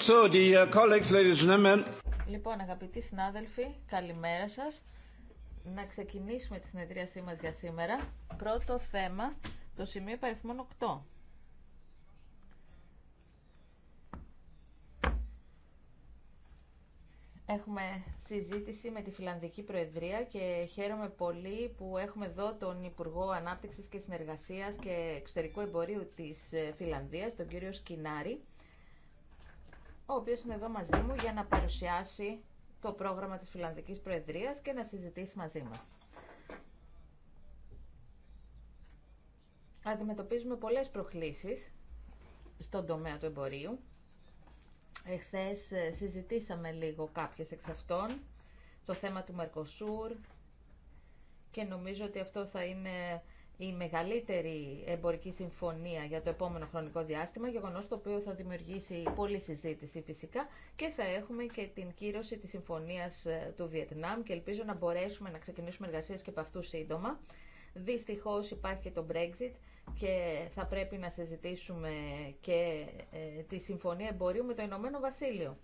So, Λοιπόν, αγαπητοί συνάδελφοι, καλημέρα σας. Να ξεκινήσουμε τη συνεδρίασή μας για σήμερα. Πρώτο θέμα, το σημείο παριθμών 8. Έχουμε συζήτηση με τη Φιλανδική Προεδρία και χαίρομαι πολύ που έχουμε εδώ τον Υπουργό Ανάπτυξης και Συνεργασίας και Εξωτερικού Εμπορίου της ε, Φιλανδίας, τον κύριο Σκινάρη ο οποίος είναι εδώ μαζί μου για να παρουσιάσει το πρόγραμμα της Φιλανδικής Προεδρίας και να συζητήσει μαζί μας. Αντιμετωπίζουμε πολλές προκλήσεις στον τομέα του εμπορίου. Εχθές ε, συζητήσαμε λίγο κάποιες εξ αυτών, το θέμα του Μερκοσούρ και νομίζω ότι αυτό θα είναι η μεγαλύτερη εμπορική συμφωνία για το επόμενο χρονικό διάστημα, γεγονός το οποίο θα δημιουργήσει πολλή συζήτηση φυσικά και θα έχουμε και την κύρωση της συμφωνίας ε, του Βιετνάμ και ελπίζω να μπορέσουμε να ξεκινήσουμε εργασίες και από αυτού σύντομα. Δυστυχώς υπάρχει και το Brexit και θα πρέπει να συζητήσουμε και ε, τη συμφωνία εμπορίου με το Ηνωμένο Βασίλειο.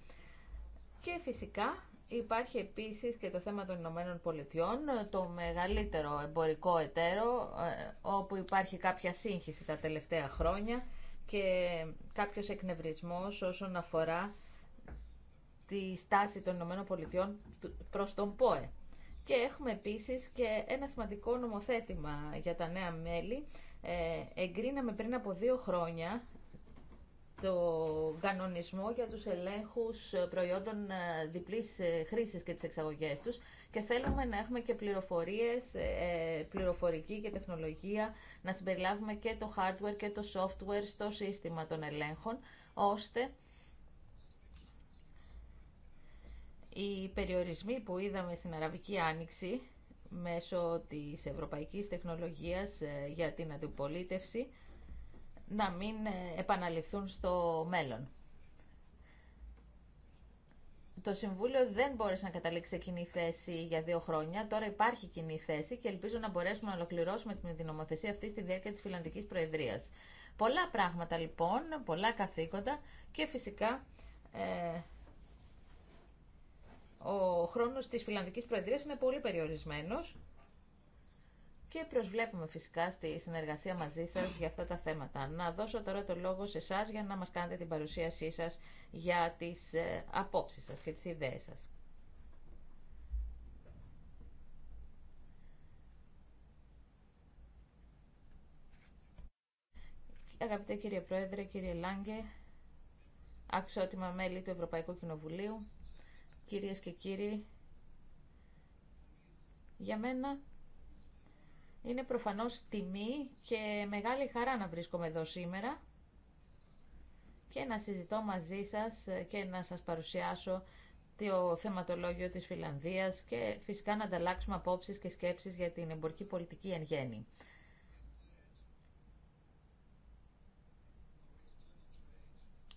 Και φυσικά Υπάρχει επίσης και το θέμα των Ηνωμένων Πολιτειών, το μεγαλύτερο εμπορικό εταίρο, ε, όπου υπάρχει κάποια σύγχυση τα τελευταία χρόνια και κάποιος εκνευρισμός όσον αφορά τη στάση των Ηνωμένων Πολιτειών προς τον ΠΟΕ. Και έχουμε επίσης και ένα σημαντικό νομοθέτημα για τα νέα μέλη. Ε, εγκρίναμε πριν από δύο χρόνια το κανονισμό για τους ελέγχους ε, προϊόντων ε, διπλής ε, χρήσης και τις εξαγωγές τους και θέλουμε να έχουμε και πληροφορίες, πληροφορική και τεχνολογία, να συμπεριλάβουμε και το hardware και το software στο σύστημα των ελέγχων, ώστε οι περιορισμοί που είδαμε στην Αραβική Άνοιξη μέσω της ευρωπαϊκής τεχνολογίας για την αντιπολίτευση να μην ε, επαναληφθούν στο μέλλον. Το Συμβούλιο δεν μπόρεσε να καταλήξει σε κοινή θέση για δύο χρόνια. Τώρα υπάρχει κοινή θέση και ελπίζω να μπορέσουμε να ολοκληρώσουμε την νομοθεσία αυτή στη διάρκεια τη Φιλανδική Προεδρία. Πολλά πράγματα λοιπόν, πολλά καθήκοντα και φυσικά ε, ο χρόνος της Φιλανδικής Προεδρίας είναι πολύ περιορισμένος και προσβλέπουμε φυσικά στη συνεργασία μαζί σα για αυτά τα θέματα. Να δώσω τώρα το λόγο σε εσά για να μας κάνετε την παρουσίασή σας για τις ε, απόψει σας και τις ιδέε σα. Αγαπητέ κύριε Πρόεδρε, κύριε Λάγκε, αξιότιμα μέλη του Ευρωπαϊκού Κοινοβουλίου, κυρίες και κύριοι, για μένα είναι προφανώς τιμή και μεγάλη χαρά να βρίσκομαι εδώ σήμερα και να συζητώ μαζί σας και να σας παρουσιάσω το θεματολόγιο της Φιλανδίας και φυσικά να ανταλλάξουμε απόψεις και σκέψεις για την εμπορική πολιτική εν γέννη.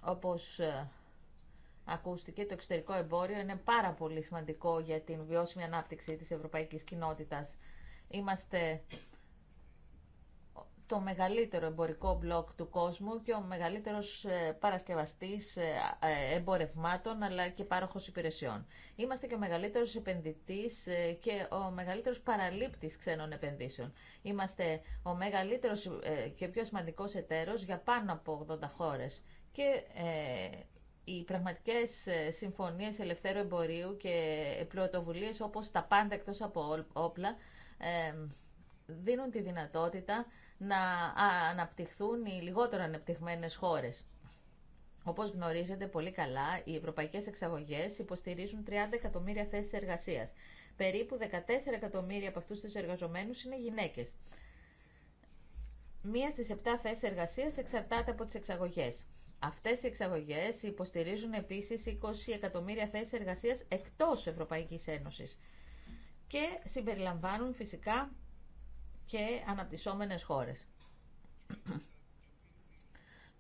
Όπως ε, ακούστηκε, το εξωτερικό εμπόριο είναι πάρα πολύ σημαντικό για την βιώσιμη ανάπτυξη της ευρωπαϊκής κοινότητας Είμαστε το μεγαλύτερο εμπορικό μπλοκ του κόσμου και ο μεγαλύτερος ε, παρασκευαστής ε, ε, εμπορευμάτων αλλά και πάροχος υπηρεσιών. Είμαστε και ο μεγαλύτερος επενδυτής και ο μεγαλύτερος παραλήπτης ξένων επενδύσεων. Είμαστε ο μεγαλύτερος και πιο σημαντικός εταίρος για πάνω από 80 χώρες. Και οι πραγματικές συμφωνίες ελευθέρου εμπορίου και πρωτοβουλίε όπως τα πάντα εκτός από όπλα δίνουν τη δυνατότητα να αναπτυχθούν οι λιγότερο ανεπτυγμένες χώρες. Όπως γνωρίζετε πολύ καλά, οι ευρωπαϊκές εξαγωγές υποστηρίζουν 30 εκατομμύρια θέσεις εργασίας. Περίπου 14 εκατομμύρια από αυτούς τους εργαζομένους είναι γυναίκες. Μία στις 7 θέσεις εργασίας εξαρτάται από τις εξαγωγές. Αυτές οι εξαγωγές υποστηρίζουν επίσης 20 εκατομμύρια θέσεις εργασίας εκτός Ευρωπαϊκής Ένωσης και συμπεριλαμβάνουν φυσικά και αναπτυσσόμενες χώρες.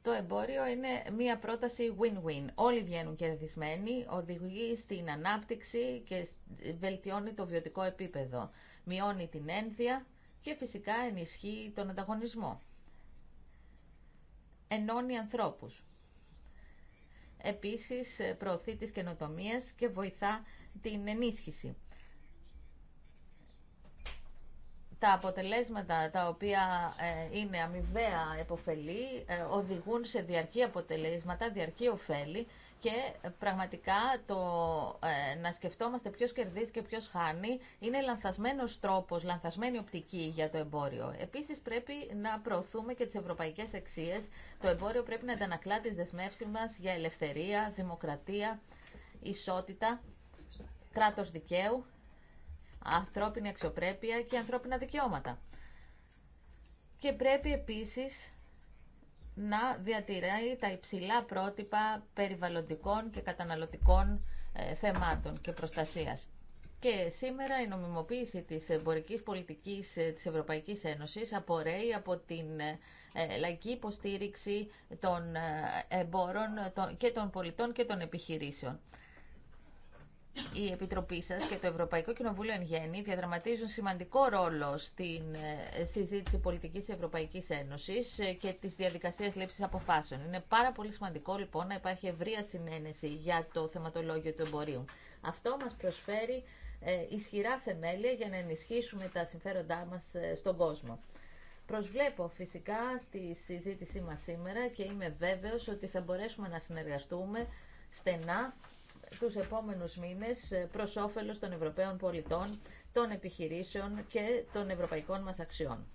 Το εμπόριο είναι μία πρόταση win-win. Όλοι βγαίνουν κερδισμένοι, οδηγεί στην ανάπτυξη και βελτιώνει το βιωτικό επίπεδο. Μειώνει την ένδια και φυσικά ενισχύει τον ανταγωνισμό. Ενώνει ανθρώπους. Επίσης προωθεί τις καινοτομίες και βοηθά την ενίσχυση. τα αποτελέσματα τα οποία ε, είναι αμοιβαία επωφελή ε, οδηγούν σε διαρκή αποτελέσματα, διαρκή ωφέλη και πραγματικά το ε, να σκεφτόμαστε ποιος κερδίζει και ποιος χάνει είναι λανθασμένος τρόπος, λανθασμένη οπτική για το εμπόριο. Επίσης πρέπει να προωθούμε και τις ευρωπαϊκές αξίες. Το εμπόριο πρέπει να αντανακλά τις δεσμεύσεις μας για ελευθερία, δημοκρατία, ισότητα, κράτος δικαίου ανθρώπινη αξιοπρέπεια και ανθρώπινα δικαιώματα. Και πρέπει επίσης να διατηρεί τα υψηλά πρότυπα περιβαλλοντικών και καταναλωτικών ε, θεμάτων και προστασίας. Και σήμερα η νομιμοποίηση της εμπορικής πολιτικής ε, της Ευρωπαϊκής Ένωσης απορρέει από την ε, λαϊκή υποστήριξη των εμπόρων και των πολιτών και των επιχειρήσεων η Επιτροπή σα και το Ευρωπαϊκό Κοινοβούλιο εν γέννη διαδραματίζουν σημαντικό ρόλο στην ε, συζήτηση πολιτική της Ευρωπαϊκής Ένωσης ε, και της διαδικασίας λήψη αποφάσεων. Είναι πάρα πολύ σημαντικό λοιπόν να υπάρχει ευρία συνένεση για το θεματολόγιο του εμπορίου. Αυτό μα προσφέρει ε, ισχυρά θεμέλια για να ενισχύσουμε τα συμφέροντά μας στον κόσμο. Προσβλέπω φυσικά στη συζήτησή μας σήμερα και είμαι βέβαιος ότι θα μπορέσουμε να συνεργαστούμε στενά τους επόμενους μήνες ε, προς όφελος των Ευρωπαίων πολιτών, των επιχειρήσεων και των ευρωπαϊκών μας αξιών.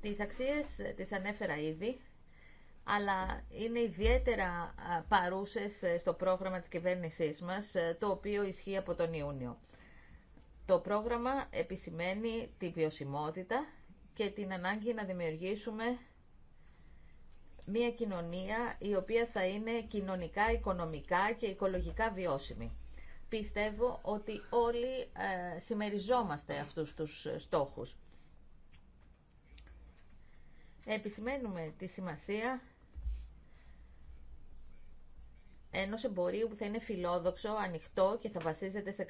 Τις αξίες ε, τις ανέφερα ήδη, αλλά είναι ιδιαίτερα παρούσες ε, στο πρόγραμμα της κυβέρνησής μας, το οποίο ισχύει από τον Ιούνιο. Το πρόγραμμα επισημαίνει τη βιωσιμότητα και την ανάγκη να δημιουργήσουμε μια κοινωνία η οποία θα είναι κοινωνικά, οικονομικά και οικολογικά βιώσιμη. Πιστεύω ότι όλοι ε, συμμεριζόμαστε αυτούς τους στόχους. Επισημαίνουμε τη σημασία ενός εμπορίου που θα είναι φιλόδοξο, ανοιχτό και θα βασίζεται σε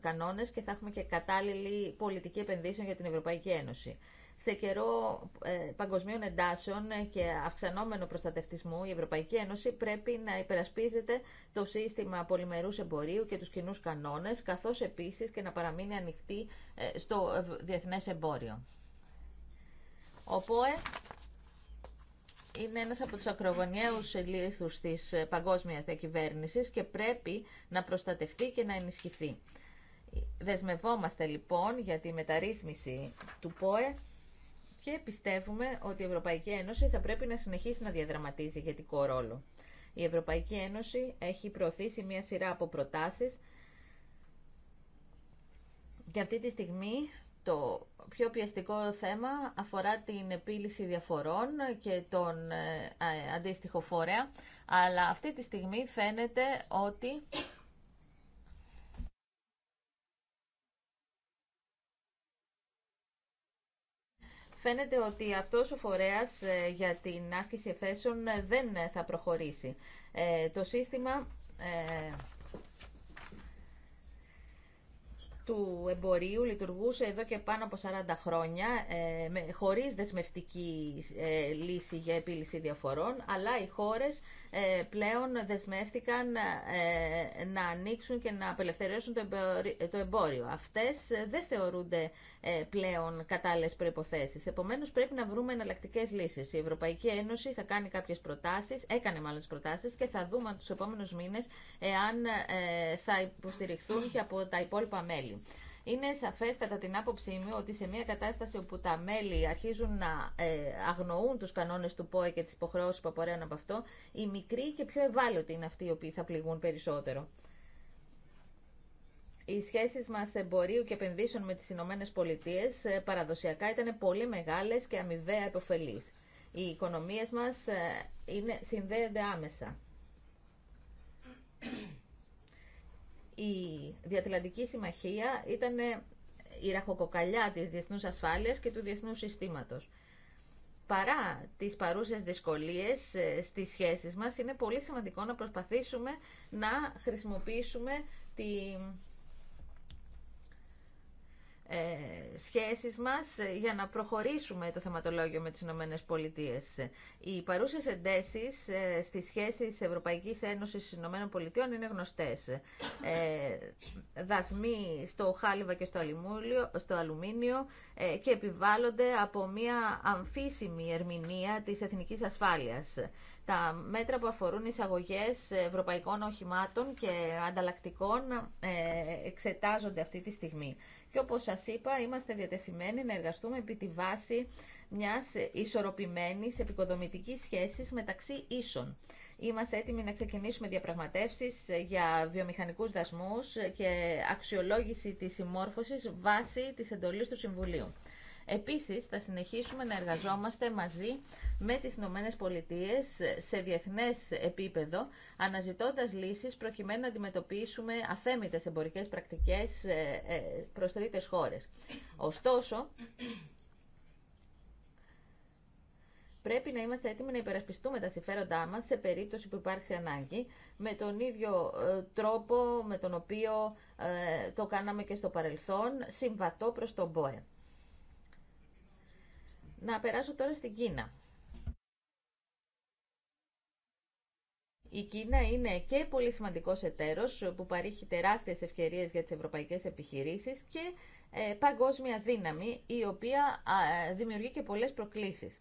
κανόνες και θα έχουμε και κατάλληλη πολιτική επενδύσεων για την Ευρωπαϊκή Ένωση σε καιρό ε, παγκοσμίων εντάσεων και αυξανόμενο προστατευτισμού, η Ευρωπαϊκή Ένωση πρέπει να υπερασπίζεται το σύστημα πολυμερούς εμπορίου και τους κοινού κανόνες, καθώς επίσης και να παραμείνει ανοιχτή ε, στο διεθνές εμπόριο. Ο ΠΟΕ είναι ένας από τους ακρογωνιαίους λίθους της ε, παγκόσμιας διακυβέρνησης και πρέπει να προστατευτεί και να ενισχυθεί. Δεσμευόμαστε λοιπόν για τη μεταρρύθμιση του ΠΟΕ και πιστεύουμε ότι η Ευρωπαϊκή Ένωση θα πρέπει να συνεχίσει να διαδραματίζει ηγετικό ρόλο. Η Ευρωπαϊκή Ένωση έχει προωθήσει μια σειρά από προτάσεις και αυτή τη στιγμή το πιο πιαστικό θέμα αφορά την επίλυση διαφορών και τον ε, αντίστοιχο φόρεα, αλλά αυτή τη στιγμή φαίνεται ότι φαίνεται ότι αυτός ο φορέας ε, για την άσκηση εφέσεων ε, δεν θα προχωρήσει. Ε, το σύστημα του εμπορίου λειτουργούσε εδώ και πάνω από 40 χρόνια ε, με, χωρίς δεσμευτική ε, λύση για επίλυση διαφορών αλλά οι χώρες ε, πλέον δεσμεύτηκαν ε, να ανοίξουν και να απελευθερώσουν το εμπόριο. Αυτές ε, δεν θεωρούνται πλέον κατάλληλες προϋποθέσεις. Επομένως πρέπει να βρούμε εναλλακτικέ λύσεις. Η Ευρωπαϊκή Ένωση θα κάνει κάποιες προτάσεις, έκανε μάλλον τις προτάσεις και θα δούμε τους επόμενους μήνες εάν θα υποστηριχθούν και από τα υπόλοιπα μέλη. Είναι σαφές κατά την άποψή μου ότι σε μια κατάσταση όπου τα μέλη αρχίζουν να ε, αγνοούν τους κανόνες του ΠΟΕ και τις υποχρεώσεις που απορρέουν από αυτό, οι μικροί και πιο ευάλωτοι είναι αυτοί οι οποίοι θα πληγούν περισσότερο. Οι σχέσεις μας εμπορίου και επενδύσεων με τις Ηνωμένε Πολιτείε ε, παραδοσιακά ήταν πολύ μεγάλε και αμοιβαία επωφελεί. Οι οικονομίε μα ε, συνδέονται άμεσα η Διατλαντική Συμμαχία ήταν ε, η ραχοκοκαλιά της διεθνούς ασφάλειας και του διεθνούς συστήματος. Παρά τις παρούσες δυσκολίες ε, στις σχέσεις μας, είναι πολύ σημαντικό να προσπαθήσουμε να χρησιμοποιήσουμε τη ε, σχέσεις μας ε, για να προχωρήσουμε το θεματολόγιο με τις Ηνωμένες Πολιτείες. Οι παρούσες εντέσεις ε, στις σχέσεις Ευρωπαϊκής Ένωσης Ηνωμένων Πολιτείων είναι γνωστές. δασμοί στο χάλιβα και στο, αλουμούλιο, στο αλουμίνιο και επιβάλλονται από μια αμφίσιμη ερμηνεία της εθνικής ασφάλειας. Τα μέτρα που αφορούν εισαγωγές ευρωπαϊκών οχημάτων και ανταλλακτικών εξετάζονται αυτή τη στιγμή. Και όπως σας είπα, είμαστε διατεθειμένοι να εργαστούμε επί τη βάση μιας ισορροπημένης επικοδομητικής σχέσης μεταξύ ίσων. Είμαστε έτοιμοι να ξεκινήσουμε διαπραγματεύσεις για βιομηχανικούς δασμούς και αξιολόγηση της συμμόρφωσης βάσει της εντολής του Συμβουλίου. Επίσης, θα συνεχίσουμε να εργαζόμαστε μαζί με τις Ηνωμένε Πολιτείε σε διεθνές επίπεδο, αναζητώντας λύσεις προκειμένου να αντιμετωπίσουμε αθέμητες εμπορικές πρακτικές ε, ε, προς τρίτες χώρες. Ωστόσο, πρέπει να είμαστε έτοιμοι να υπερασπιστούμε τα συμφέροντά μας σε περίπτωση που υπάρξει ανάγκη, με τον ίδιο ε, τρόπο με τον οποίο το κάναμε και στο παρελθόν, συμβατό προς τον ΠΟΕ. Να περάσω τώρα στην Κίνα. Η Κίνα είναι και πολύ σημαντικός εταίρος που παρήχει τεράστιες ευκαιρίες για τις ευρωπαϊκές επιχειρήσεις και ε, παγκόσμια δύναμη η οποία ε, δημιουργεί και πολλές προκλήσεις.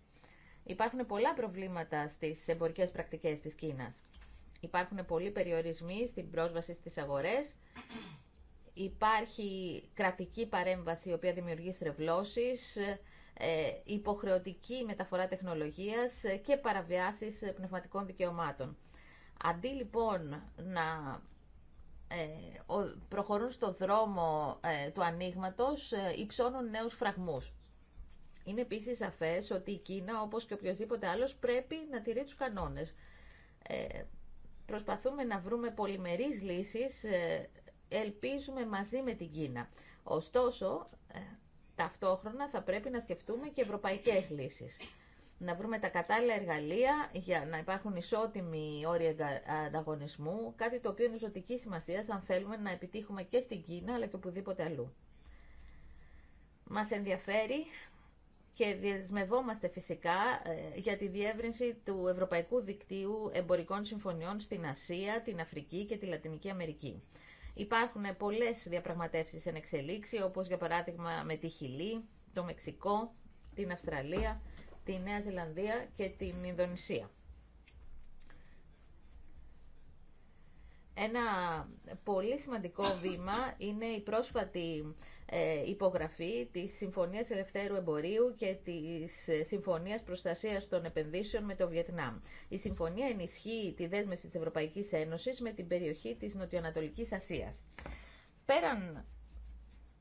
Υπάρχουν πολλά προβλήματα στις εμπορικές πρακτικές της Κίνας. Υπάρχουν πολλοί περιορισμοί στην πρόσβαση στις αγορές. Υπάρχει κρατική παρέμβαση η οποία δημιουργεί στρεβλώσεις, ε, υποχρεωτική μεταφορά τεχνολογίας ε, και παραβιάσεις ε, πνευματικών δικαιωμάτων. Αντί λοιπόν να προχωρούν στο δρόμο του ανοίγματο, υψώνουν νέους φραγμούς. Είναι επίσης σαφές ότι η Κίνα, όπως και οποιοδήποτε άλλος, πρέπει να τηρεί τους κανόνες. Προσπαθούμε να βρούμε πολυμερείς λύσεις, ελπίζουμε μαζί με την Κίνα. Ωστόσο, ταυτόχρονα θα πρέπει να σκεφτούμε και ευρωπαϊκές λύσεις. Να βρούμε τα κατάλληλα εργαλεία για να υπάρχουν ισότιμοι όροι ανταγωνισμού, κάτι το οποίο είναι ζωτική σημασία αν θέλουμε να επιτύχουμε και στην Κίνα αλλά και οπουδήποτε αλλού. Μας ενδιαφέρει και διεσμευόμαστε φυσικά ε, για τη διεύρυνση του Ευρωπαϊκού Δικτύου Εμπορικών Συμφωνιών στην Ασία, την Αφρική και τη Λατινική Αμερική. Υπάρχουν πολλές διαπραγματεύσεις εν εξελίξη, όπως για παράδειγμα με τη Χιλή, το Μεξικό, την Αυστραλία, τη Νέα Ζηλανδία και την Ινδονησία. Ένα πολύ σημαντικό βήμα είναι η πρόσφατη ε, υπογραφή της Συμφωνίας Ελευθέρου Εμπορίου και της ε, Συμφωνίας Προστασίας των Επενδύσεων με το Βιετνάμ. Η συμφωνία ενισχύει τη δέσμευση της Ευρωπαϊκής Ένωσης με την περιοχή της Νοτιοανατολικής Ασίας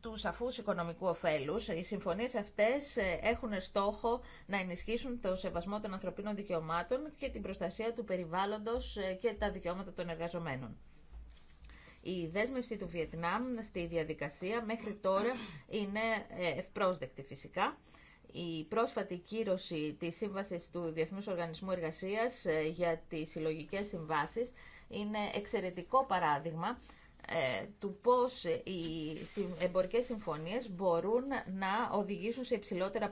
του σαφού οικονομικού ωφέλου. Οι συμφωνίε αυτές ε, έχουν στόχο να ενισχύσουν το σεβασμό των ανθρωπίνων δικαιωμάτων και την προστασία του περιβάλλοντος ε, και τα δικαιώματα των εργαζομένων. Η δέσμευση του Βιετνάμ στη διαδικασία μέχρι τώρα είναι ε, ευπρόσδεκτη φυσικά. Η πρόσφατη κύρωση της Σύμβασης του Διεθνούς Οργανισμού Εργασίας για τις συλλογικές συμβάσεις είναι εξαιρετικό παράδειγμα ε, του πώς οι εμπορικές συμφωνίες μπορούν να οδηγήσουν σε υψηλότερα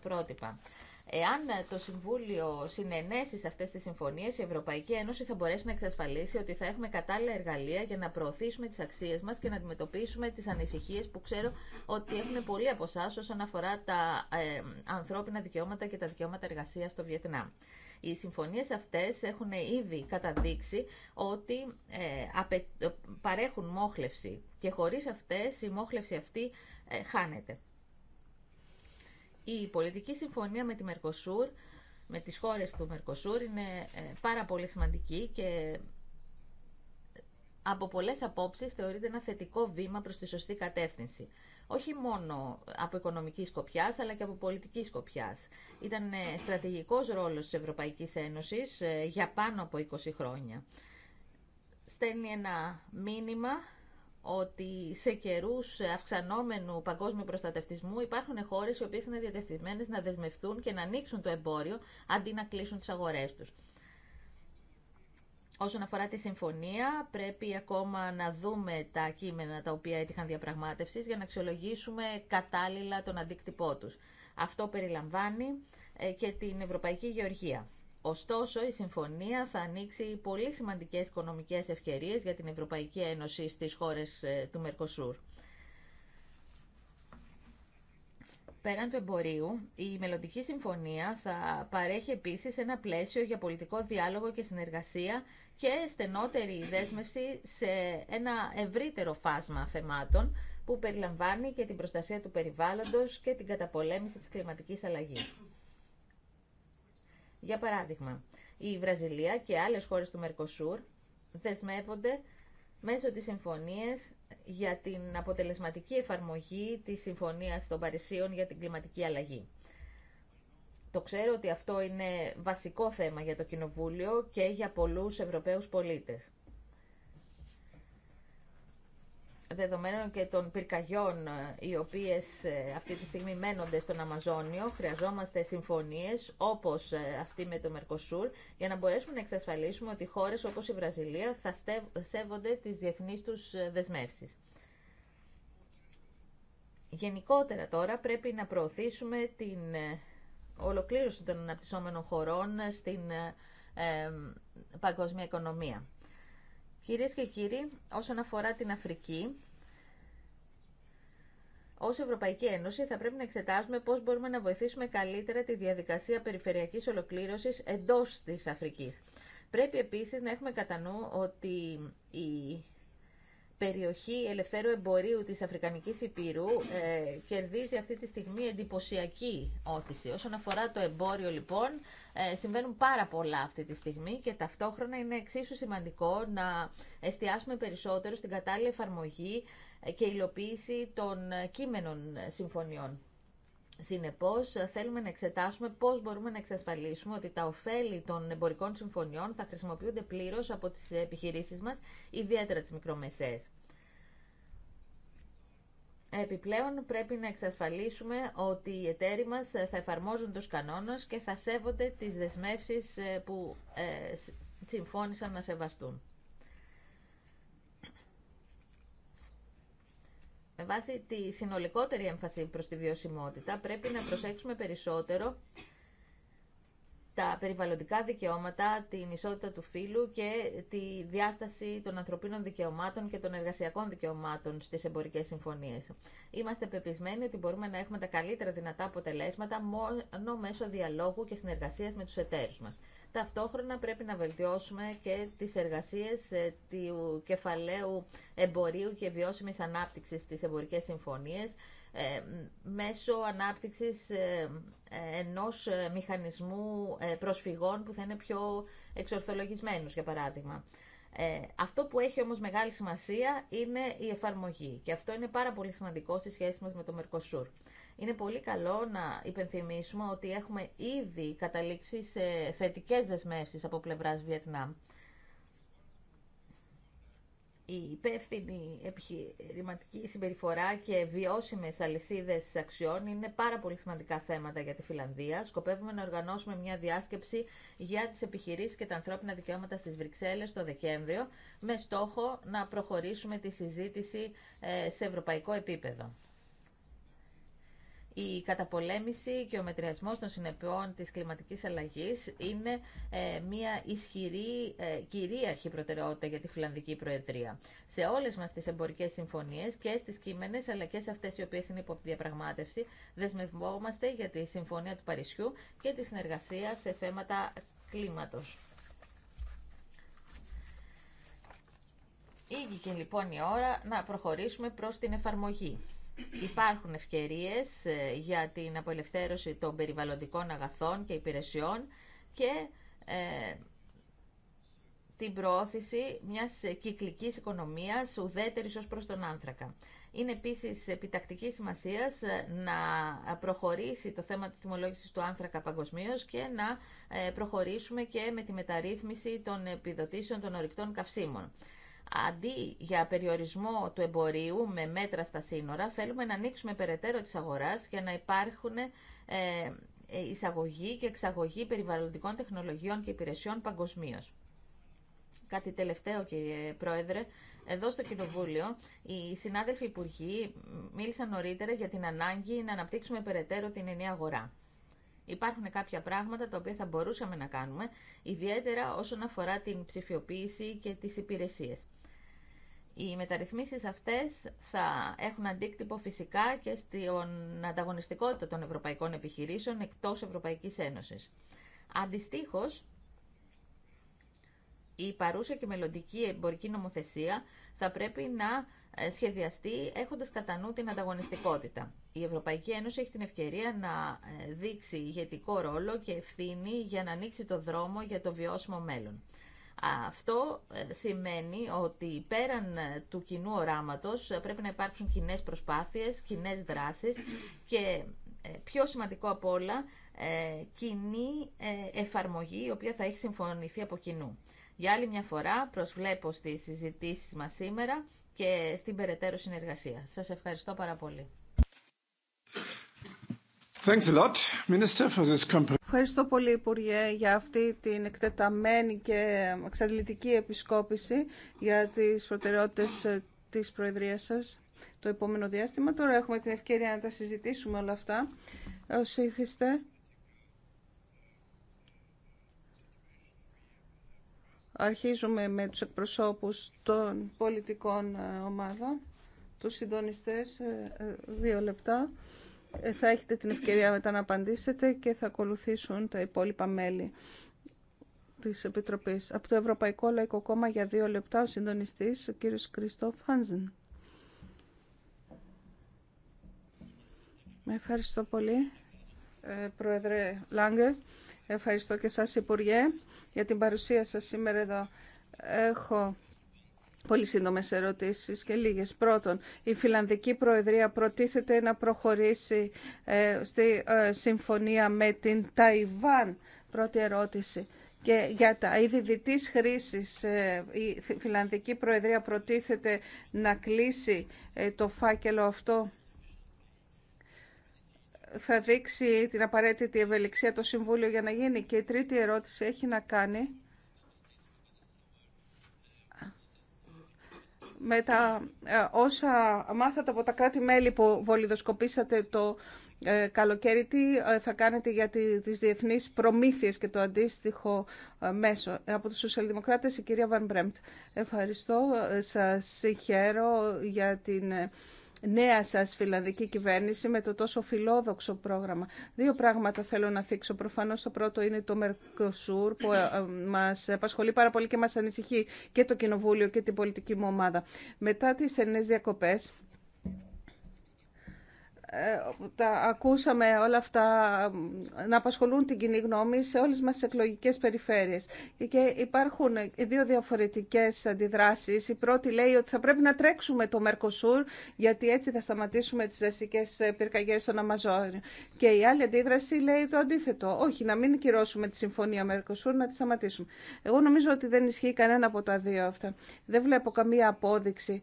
πρότυπα. Εάν το Συμβούλιο συνενέσει σε αυτές τις συμφωνίες, η Ευρωπαϊκή Ένωση θα μπορέσει να εξασφαλίσει ότι θα έχουμε κατάλληλα εργαλεία για να προωθήσουμε τις αξίες μας και να αντιμετωπίσουμε τις ανησυχίες που ξέρω ότι έχουν πολλοί από εσά όσον αφορά τα ε, ανθρώπινα δικαιώματα και τα δικαιώματα εργασίας στο Βιετνάμ. Οι συμφωνίες αυτές έχουν ήδη καταδείξει ότι ε, παρέχουν μόχλευση και χωρίς αυτές η μόχλευση αυτή ε, χάνεται. Η πολιτική συμφωνία με τη Μερκοσούρ, με τις χώρες του Μερκοσούρ είναι ε, πάρα πολύ σημαντική και από πολλές απόψεις θεωρείται ένα θετικό βήμα προς τη σωστή κατεύθυνση όχι μόνο από οικονομική σκοπιά, αλλά και από πολιτική σκοπιά. Ήταν ε, στρατηγικός ρόλος τη Ευρωπαϊκής Ένωσης ε, για πάνω από 20 χρόνια. Στέλνει ένα μήνυμα ότι σε καιρού αυξανόμενου παγκόσμιου προστατευτισμού υπάρχουν χώρε οι οποίε είναι διατεθειμένε να δεσμευτούν και να ανοίξουν το εμπόριο αντί να κλείσουν τι αγορέ του. Όσον αφορά τη συμφωνία, πρέπει ακόμα να δούμε τα κείμενα τα οποία έτυχαν διαπραγμάτευσης για να αξιολογήσουμε κατάλληλα τον αντίκτυπό τους. Αυτό περιλαμβάνει ε, και την Ευρωπαϊκή Γεωργία. Ωστόσο, η συμφωνία θα ανοίξει πολύ σημαντικές οικονομικές ευκαιρίες για την Ευρωπαϊκή Ένωση στις χώρες ε, του Μερκοσούρ. Πέραν του εμπορίου, η μελλοντική συμφωνία θα παρέχει επίσης ένα πλαίσιο για πολιτικό διάλογο και συνεργασία και στενότερη δέσμευση σε ένα ευρύτερο φάσμα θεμάτων που περιλαμβάνει και την προστασία του περιβάλλοντος και την καταπολέμηση της κλιματικής αλλαγής. Για παράδειγμα, η Βραζιλία και άλλες χώρες του Μερκοσούρ δεσμεύονται μέσω της συμφωνίας για την αποτελεσματική εφαρμογή της Συμφωνίας των Παρισίων για την κλιματική αλλαγή. Το ξέρω ότι αυτό είναι βασικό θέμα για το Κοινοβούλιο και για πολλούς Ευρωπαίους πολίτες. Δεδομένων και των πυρκαγιών ε, οι οποίες ε, αυτή τη στιγμή μένονται στον Αμαζόνιο, χρειαζόμαστε συμφωνίες όπως ε, αυτή με το Μερκοσούρ για να μπορέσουμε να εξασφαλίσουμε ότι χώρες όπως η Βραζιλία θα σέβονται τις διεθνείς τους δεσμεύσεις. Γενικότερα τώρα πρέπει να προωθήσουμε την ολοκλήρωση των αναπτυσσόμενων χωρών στην ε, ε, παγκόσμια οικονομία. Κυρίες και κύριοι, όσον αφορά την Αφρική, ως Ευρωπαϊκή Ένωση θα πρέπει να εξετάσουμε πώς μπορούμε να βοηθήσουμε καλύτερα τη διαδικασία περιφερειακής ολοκλήρωσης εντός της Αφρικής. Πρέπει επίσης να έχουμε κατά νου ότι η περιοχή ελευθέρου εμπορίου της Αφρικανικής Υπήρου ε, κερδίζει αυτή τη στιγμή εντυπωσιακή όθηση. Όσον αφορά το εμπόριο λοιπόν, ε, συμβαίνουν πάρα πολλά αυτή τη στιγμή και ταυτόχρονα είναι εξίσου σημαντικό να εστιάσουμε περισσότερο στην κατάλληλη εφαρμογή ε, και υλοποίηση των κείμενων συμφωνιών. Συνεπώς, θέλουμε να εξετάσουμε πώς μπορούμε να εξασφαλίσουμε ότι τα ωφέλη των εμπορικών συμφωνιών θα χρησιμοποιούνται πλήρως από τις επιχειρήσεις μας, ιδιαίτερα τις μικρομεσαίες. Επιπλέον, πρέπει να εξασφαλίσουμε ότι οι εταίροι μας θα εφαρμόζουν τους κανόνες και θα σέβονται τις δεσμεύσεις ε, που ε, συμφώνησαν να σεβαστούν. Με βάση τη συνολικότερη έμφαση προς τη βιωσιμότητα, πρέπει να προσέξουμε περισσότερο τα περιβαλλοντικά δικαιώματα, την ισότητα του φύλου και τη διάσταση των ανθρωπίνων δικαιωμάτων και των εργασιακών δικαιωμάτων στις εμπορικές συμφωνίες. Είμαστε πεπισμένοι ότι μπορούμε να έχουμε τα καλύτερα δυνατά αποτελέσματα μόνο μέσω διαλόγου και συνεργασίας με τους εταίρους μας. Ταυτόχρονα πρέπει να βελτιώσουμε και τις εργασίες ε, του κεφαλαίου εμπορίου και βιώσιμης ανάπτυξης στις εμπορικές συμφωνίες ε, μέσω ανάπτυξης ε, ενός μηχανισμού προσφυγών που θα είναι πιο εξορθολογισμένους, για παράδειγμα. αυτό που έχει όμως μεγάλη σημασία είναι η εφαρμογή και αυτό είναι πάρα πολύ σημαντικό στη σχέση μας με το Μερκοσούρ. Είναι πολύ καλό να υπενθυμίσουμε ότι έχουμε ήδη καταλήξει σε θετικές δεσμεύσεις από πλευράς Βιετνάμ. Η υπεύθυνη επιχειρηματική συμπεριφορά και βιώσιμες αλυσίδες αξιών είναι πάρα πολύ σημαντικά θέματα για τη Φιλανδία. Σκοπεύουμε να οργανώσουμε μια διάσκεψη για τις επιχειρήσεις και τα ανθρώπινα δικαιώματα στις Βρυξέλλες το Δεκέμβριο με στόχο να προχωρήσουμε τη συζήτηση ε, σε ευρωπαϊκό επίπεδο η καταπολέμηση και ο μετριασμός των συνεπειών της κλιματικής αλλαγής είναι ε, μια ισχυρή ε, κυρίαρχη προτεραιότητα για τη Φιλανδική Προεδρία. Σε όλες μας τις εμπορικές συμφωνίες και στις κείμενες αλλά και σε αυτές οι οποίες είναι υπό διαπραγμάτευση δεσμευόμαστε για τη Συμφωνία του Παρισιού και τη συνεργασία σε θέματα κλίματος. Ήγηκε λοιπόν η ώρα να προχωρήσουμε προς την εφαρμογή. Υπάρχουν ευκαιρίες ε, για την απελευθέρωση των περιβαλλοντικών αγαθών και υπηρεσιών και ε, την προώθηση μιας κυκλικής οικονομίας ουδέτερης ως προς τον άνθρακα. Είναι επίσης επιτακτική σημασία ε, να προχωρήσει το θέμα της τιμολόγησης του άνθρακα παγκοσμίω και να προχωρήσουμε και με τη μεταρρύθμιση των επιδοτήσεων των ορυκτών καυσίμων. Αντί για περιορισμό του εμπορίου με μέτρα στα σύνορα, θέλουμε να ανοίξουμε περαιτέρω της αγοράς για να υπάρχουν ε, εισαγωγή και εξαγωγή περιβαλλοντικών τεχνολογιών και υπηρεσιών παγκοσμίω. Κάτι τελευταίο, κύριε Πρόεδρε, εδώ στο Κοινοβούλιο οι συνάδελφοι υπουργοί μίλησαν νωρίτερα για την ανάγκη να αναπτύξουμε περαιτέρω την ενιαία αγορά. Υπάρχουν κάποια πράγματα τα οποία θα μπορούσαμε να κάνουμε, ιδιαίτερα όσον αφορά την ψηφιοποίηση και τις υπηρεσίες. Οι μεταρρυθμίσεις αυτές θα έχουν αντίκτυπο φυσικά και στην ανταγωνιστικότητα των ευρωπαϊκών επιχειρήσεων εκτός Ευρωπαϊκής Ένωσης. Αντιστοίχως, η παρούσα και μελλοντική εμπορική νομοθεσία θα πρέπει να ε, σχεδιαστεί έχοντας κατά νου την ανταγωνιστικότητα. Η Ευρωπαϊκή Ένωση έχει την ευκαιρία να ε, δείξει ηγετικό ρόλο και ευθύνη για να ανοίξει το δρόμο για το βιώσιμο μέλλον. Αυτό ε, σημαίνει ότι πέραν ε, του κοινού οράματος ε, πρέπει να υπάρξουν κοινέ προσπάθειες, κοινέ δράσεις και πιο σημαντικό από όλα κοινή εφαρμογή η οποία θα έχει συμφωνηθεί από κοινού. Για άλλη μια φορά προσβλέπω στις συζητήσεις μας σήμερα και στην περαιτέρω συνεργασία. Σας ευχαριστώ πάρα πολύ. Ευχαριστώ πολύ, Υπουργέ, για αυτή την εκτεταμένη και εξαντλητική επισκόπηση για τις προτεραιότητες ε, της Προεδρίας σας το επόμενο διάστημα. Τώρα έχουμε την ευκαιρία να τα συζητήσουμε όλα αυτά. Αρχίζουμε με τους εκπροσώπους των πολιτικών ε, ομάδων, τους συντονιστές, ε, δύο λεπτά. Ε, θα έχετε την ευκαιρία μετά να απαντήσετε και θα ακολουθήσουν τα υπόλοιπα μέλη της Επιτροπής. Από το Ευρωπαϊκό Λαϊκό Κόμμα για δύο λεπτά ο συντονιστής, ο κύριος Κριστόφ Χάνζεν. Ευχαριστώ πολύ, ε, Πρόεδρε Λάγκε. Ευχαριστώ και σας Υπουργέ, για την παρουσία σας σήμερα εδώ. Έχω Πολύ σύντομε ερωτήσει και λίγε. Πρώτον, η Φιλανδική Προεδρία προτίθεται να προχωρήσει ε, στη ε, συμφωνία με την Ταϊβάν. Πρώτη ερώτηση. Και για τα είδη χρήση, χρήσης ε, η Φιλανδική Προεδρία προτίθεται να κλείσει το φάκελο αυτό. Θα δείξει την απαραίτητη ευελιξία το Συμβούλιο για να γίνει. Και η τρίτη ερώτηση έχει να κάνει με τα ε, όσα μάθατε από τα κράτη-μέλη που βολιδοσκοπήσατε το ε, καλοκαίρι, τι ε, θα κάνετε για τις διεθνείς προμήθειες και το αντίστοιχο μέσο. Από τους σοσιαλδημοκράτες η κυρία Βαν Μπρέμπτ. Ευχαριστώ. Σας χαίρω για την νέα σας φιλανδική κυβέρνηση με το τόσο φιλόδοξο πρόγραμμα. Δύο πράγματα θέλω να θίξω. Προφανώς το πρώτο είναι το Mercosur που ε, ε, μας απασχολεί πάρα πολύ και μας ανησυχεί και το Κοινοβούλιο και την πολιτική μου ομάδα. Μετά τις ενές διακοπές ε, τα ακούσαμε όλα αυτά να απασχολούν την κοινή γνώμη σε όλες μας τις εκλογικές περιφέρειες. Και υπάρχουν δύο διαφορετικές αντιδράσεις. Η πρώτη λέει ότι θα πρέπει να τρέξουμε το Μερκοσούρ γιατί έτσι θα σταματήσουμε τις δασικές πυρκαγιές στον Αμαζόνιο. Και η άλλη αντίδραση λέει το αντίθετο. Όχι, να μην κυρώσουμε τη συμφωνία Μερκοσούρ, να τη σταματήσουμε. Εγώ νομίζω ότι δεν ισχύει κανένα από τα δύο αυτά. Δεν βλέπω καμία απόδειξη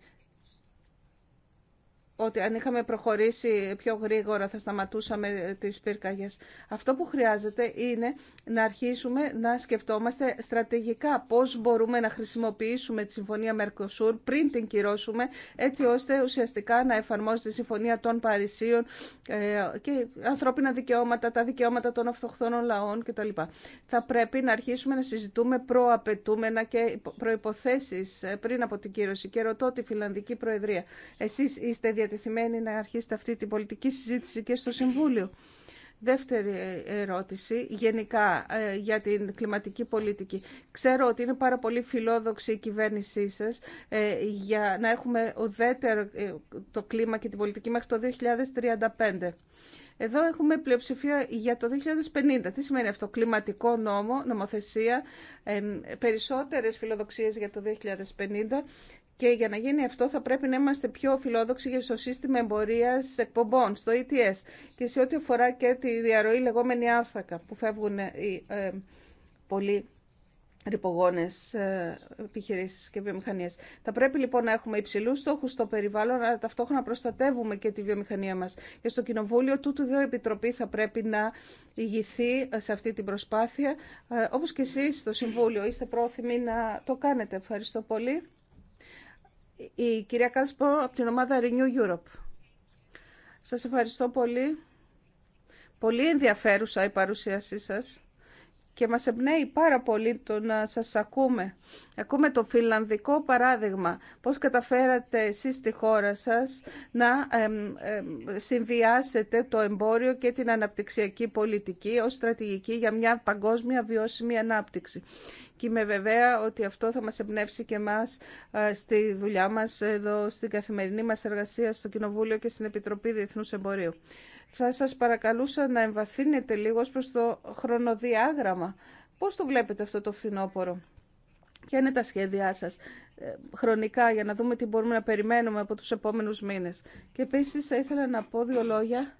ότι αν είχαμε προχωρήσει πιο γρήγορα θα σταματούσαμε τις πυρκαγιές. Αυτό που χρειάζεται είναι να αρχίσουμε να σκεφτόμαστε στρατηγικά πώς μπορούμε να χρησιμοποιήσουμε τη Συμφωνία Μερκοσούρ πριν την κυρώσουμε, έτσι ώστε ουσιαστικά να εφαρμόσει τη Συμφωνία των Παρισίων ε, και ανθρώπινα δικαιώματα, τα δικαιώματα των αυτοχθόνων λαών κτλ. Θα πρέπει να αρχίσουμε να συζητούμε προαπαιτούμενα και προϋποθέσεις ε, πριν από την κύρωση. Και ρωτώ τη Φιλανδική Προεδρία. Εσείς είστε διατεθειμένοι να αρχίσετε αυτή την πολιτική συζήτηση και στο Συμβούλιο. Δεύτερη ε, ερώτηση, γενικά ε, για την κλιματική πολιτική. Ξέρω ότι είναι πάρα πολύ φιλόδοξη η κυβέρνησή σας ε, για να έχουμε ουδέτερο το κλίμα και την πολιτική μέχρι το 2035. Εδώ έχουμε πλειοψηφία για το 2050. Τι σημαίνει αυτό, κλιματικό νόμο, νομοθεσία, περισσότερες φιλοδοξίες για το 2050 και για να γίνει αυτό θα πρέπει να είμαστε πιο φιλόδοξοι για το σύστημα εμπορία εκπομπών, στο ETS, και σε ό,τι αφορά και τη διαρροή λεγόμενη άφακα που φεύγουν ε, οι ε, πολλοί ρηπογόνε ε, επιχειρήσεις και βιομηχανίε. Θα πρέπει λοιπόν να έχουμε υψηλού στόχου στο περιβάλλον, αλλά ταυτόχρονα να προστατεύουμε και τη βιομηχανία μα Και στο Κοινοβούλιο τούτου δύο επιτροπή θα πρέπει να ηγηθεί σε αυτή την προσπάθεια, ε, όπως και εσεί, στο Συμβούλιο είστε πρόθυμοι να το κάνετε. Ευχαριστώ πολύ η κυρία Κάλσπο από την ομάδα Renew Europe. Σας ευχαριστώ πολύ. Πολύ ενδιαφέρουσα η παρουσίασή σας και μας εμπνέει πάρα πολύ το να σας ακούμε. Ακούμε το φιλανδικό παράδειγμα, πώς καταφέρατε εσείς στη χώρα σας να συνδυάσετε το εμπόριο και την αναπτυξιακή πολιτική ως στρατηγική για μια παγκόσμια βιώσιμη ανάπτυξη και είμαι βεβαία ότι αυτό θα μας εμπνεύσει και μας ε, στη δουλειά μας εδώ στην καθημερινή μας εργασία στο Κοινοβούλιο και στην Επιτροπή Διεθνούς Εμπορίου. Θα σας παρακαλούσα να εμβαθύνετε λίγο προς το χρονοδιάγραμμα. Πώς το βλέπετε αυτό το φθινόπωρο. Ποια είναι τα σχέδιά σας ε, χρονικά για να δούμε τι μπορούμε να περιμένουμε από τους επόμενους μήνες. Και επίσης θα ήθελα να πω δύο λόγια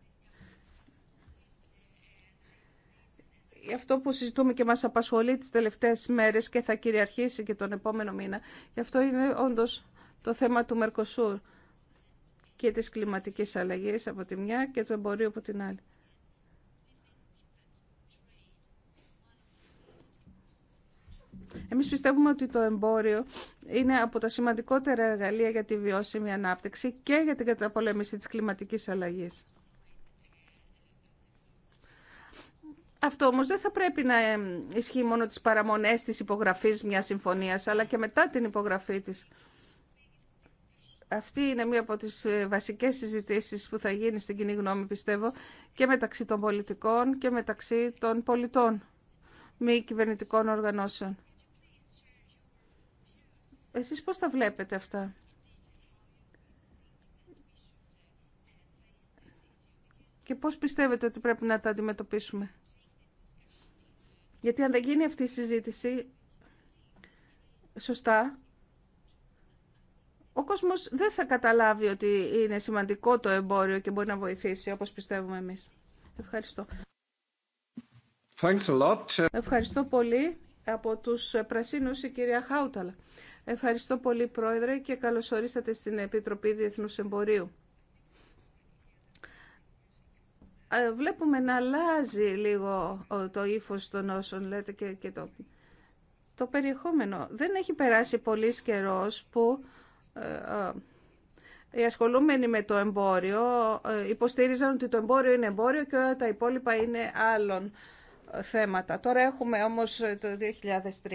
αυτό που συζητούμε και μας απασχολεί τις τελευταίες μέρες και θα κυριαρχήσει και τον επόμενο μήνα, γι' αυτό είναι όντως το θέμα του Μερκοσούρ και της κλιματικής αλλαγής από τη μια και του εμπορίου από την άλλη. Εμείς πιστεύουμε ότι το εμπόριο είναι από τα σημαντικότερα εργαλεία για τη βιώσιμη ανάπτυξη και για την καταπολέμηση της κλιματικής αλλαγής. Αυτό όμως δεν θα πρέπει να ισχύει μόνο τι παραμονές της υπογραφής μια συμφωνίας, αλλά και μετά την υπογραφή της. Αυτή είναι μία από τις ε, βασικές συζητήσει που θα γίνει στην κοινή γνώμη, πιστεύω, και μεταξύ των πολιτικών και μεταξύ των πολιτών μη κυβερνητικών οργανώσεων. Εσείς πώς τα βλέπετε αυτά. Και πώς πιστεύετε ότι πρέπει να τα αντιμετωπίσουμε. Γιατί αν δεν γίνει αυτή η συζήτηση σωστά, ο κόσμος δεν θα καταλάβει ότι είναι σημαντικό το εμπόριο και μπορεί να βοηθήσει, όπως πιστεύουμε εμείς. Ευχαριστώ. a lot. Ευχαριστώ πολύ από τους Πρασίνους η κυρία Χάουταλα. Ευχαριστώ πολύ Πρόεδρε και καλωσορίσατε στην Επιτροπή Διεθνούς Εμπορίου. Ε, βλέπουμε να αλλάζει λίγο το ύφος των όσων λέτε και, το, το περιεχόμενο. Δεν έχει περάσει πολύ καιρό που ε, ε, οι ασχολούμενοι με το εμπόριο υποστήριζαν ότι το εμπόριο είναι εμπόριο και όλα τα υπόλοιπα είναι άλλων θέματα. Τώρα έχουμε όμως το 2030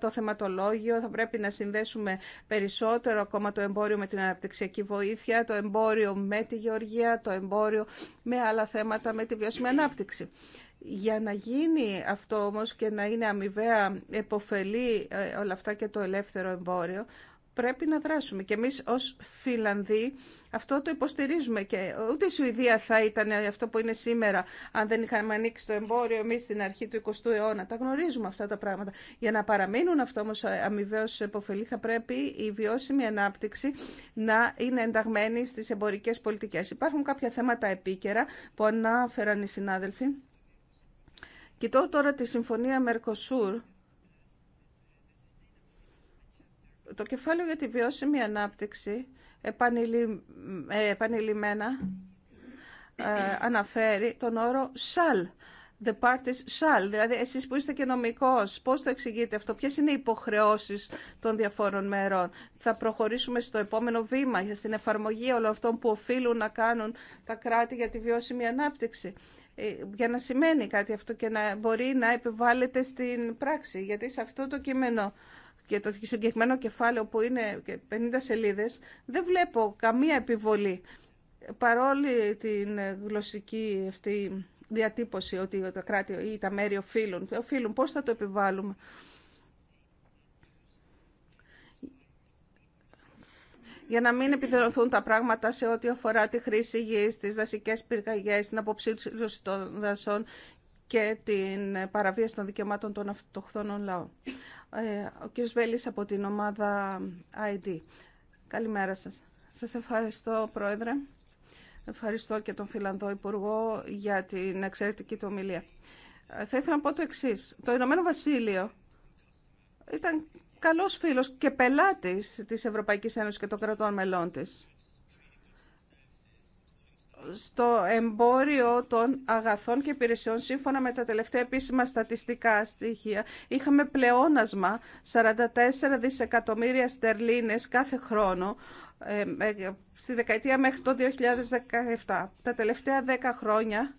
το θεματολόγιο, θα πρέπει να συνδέσουμε περισσότερο ακόμα το εμπόριο με την αναπτυξιακή βοήθεια, το εμπόριο με τη γεωργία, το εμπόριο με άλλα θέματα, με τη βιώσιμη ανάπτυξη. Για να γίνει αυτό όμως και να είναι αμοιβαία επωφελή ε, όλα αυτά και το ελεύθερο εμπόριο, πρέπει να δράσουμε. Και εμείς ως Φιλανδοί αυτό το υποστηρίζουμε και ούτε η Σουηδία θα ήταν αυτό που είναι σήμερα αν δεν είχαμε ανοίξει το εμπόριο Εμεί στην αρχή του 20ου αιώνα. Τα γνωρίζουμε αυτά τα πράγματα. Για να παραμείνουν αυτό όμως αμοιβαίως υποφελή θα πρέπει η βιώσιμη ανάπτυξη να είναι ενταγμένη στις εμπορικές πολιτικές. Υπάρχουν κάποια θέματα επίκαιρα που ανάφεραν οι συνάδελφοι. Κοιτώ τώρα τη συμφωνία Μερκοσούρ Το κεφάλαιο για τη βιώσιμη ανάπτυξη ε, επανειλημμένα ε, αναφέρει τον όρο «shall». The parties shall, δηλαδή εσείς που είστε και νομικός, πώς το εξηγείτε αυτό, ποιες είναι οι υποχρεώσεις των διαφόρων μερών. Θα προχωρήσουμε στο επόμενο βήμα, στην εφαρμογή όλων αυτών που οφείλουν να κάνουν τα κράτη για τη βιώσιμη ανάπτυξη ε, για να σημαίνει κάτι αυτό και να μπορεί να επιβάλλεται στην πράξη. Γιατί σε αυτό το κείμενο για το συγκεκριμένο κεφάλαιο που είναι 50 σελίδες, δεν βλέπω καμία επιβολή. Παρόλη την γλωσσική αυτή διατύπωση ότι τα κράτη ή τα μέρη οφείλουν, οφείλουν πώς θα το επιβάλλουμε. για να μην επιδερωθούν τα πράγματα σε ό,τι αφορά τη χρήση γης, τις δασικές πυρκαγιές, την αποψήλωση των δασών και την παραβίαση των δικαιωμάτων των αυτοχθόνων λαών. Ε, ο κύριος Βέλης από την ομάδα ID. Καλημέρα σας. Σας ευχαριστώ, Πρόεδρε. Ευχαριστώ και τον Φιλανδό Υπουργό για την εξαιρετική του ομιλία. Ε, θα ήθελα να πω το εξή. Το Ηνωμένο Βασίλειο ήταν καλός φίλος και πελάτης της Ευρωπαϊκής Ένωσης και των κρατών μελών της στο εμπόριο των αγαθών και υπηρεσιών σύμφωνα με τα τελευταία επίσημα στατιστικά στοιχεία είχαμε πλεόνασμα 44 δισεκατομμύρια στερλίνες κάθε χρόνο ε, ε, στη δεκαετία μέχρι το 2017. Τα τελευταία 10 χρόνια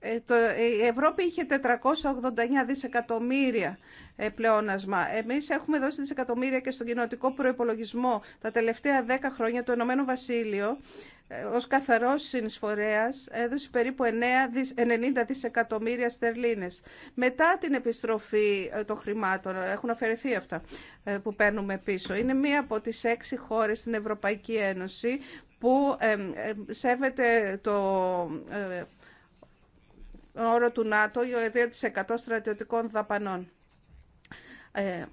Ε, ε, η Ευρώπη είχε 489 δισεκατομμύρια ε, πλεόνασμα. Εμείς έχουμε δώσει δισεκατομμύρια και στον κοινοτικό προϋπολογισμό τα τελευταία 10 χρόνια το Ηνωμένο Βασίλειο ως καθαρός συνεισφορέας έδωσε περίπου 90 δισεκατομμύρια στερλίνες. Μετά την επιστροφή των χρημάτων, έχουν αφαιρεθεί αυτά που παίρνουμε πίσω. Είναι μία από τις έξι χώρες στην Ευρωπαϊκή Ένωση που σέβεται το όρο του ΝΑΤΟ για 2% στρατιωτικών δαπανών. Ε,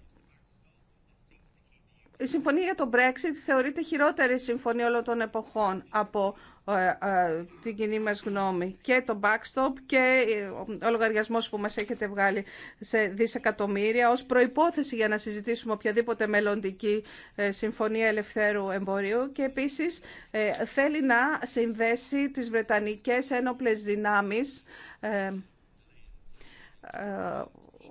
η συμφωνία για το Brexit θεωρείται χειρότερη συμφωνία όλων των εποχών από ε, ε, την κοινή μας γνώμη και το backstop και ε, ο λογαριασμός που μας έχετε βγάλει σε δισεκατομμύρια ως προϋπόθεση για να συζητήσουμε οποιαδήποτε μελλοντική συμφωνία ελευθέρου εμπορίου και επίσης θέλει να συνδέσει τις Βρετανικές ένοπλες δυνάμεις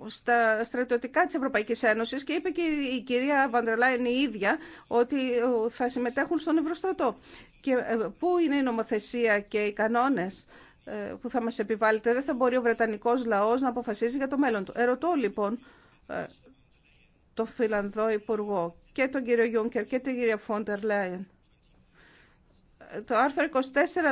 στα στρατιωτικά της Ευρωπαϊκής Ένωσης και είπε και η κυρία Βαντρελάιν η ίδια ότι ε, θα συμμετέχουν στον Ευρωστρατό. Και ε, πού είναι η νομοθεσία και οι κανόνες ε, που θα μας επιβάλλεται. Δεν θα μπορεί ο Βρετανικός λαός να αποφασίζει για το μέλλον του. Ερωτώ λοιπόν τον Φιλανδό Υπουργό και τον κύριο Γιούνκερ και την κυρία Φόντερ Λάιν το άρθρο 24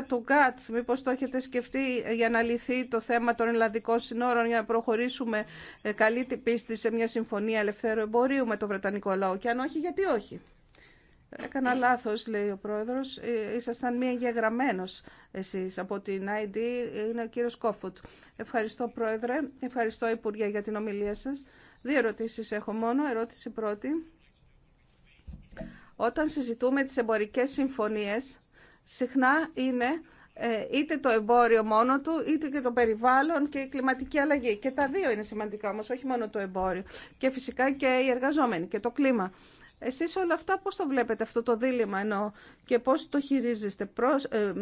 του ΓΚΑΤ, μήπως το έχετε σκεφτεί για να λυθεί το θέμα των ελλαδικών συνόρων, για να προχωρήσουμε ε, καλή πίστη σε μια συμφωνία ελευθέρου εμπορίου με το Βρετανικό λαό. Και αν όχι, γιατί όχι. Έκανα λάθος, λέει ο πρόεδρος. Ε, ήσασταν μία εγγεγραμμένος εσείς από την ID. Είναι ο κύριος Κόφουτ. Ευχαριστώ, πρόεδρε. Ευχαριστώ, Υπουργέ, για την ομιλία σας. Δύο ερωτήσεις έχω μόνο. Ερώτηση πρώτη. Όταν συζητούμε τις εμπορικές συμφωνίες, συχνά είναι ε, είτε το εμπόριο μόνο του, είτε και το περιβάλλον και η κλιματική αλλαγή. Και τα δύο είναι σημαντικά όμως, όχι μόνο το εμπόριο. Και φυσικά και οι εργαζόμενοι και το κλίμα. Εσείς όλα αυτά πώς το βλέπετε αυτό το δίλημα ενώ και πώς το χειρίζεστε. Ε,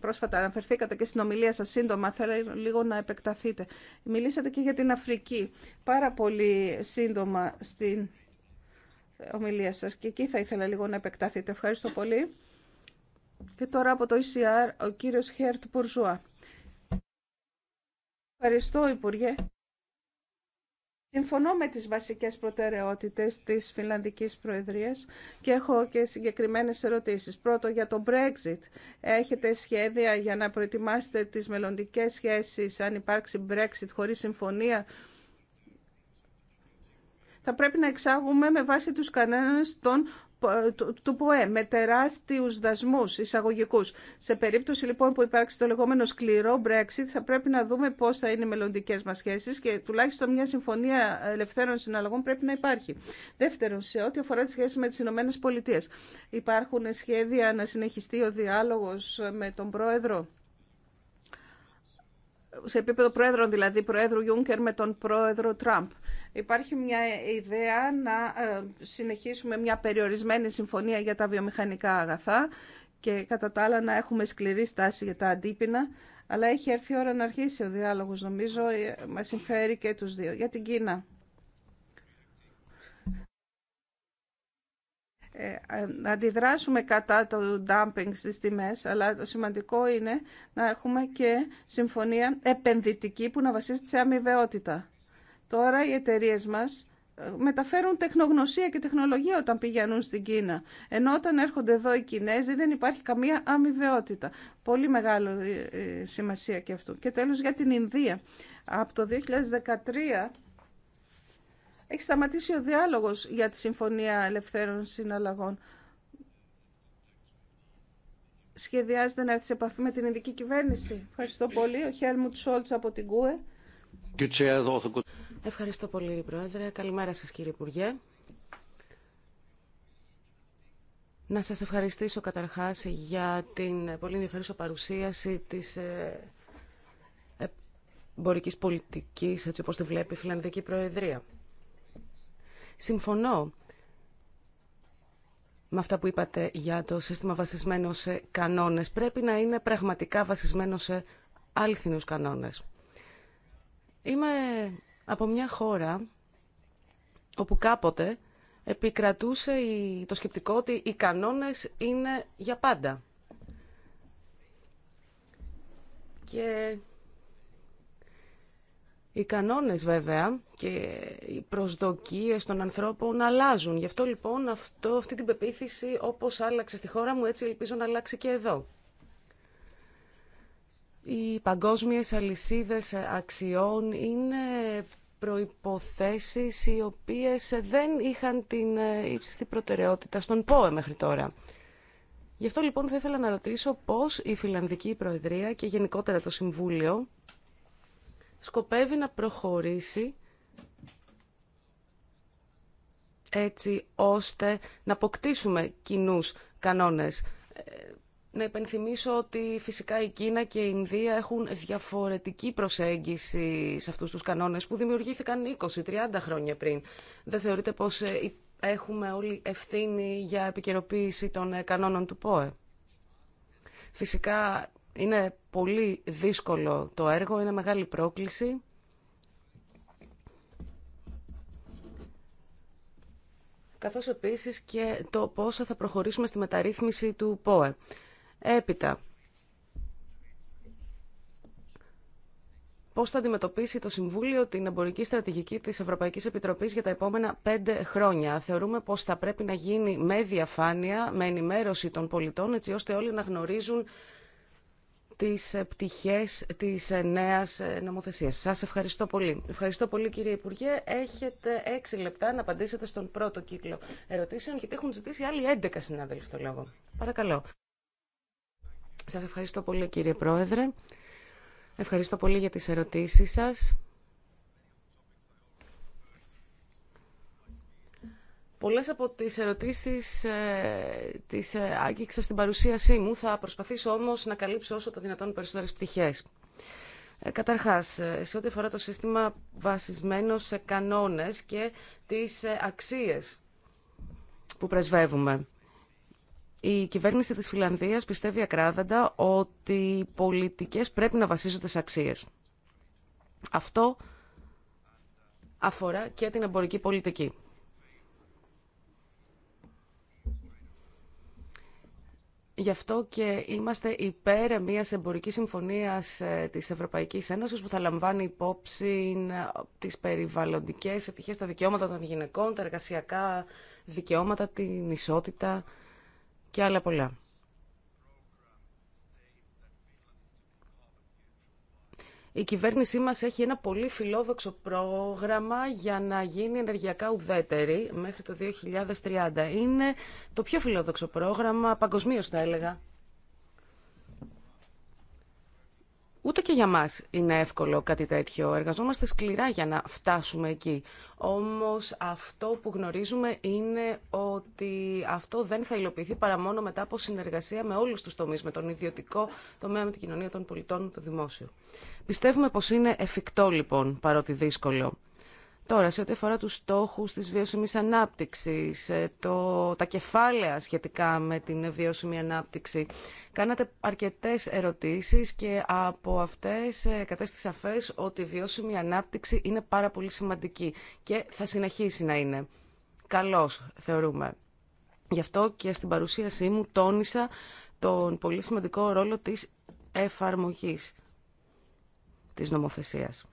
πρόσφατα αναφερθήκατε και στην ομιλία σας σύντομα, θέλω λίγο να επεκταθείτε. Μιλήσατε και για την Αφρική πάρα πολύ σύντομα στην ομιλία σας και εκεί θα ήθελα λίγο να επεκταθείτε. Ευχαριστώ πολύ. Και τώρα από το ECR ο κύριος Χέρτ Πουρζουά. Ευχαριστώ Υπουργέ. Συμφωνώ με τις βασικές προτεραιότητες της Φιλανδικής Προεδρίας και έχω και συγκεκριμένες ερωτήσεις. Πρώτο, για το Brexit. Έχετε σχέδια για να προετοιμάσετε τις μελλοντικές σχέσεις αν υπάρξει Brexit χωρίς συμφωνία. Θα πρέπει να εξάγουμε με βάση τους κανένας των του ΠΟΕ με τεράστιους δασμούς εισαγωγικούς. Σε περίπτωση λοιπόν που υπάρξει το λεγόμενο σκληρό Brexit θα πρέπει να δούμε πώς θα είναι οι μελλοντικέ μας σχέσεις και τουλάχιστον μια συμφωνία ελευθέρων συναλλαγών πρέπει να υπάρχει. Δεύτερον, σε ό,τι αφορά τις σχέσεις με τις Ηνωμένες Πολιτείες, υπάρχουν σχέδια να συνεχιστεί ο διάλογος με τον Πρόεδρο σε επίπεδο Πρόεδρων, δηλαδή Πρόεδρου Ιούνκερ με τον Πρόεδρο Τραμπ. Υπάρχει μια ιδέα να ε, συνεχίσουμε μια περιορισμένη συμφωνία για τα βιομηχανικά αγαθά και κατά τα άλλα να έχουμε σκληρή στάση για τα αντίπεινα. Αλλά έχει έρθει η ώρα να αρχίσει ο διάλογος, νομίζω. Ε, μας συμφέρει και τους δύο. Για την Κίνα. να ε, αντιδράσουμε κατά το dumping στις τιμές, αλλά το σημαντικό είναι να έχουμε και συμφωνία επενδυτική που να βασίζεται σε αμοιβαιότητα. Τώρα οι εταιρείε μα ε, μεταφέρουν τεχνογνωσία και τεχνολογία όταν πηγαίνουν στην Κίνα. Ενώ όταν έρχονται εδώ οι Κινέζοι δεν υπάρχει καμία αμοιβαιότητα. Πολύ μεγάλη ε, ε, σημασία και αυτό. Και τέλος για την Ινδία. Από το 2013 έχει σταματήσει ο διάλογος για τη Συμφωνία Ελευθέρων Συναλλαγών. Σχεδιάζεται να έρθει σε επαφή με την Ινδική κυβέρνηση. Ευχαριστώ πολύ. Ο Χέλμουτ Σόλτς από την ΚΟΕ. Ευχαριστώ πολύ, Πρόεδρε. Καλημέρα σας, κύριε Υπουργέ. Να σας ευχαριστήσω καταρχάς για την πολύ ενδιαφέρουσα παρουσίαση της ε, ε, εμπορικής πολιτικής, έτσι όπως τη βλέπει η Φιλανδική Προεδρία. Συμφωνώ με αυτά που είπατε για το σύστημα βασισμένο σε κανόνες. Πρέπει να είναι πραγματικά βασισμένο σε αληθινούς κανόνες. Είμαι από μια χώρα όπου κάποτε επικρατούσε το σκεπτικό ότι οι κανόνες είναι για πάντα. Και οι κανόνες βέβαια και οι προσδοκίες των ανθρώπων αλλάζουν. Γι' αυτό λοιπόν αυτό, αυτή την πεποίθηση όπως άλλαξε στη χώρα μου έτσι ελπίζω να αλλάξει και εδώ. Οι παγκόσμιες αλυσίδες αξιών είναι προϋποθέσεις οι οποίες δεν είχαν την ε, ύψιστη προτεραιότητα στον ΠΟΕ μέχρι τώρα. Γι' αυτό λοιπόν θα ήθελα να ρωτήσω πώς η Φιλανδική Προεδρία και γενικότερα το Συμβούλιο σκοπεύει να προχωρήσει έτσι ώστε να αποκτήσουμε κοινούς κανόνες να υπενθυμίσω ότι φυσικά η Κίνα και η Ινδία έχουν διαφορετική προσέγγιση σε αυτούς τους κανόνες που δημιουργήθηκαν 20-30 χρόνια πριν. Δεν θεωρείτε πως ε, έχουμε όλοι ευθύνη για επικαιροποίηση των ε, κανόνων του ΠΟΕ. Φυσικά είναι πολύ δύσκολο το έργο, είναι μεγάλη πρόκληση. καθώς επίσης και το πώς θα προχωρήσουμε στη μεταρρύθμιση του ΠΟΕ. Έπειτα, πώς θα αντιμετωπίσει το Συμβούλιο την εμπορική στρατηγική της Ευρωπαϊκής Επιτροπής για τα επόμενα πέντε χρόνια. Θεωρούμε πως θα πρέπει να γίνει με διαφάνεια, με ενημέρωση των πολιτών, έτσι ώστε όλοι να γνωρίζουν τις πτυχές της νέας νομοθεσίας. Σας ευχαριστώ πολύ. Ευχαριστώ πολύ κύριε Υπουργέ. Έχετε έξι λεπτά να απαντήσετε στον πρώτο κύκλο ερωτήσεων, γιατί έχουν ζητήσει άλλοι 11 συνάδελφοι το λόγο. Παρακαλώ. Σας ευχαριστώ πολύ κύριε Πρόεδρε. Ευχαριστώ πολύ για τις ερωτήσεις σας. Πολλές από τις ερωτήσεις ε, τις ε, άγγιξα στην παρουσίασή μου, θα προσπαθήσω όμως να καλύψω όσο το δυνατόν περισσότερες πτυχές. Ε, καταρχάς, ε, σε ό,τι αφορά το σύστημα βασισμένο σε κανόνες και τις ε, αξίες που πρεσβεύουμε. Η κυβέρνηση της Φιλανδίας πιστεύει ακράδαντα ότι οι πολιτικές πρέπει να βασίζονται σε αξίες. Αυτό αφορά και την εμπορική πολιτική. Γι' αυτό και είμαστε υπέρ μια εμπορική συμφωνία ε, τη Ευρωπαϊκή Ένωση που θα λαμβάνει υπόψη ε, τις περιβαλλοντικέ επιτυχίε, τα δικαιώματα των γυναικών, τα εργασιακά δικαιώματα, την ισότητα και άλλα πολλά. Η κυβέρνησή μας έχει ένα πολύ φιλόδοξο πρόγραμμα για να γίνει ενεργειακά ουδέτερη μέχρι το 2030. Είναι το πιο φιλόδοξο πρόγραμμα παγκοσμίως θα έλεγα. Ούτε και για μα είναι εύκολο κάτι τέτοιο. Εργαζόμαστε σκληρά για να φτάσουμε εκεί. Όμως αυτό που γνωρίζουμε είναι ότι αυτό δεν θα υλοποιηθεί παρά μόνο μετά από συνεργασία με όλους τους τομείς, με τον ιδιωτικό τομέα, με την κοινωνία των πολιτών, το δημόσιο. Πιστεύουμε πως είναι εφικτό λοιπόν, παρότι δύσκολο. Τώρα, σε ό,τι αφορά τους στόχου της βιώσιμης ανάπτυξης, ε, τα κεφάλαια σχετικά με την βιώσιμη ανάπτυξη, κάνατε αρκετές ερωτήσεις και από αυτές ε, κατέστησα σαφές ότι η βιώσιμη ανάπτυξη είναι πάρα πολύ σημαντική και θα συνεχίσει να είναι. Καλώς, θεωρούμε. Γι' αυτό και στην παρουσίασή μου τόνισα τον πολύ σημαντικό ρόλο της εφαρμογής της νομοθεσίας.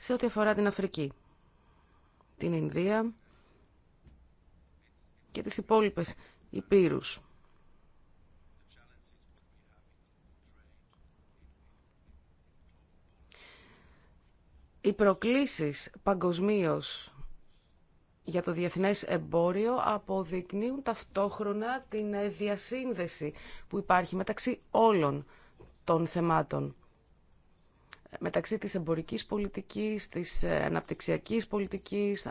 σε ό,τι αφορά την Αφρική, την Ινδία και τις υπόλοιπες υπήρους. Οι προκλήσεις παγκοσμίως για το διεθνές εμπόριο αποδεικνύουν ταυτόχρονα την διασύνδεση που υπάρχει μεταξύ όλων των θεμάτων μεταξύ της εμπορικής πολιτικής, της ε, αναπτυξιακής πολιτικής,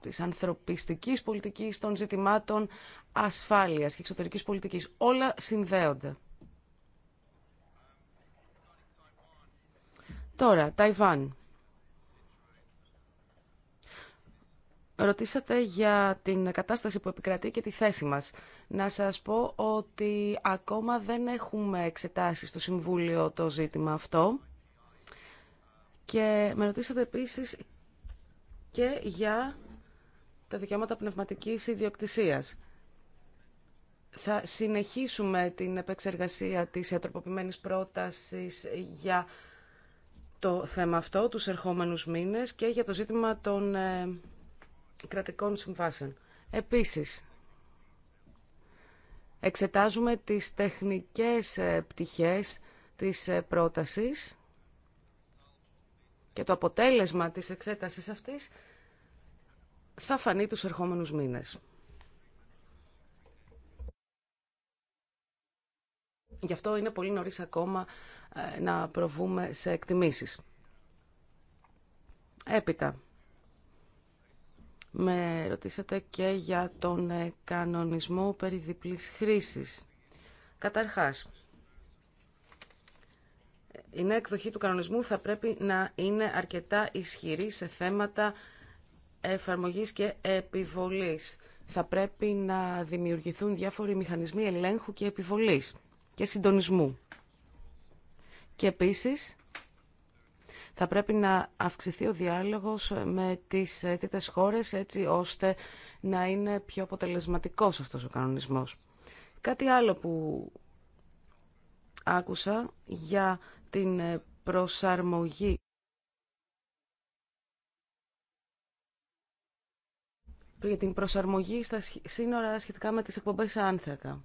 της ανθρωπιστικής πολιτικής, των ζητημάτων ασφάλειας και εξωτερικής πολιτικής. Όλα συνδέονται. Τώρα, Ταϊβάν. Ρωτήσατε για την κατάσταση που επικρατεί και τη θέση μας. Να σας πω ότι ακόμα δεν έχουμε εξετάσει στο Συμβούλιο το ζήτημα αυτό. Και με ρωτήσατε επίσης και για τα δικαιώματα πνευματικής ιδιοκτησίας. Θα συνεχίσουμε την επεξεργασία της ιατροποποιημένης πρότασης για το θέμα αυτό τους ερχόμενους μήνες και για το ζήτημα των ε, κρατικών συμβάσεων. Επίσης, εξετάζουμε τις τεχνικές ε, πτυχές της ε, πρότασης και το αποτέλεσμα της εξέτασης αυτής θα φανεί τους ερχόμενους μήνες. Γι' αυτό είναι πολύ νωρίς ακόμα ε, να προβούμε σε εκτιμήσεις. Έπειτα, με ρωτήσατε και για τον ε, κανονισμό περί διπλής χρήσης. Καταρχάς, η νέα εκδοχή του κανονισμού θα πρέπει να είναι αρκετά ισχυρή σε θέματα εφαρμογής και επιβολής. Θα πρέπει να δημιουργηθούν διάφοροι μηχανισμοί ελέγχου και επιβολής και συντονισμού. Και επίσης θα πρέπει να αυξηθεί ο διάλογος με τις τρίτες χώρες έτσι ώστε να είναι πιο αποτελεσματικός αυτός ο κανονισμός. Κάτι άλλο που άκουσα για την ε, προσαρμογή για την προσαρμογή στα σύνορα σχετικά με τις εκπομπές άνθρακα.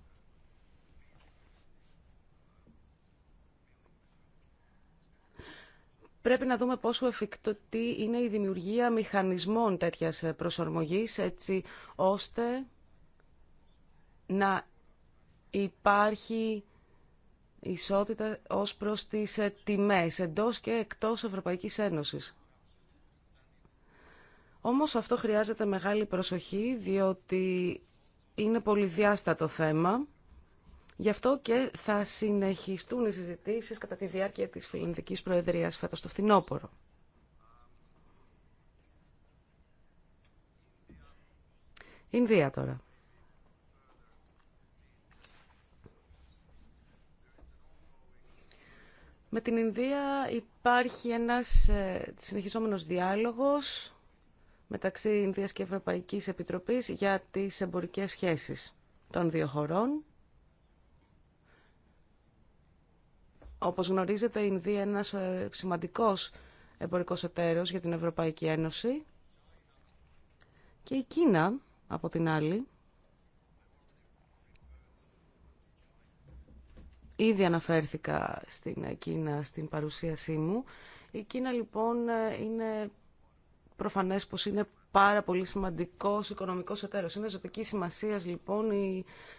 Πρέπει να δούμε πόσο εφικτή είναι η δημιουργία μηχανισμών τέτοιας ε, προσαρμογής, έτσι ώστε να υπάρχει ισότητα ως προς τις ε, τιμές εντός και εκτός Ευρωπαϊκής Ένωσης. Όμως αυτό χρειάζεται μεγάλη προσοχή διότι είναι πολύ διάστατο θέμα. Γι' αυτό και θα συνεχιστούν οι συζητήσεις κατά τη διάρκεια της Φιλανδικής Προεδρίας φέτος το φθινόπωρο. Ινδία τώρα. Με την Ινδία υπάρχει ένας ε, συνεχιζόμενος διάλογος μεταξύ Ινδίας και Ευρωπαϊκής Επιτροπής για τις εμπορικές σχέσεις των δύο χωρών. Όπως γνωρίζετε, η Ινδία είναι ένας ε, σημαντικός εμπορικός εταίρος για την Ευρωπαϊκή Ένωση και η Κίνα, από την άλλη, Ήδη αναφέρθηκα στην Κίνα στην παρουσίασή μου. Η Κίνα λοιπόν είναι προφανές πως είναι πάρα πολύ σημαντικός οικονομικός εταίρος. Είναι ζωτική σημασία λοιπόν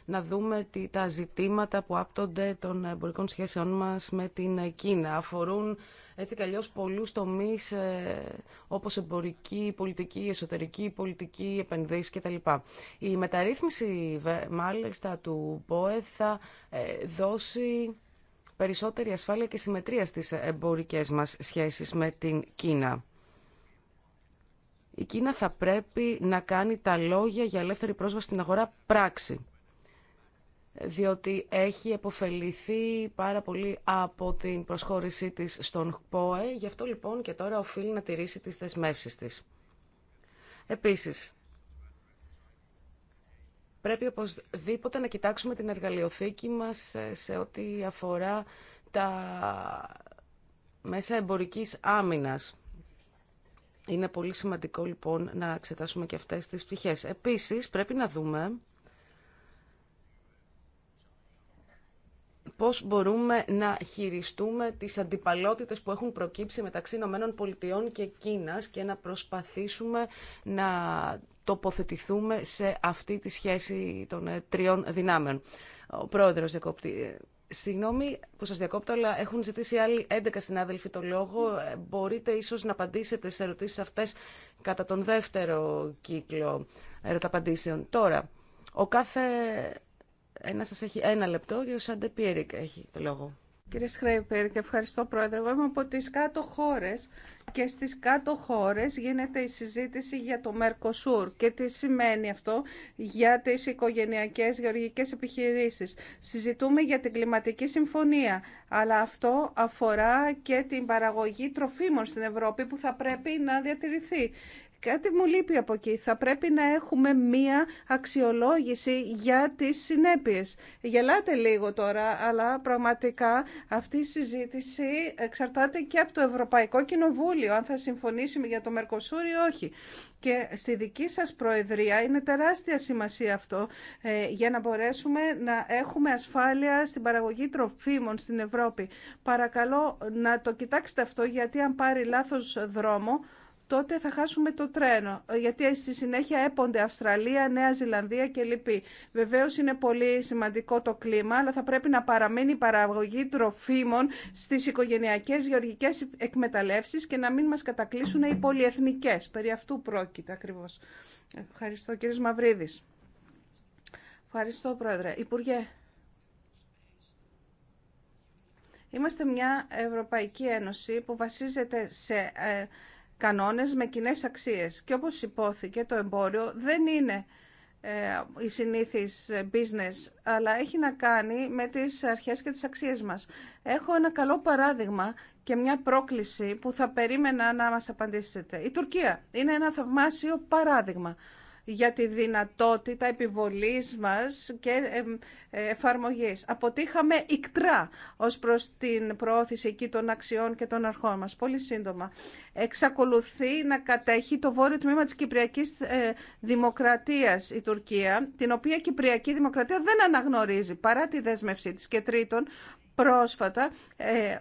να δούμε τι, τα ζητήματα που άπτονται των εμπορικών σχέσεών μας με την Κίνα. Αφορούν έτσι κι αλλιώς πολλούς τομείς ε, όπως εμπορική, πολιτική, εσωτερική, πολιτική, επενδύσεις κτλ. Η μεταρρύθμιση μάλιστα του ΠΟΕ θα ε, δώσει περισσότερη ασφάλεια και συμμετρία στις εμπορικές μας σχέσεις με την Κίνα. Η Κίνα θα πρέπει να κάνει τα λόγια για ελεύθερη πρόσβαση στην αγορά πράξη διότι έχει επωφεληθεί πάρα πολύ από την προσχώρησή της στον ΠΟΕ, γι' αυτό λοιπόν και τώρα οφείλει να τηρήσει τις δεσμεύσεις της. Επίσης, πρέπει οπωσδήποτε να κοιτάξουμε την εργαλειοθήκη μας σε ό,τι αφορά τα μέσα εμπορικής άμυνας. Είναι πολύ σημαντικό λοιπόν να εξετάσουμε και αυτές τις πτυχές. Επίσης, πρέπει να δούμε πώς μπορούμε να χειριστούμε τις αντιπαλότητες που έχουν προκύψει μεταξύ Ηνωμένων Πολιτειών και Κίνας και να προσπαθήσουμε να τοποθετηθούμε σε αυτή τη σχέση των ε, τριών δυνάμεων. Ο πρόεδρος διακόπτη. Ε, συγγνώμη που σας διακόπτω, αλλά έχουν ζητήσει άλλοι 11 συνάδελφοι το λόγο. Ε, μπορείτε ίσως να απαντήσετε σε ερωτήσεις αυτές κατά τον δεύτερο κύκλο ερωταπαντήσεων. Τώρα, ο κάθε ένα σας έχει ένα λεπτό και ο Πίερικ έχει το λόγο. Κύριε Σχρέιπερ, και ευχαριστώ πρόεδρε. Εγώ είμαι από τις κάτω χώρες και στις κάτω χώρες γίνεται η συζήτηση για το Mercosur και τι σημαίνει αυτό για τις οικογενειακές γεωργικές επιχειρήσεις. Συζητούμε για την κλιματική συμφωνία, αλλά αυτό αφορά και την παραγωγή τροφίμων στην Ευρώπη που θα πρέπει να διατηρηθεί. Κάτι μου λείπει από εκεί. Θα πρέπει να έχουμε μία αξιολόγηση για τις συνέπειες. Γελάτε λίγο τώρα, αλλά πραγματικά αυτή η συζήτηση εξαρτάται και από το Ευρωπαϊκό Κοινοβούλιο, αν θα συμφωνήσουμε για το Μερκοσούρι ή όχι. Και στη δική σας Προεδρία είναι τεράστια σημασία αυτό ε, για να μπορέσουμε να έχουμε ασφάλεια στην παραγωγή τροφίμων στην Ευρώπη. Παρακαλώ να το κοιτάξετε αυτό, γιατί αν πάρει λάθος δρόμο, τότε θα χάσουμε το τρένο, γιατί στη συνέχεια έπονται Αυστραλία, Νέα Ζηλανδία και λοιπή. Βεβαίως είναι πολύ σημαντικό το κλίμα, αλλά θα πρέπει να παραμείνει η παραγωγή τροφίμων στις οικογενειακές γεωργικές εκμεταλλεύσεις και να μην μα κατακλείσουν οι πολυεθνικές. Περί αυτού πρόκειται ακριβώ. Ευχαριστώ κύριε Μαυρίδη. Ευχαριστώ πρόεδρε. Υπουργέ. Είμαστε μια Ευρωπαϊκή Ένωση που βασίζεται σε ε, κανόνες με κοινέ αξίες. Και όπως υπόθηκε, το εμπόριο δεν είναι ε, η συνήθις ε, business, αλλά έχει να κάνει με τις αρχές και τις αξίες μας. Έχω ένα καλό παράδειγμα και μια πρόκληση που θα περίμενα να μας απαντήσετε. Η Τουρκία είναι ένα θαυμάσιο παράδειγμα για τη δυνατότητα επιβολής μας και ε, εφαρμογής. Αποτύχαμε ικτρά ως προς την προώθηση εκεί των αξιών και των αρχών μας. Πολύ σύντομα. Εξακολουθεί να κατέχει το βόρειο τμήμα της Κυπριακής ε, Δημοκρατίας η Τουρκία, την οποία η Κυπριακή Δημοκρατία δεν αναγνωρίζει παρά τη δέσμευσή της. Και τρίτον, πρόσφατα ε,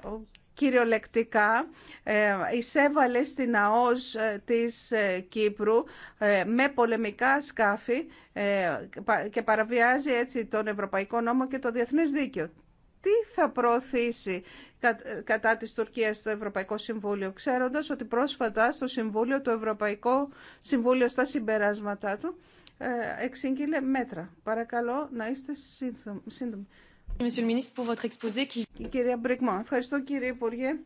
κυριολεκτικά ε, εισέβαλε στην ΑΟΣ ε, της ε, Κύπρου με πολεμικά σκάφη και παραβιάζει έτσι τον Ευρωπαϊκό Νόμο και το Διεθνές Δίκαιο. Τι θα προωθήσει κατά της Τουρκίας το Ευρωπαϊκό Συμβούλιο, ξέροντας ότι πρόσφατα στο Συμβούλιο, το Ευρωπαϊκό Συμβούλιο στα συμπεράσματά του, εξήγηλε μέτρα. Παρακαλώ να είστε σύντομοι κυρία Μπρικμά, ευχαριστώ κύριε Υπουργέ.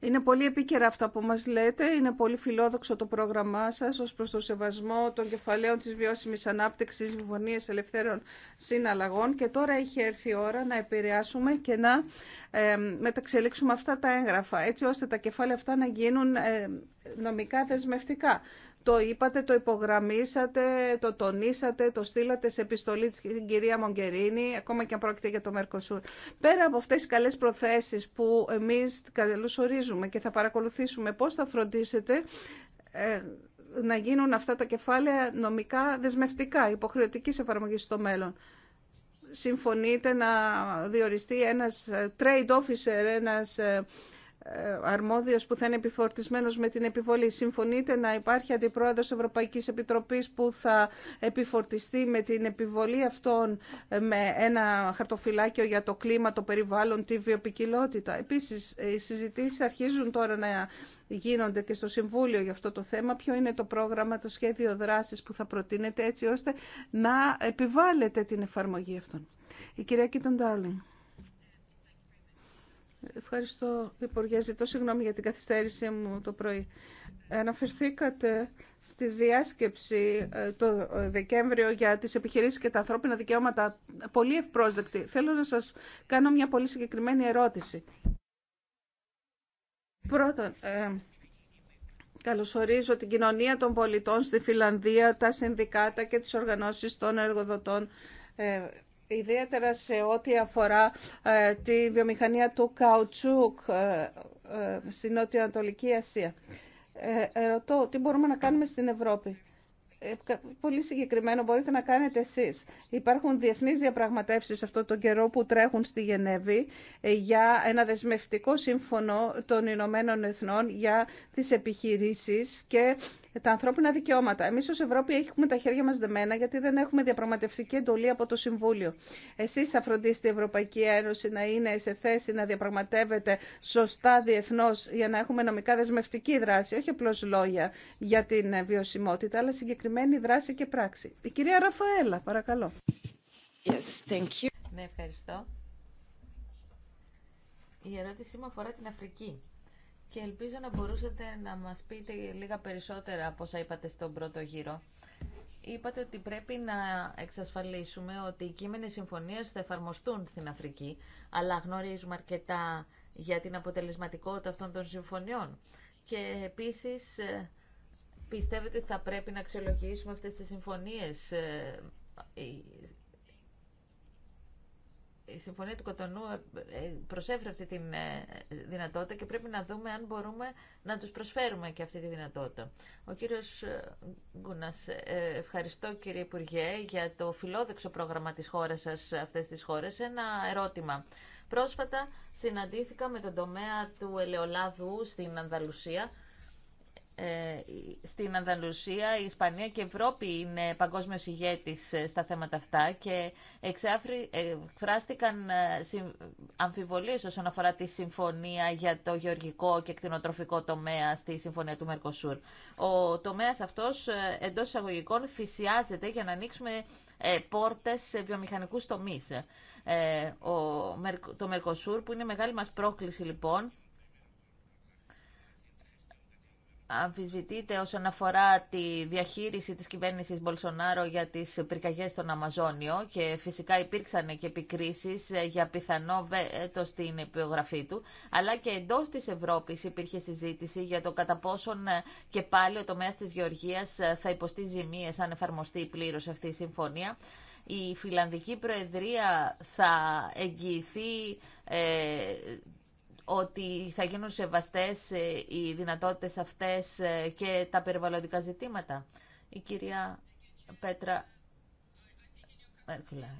Είναι πολύ επίκαιρα αυτά που μας λέτε, είναι πολύ φιλόδοξο το πρόγραμμά σας ως προς το σεβασμό των κεφαλαίων της βιώσιμης ανάπτυξης βιβωνίες Ελευθέρων Συναλλαγών και τώρα έχει έρθει η ώρα να επηρεάσουμε και να ε, μεταξελίξουμε αυτά τα έγγραφα έτσι ώστε τα κεφάλαια αυτά να γίνουν νομικά δεσμευτικά. Το είπατε, το υπογραμμίσατε, το τονίσατε, το στείλατε σε επιστολή στην κυρία Μογκερίνη, ακόμα και αν πρόκειται για το Μερκοσούρ. Πέρα από αυτές τις καλές προθέσεις που εμείς καλώς ορίζουμε και θα παρακολουθήσουμε πώς θα φροντίσετε ε, να γίνουν αυτά τα κεφάλαια νομικά δεσμευτικά, υποχρεωτική εφαρμογή στο μέλλον συμφωνείτε να διοριστεί ένας ε, trade officer, ένας ε, ε, αρμόδιος που θα είναι επιφορτισμένος με την επιβολή. Συμφωνείτε να υπάρχει αντιπρόεδρος Ευρωπαϊκής Επιτροπής που θα επιφορτιστεί με την επιβολή αυτών ε, με ένα χαρτοφυλάκιο για το κλίμα, το περιβάλλον, τη βιοπικιλότητα. Επίσης, οι συζητήσεις αρχίζουν τώρα να γίνονται και στο Συμβούλιο για αυτό το θέμα. Ποιο είναι το πρόγραμμα, το σχέδιο δράσης που θα προτείνετε έτσι ώστε να επιβάλλετε την εφαρμογή αυτών. Η κυρία Κίτον Ντάρλινγκ. Ευχαριστώ, Υπουργέ. Ζητώ συγγνώμη για την καθυστέρησή μου το πρωί. Αναφερθήκατε στη διάσκεψη ε, το Δεκέμβριο για τις επιχειρήσεις και τα ανθρώπινα δικαιώματα πολύ ευπρόσδεκτη. Θέλω να σας κάνω μια πολύ συγκεκριμένη ερώτηση. Πρώτον, ε, καλωσορίζω την κοινωνία των πολιτών στη Φιλανδία, τα συνδικάτα και τις οργανώσεις των εργοδοτών. Ε, ιδιαίτερα σε ό,τι αφορά ε, τη βιομηχανία του καουτσούκ ε, ε, στην Νότιο-Ανατολική Ασία. Ρωτώ, τι μπορούμε να κάνουμε στην Ευρώπη. Πολύ συγκεκριμένο μπορείτε να κάνετε εσείς. Υπάρχουν διεθνείς διαπραγματεύσεις αυτό τον καιρό που τρέχουν στη Γενέβη για ένα δεσμευτικό σύμφωνο των Ηνωμένων Εθνών για τις επιχειρήσεις και τα ανθρώπινα δικαιώματα. Εμεί ω Ευρώπη έχουμε τα χέρια μα δεμένα γιατί δεν έχουμε διαπραγματευτική εντολή από το Συμβούλιο. Εσεί θα φροντίσετε η Ευρωπαϊκή Ένωση να είναι σε θέση να διαπραγματεύεται σωστά διεθνώ για να έχουμε νομικά δεσμευτική δράση, όχι απλώ λόγια για την βιωσιμότητα, αλλά συγκεκριμένη δράση και πράξη. Η κυρία Ραφαέλα, παρακαλώ. Yes, thank you. Ναι, ευχαριστώ. Η ερώτησή μου αφορά την Αφρική και ελπίζω να μπορούσατε να μας πείτε λίγα περισσότερα από όσα είπατε στον πρώτο γύρο. Είπατε ότι πρέπει να εξασφαλίσουμε ότι οι κείμενες συμφωνίες θα εφαρμοστούν στην Αφρική, αλλά γνωρίζουμε αρκετά για την αποτελεσματικότητα αυτών των συμφωνιών. Και επίσης ε, πιστεύετε ότι θα πρέπει να αξιολογήσουμε αυτές τις συμφωνίες ε, η Συμφωνία του Κοτονού ε, ε, προσέφερε αυτή τη ε, δυνατότητα και πρέπει να δούμε αν μπορούμε να τους προσφέρουμε και αυτή τη δυνατότητα. Ο κύριος Γκούνας, ευχαριστώ κύριε Υπουργέ για το φιλόδεξο πρόγραμμα της χώρας σας αυτές τις χώρες. Ένα ερώτημα. Πρόσφατα συναντήθηκα με τον τομέα του ελαιολάδου στην Ανδαλουσία ε, στην Ανδαλουσία, η Ισπανία και η Ευρώπη είναι παγκόσμιος ηγέτης ε, στα θέματα αυτά και εξάφρι, εκφράστηκαν ε, αμφιβολίες όσον αφορά τη συμφωνία για το γεωργικό και κτηνοτροφικό τομέα στη συμφωνία του Μερκοσούρ. Ο τομέας αυτός εντός εισαγωγικών φυσιάζεται για να ανοίξουμε πόρτες σε βιομηχανικούς τομείς. Το Μερκοσούρ που είναι μεγάλη μας πρόκληση λοιπόν αμφισβητείται όσον αφορά τη διαχείριση της κυβέρνησης Μπολσονάρο για τις πυρκαγιές στον Αμαζόνιο και φυσικά υπήρξαν και επικρίσεις ε, για πιθανό βέτο στην επιογραφή του, αλλά και εντός της Ευρώπης υπήρχε συζήτηση για το κατά πόσον ε, και πάλι ο τομέας της Γεωργίας ε, θα υποστεί ζημίες αν εφαρμοστεί πλήρως αυτή η συμφωνία. Η Φιλανδική Προεδρία θα εγγυηθεί ε, ότι θα γίνουν σεβαστές ε, οι δυνατότητες αυτές ε, και τα περιβαλλοντικά ζητήματα. Η κυρία Πέτρα...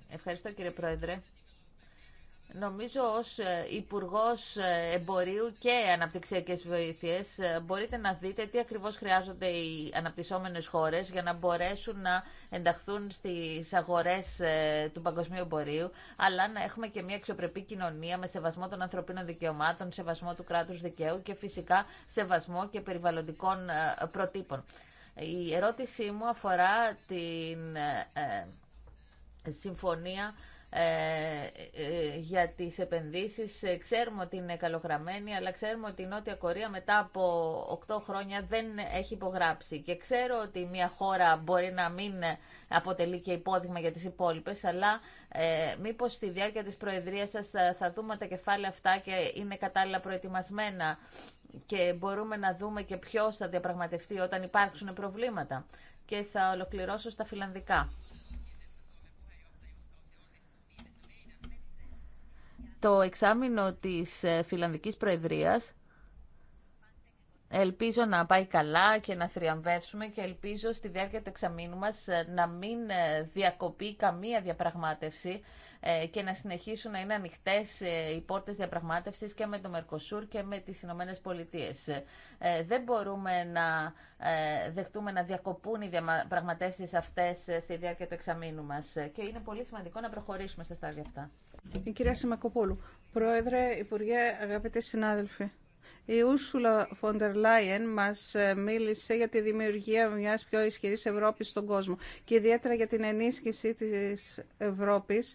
Ευχαριστώ κύριε Πρόεδρε. Νομίζω ως ε, υπουργό ε, Εμπορίου και Αναπτυξιακές Βοήθειες ε, μπορείτε να δείτε τι ακριβώς χρειάζονται οι αναπτυσσόμενες χώρες για να μπορέσουν να ενταχθούν στις αγορές του παγκοσμίου εμπορίου, αλλά να έχουμε και μια αξιοπρεπή κοινωνία με σεβασμό των ανθρωπίνων δικαιωμάτων, σεβασμό του κράτους δικαίου και φυσικά σεβασμό και περιβαλλοντικών προτύπων. Η ερώτησή μου αφορά την συμφωνία ε, ε, για τις επενδύσεις. Ε, ξέρουμε ότι είναι καλογραμμένη, αλλά ξέρουμε ότι η Νότια Κορία μετά από 8 χρόνια δεν έχει υπογράψει. Και ξέρω ότι μια χώρα μπορεί να μην αποτελεί και υπόδειγμα για τις υπόλοιπες, αλλά ε, μήπως στη διάρκεια της Προεδρίας σας θα δούμε τα κεφάλαια αυτά και είναι κατάλληλα προετοιμασμένα και μπορούμε να δούμε και ποιος θα διαπραγματευτεί όταν υπάρξουν προβλήματα. Και θα ολοκληρώσω στα φιλανδικά. το εξάμεινο της ε, Φιλανδικής Προεδρίας. Ελπίζω να πάει καλά και να θριαμβεύσουμε και ελπίζω στη διάρκεια του εξαμήνου μας ε, να μην ε, διακοπεί καμία διαπραγμάτευση ε, και να συνεχίσουν να είναι ανοιχτέ ε, οι πόρτε διαπραγμάτευση και με το Μερκοσούρ και με τι Ηνωμένε Πολιτείε. Ε, δεν μπορούμε να δεχτούμε να διακοπούν οι διαπραγματεύσει αυτέ στη διάρκεια του εξαμήνου μα και είναι πολύ σημαντικό να προχωρήσουμε στα στάδια αυτά. Η κυρία Σιμακοπούλου, Πρόεδρε, Υπουργέ, αγαπητοί συνάδελφοι. Η Ούσουλα Φοντερ Λάιεν μας μίλησε για τη δημιουργία μιας πιο ισχυρή Ευρώπης στον κόσμο και ιδιαίτερα για την ενίσχυση της Ευρώπης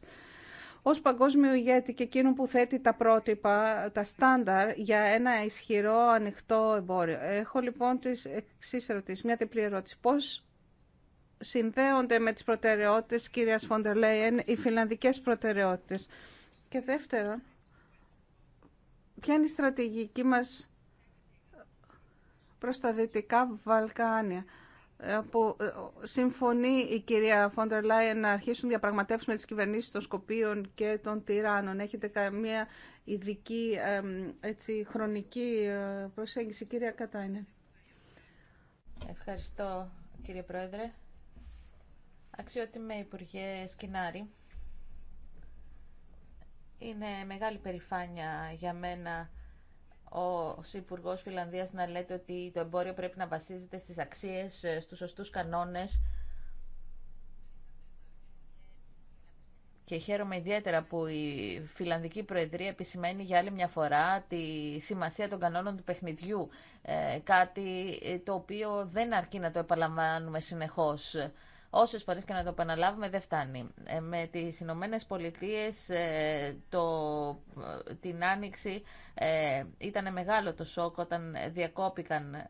ως παγκόσμιο ηγέτη και εκείνο που θέτει τα πρότυπα, τα στάνταρ για ένα ισχυρό ανοιχτό εμπόριο. Έχω λοιπόν τις εξής ερωτήσεις, μια διπλή ερώτηση. Πώς συνδέονται με τις προτεραιότητες κυρίας Φοντερ οι φιλανδικές προτεραιότητες. Και δεύτερον, ποια είναι η στρατηγική μας προς τα Δυτικά Βαλκάνια. Ε, που ε, συμφωνεί η κυρία Φόντερ Λάιεν να αρχίσουν διαπραγματεύσει με τις κυβερνήσεις των Σκοπίων και των Τυράννων. Έχετε καμία ειδική έτσι, χρονική ε, προσέγγιση, κυρία Κατάινε. Ευχαριστώ, κύριε Πρόεδρε. Αξιότιμε Υπουργέ Σκινάρη, είναι μεγάλη περηφάνεια για μένα ο Υπουργό Φιλανδία να λέτε ότι το εμπόριο πρέπει να βασίζεται στι αξίε, στου σωστού κανόνε. Και χαίρομαι ιδιαίτερα που η Φιλανδική Προεδρία επισημαίνει για άλλη μια φορά τη σημασία των κανόνων του παιχνιδιού. Ε, κάτι ε, το οποίο δεν αρκεί να το επαλαμβάνουμε συνεχώς. Όσε φορέ και να το επαναλάβουμε, δεν φτάνει. Ε, με τι Ηνωμένε Πολιτείε ε, το, ε, την Άνοιξη ήταν μεγάλο το σοκ όταν διακόπηκαν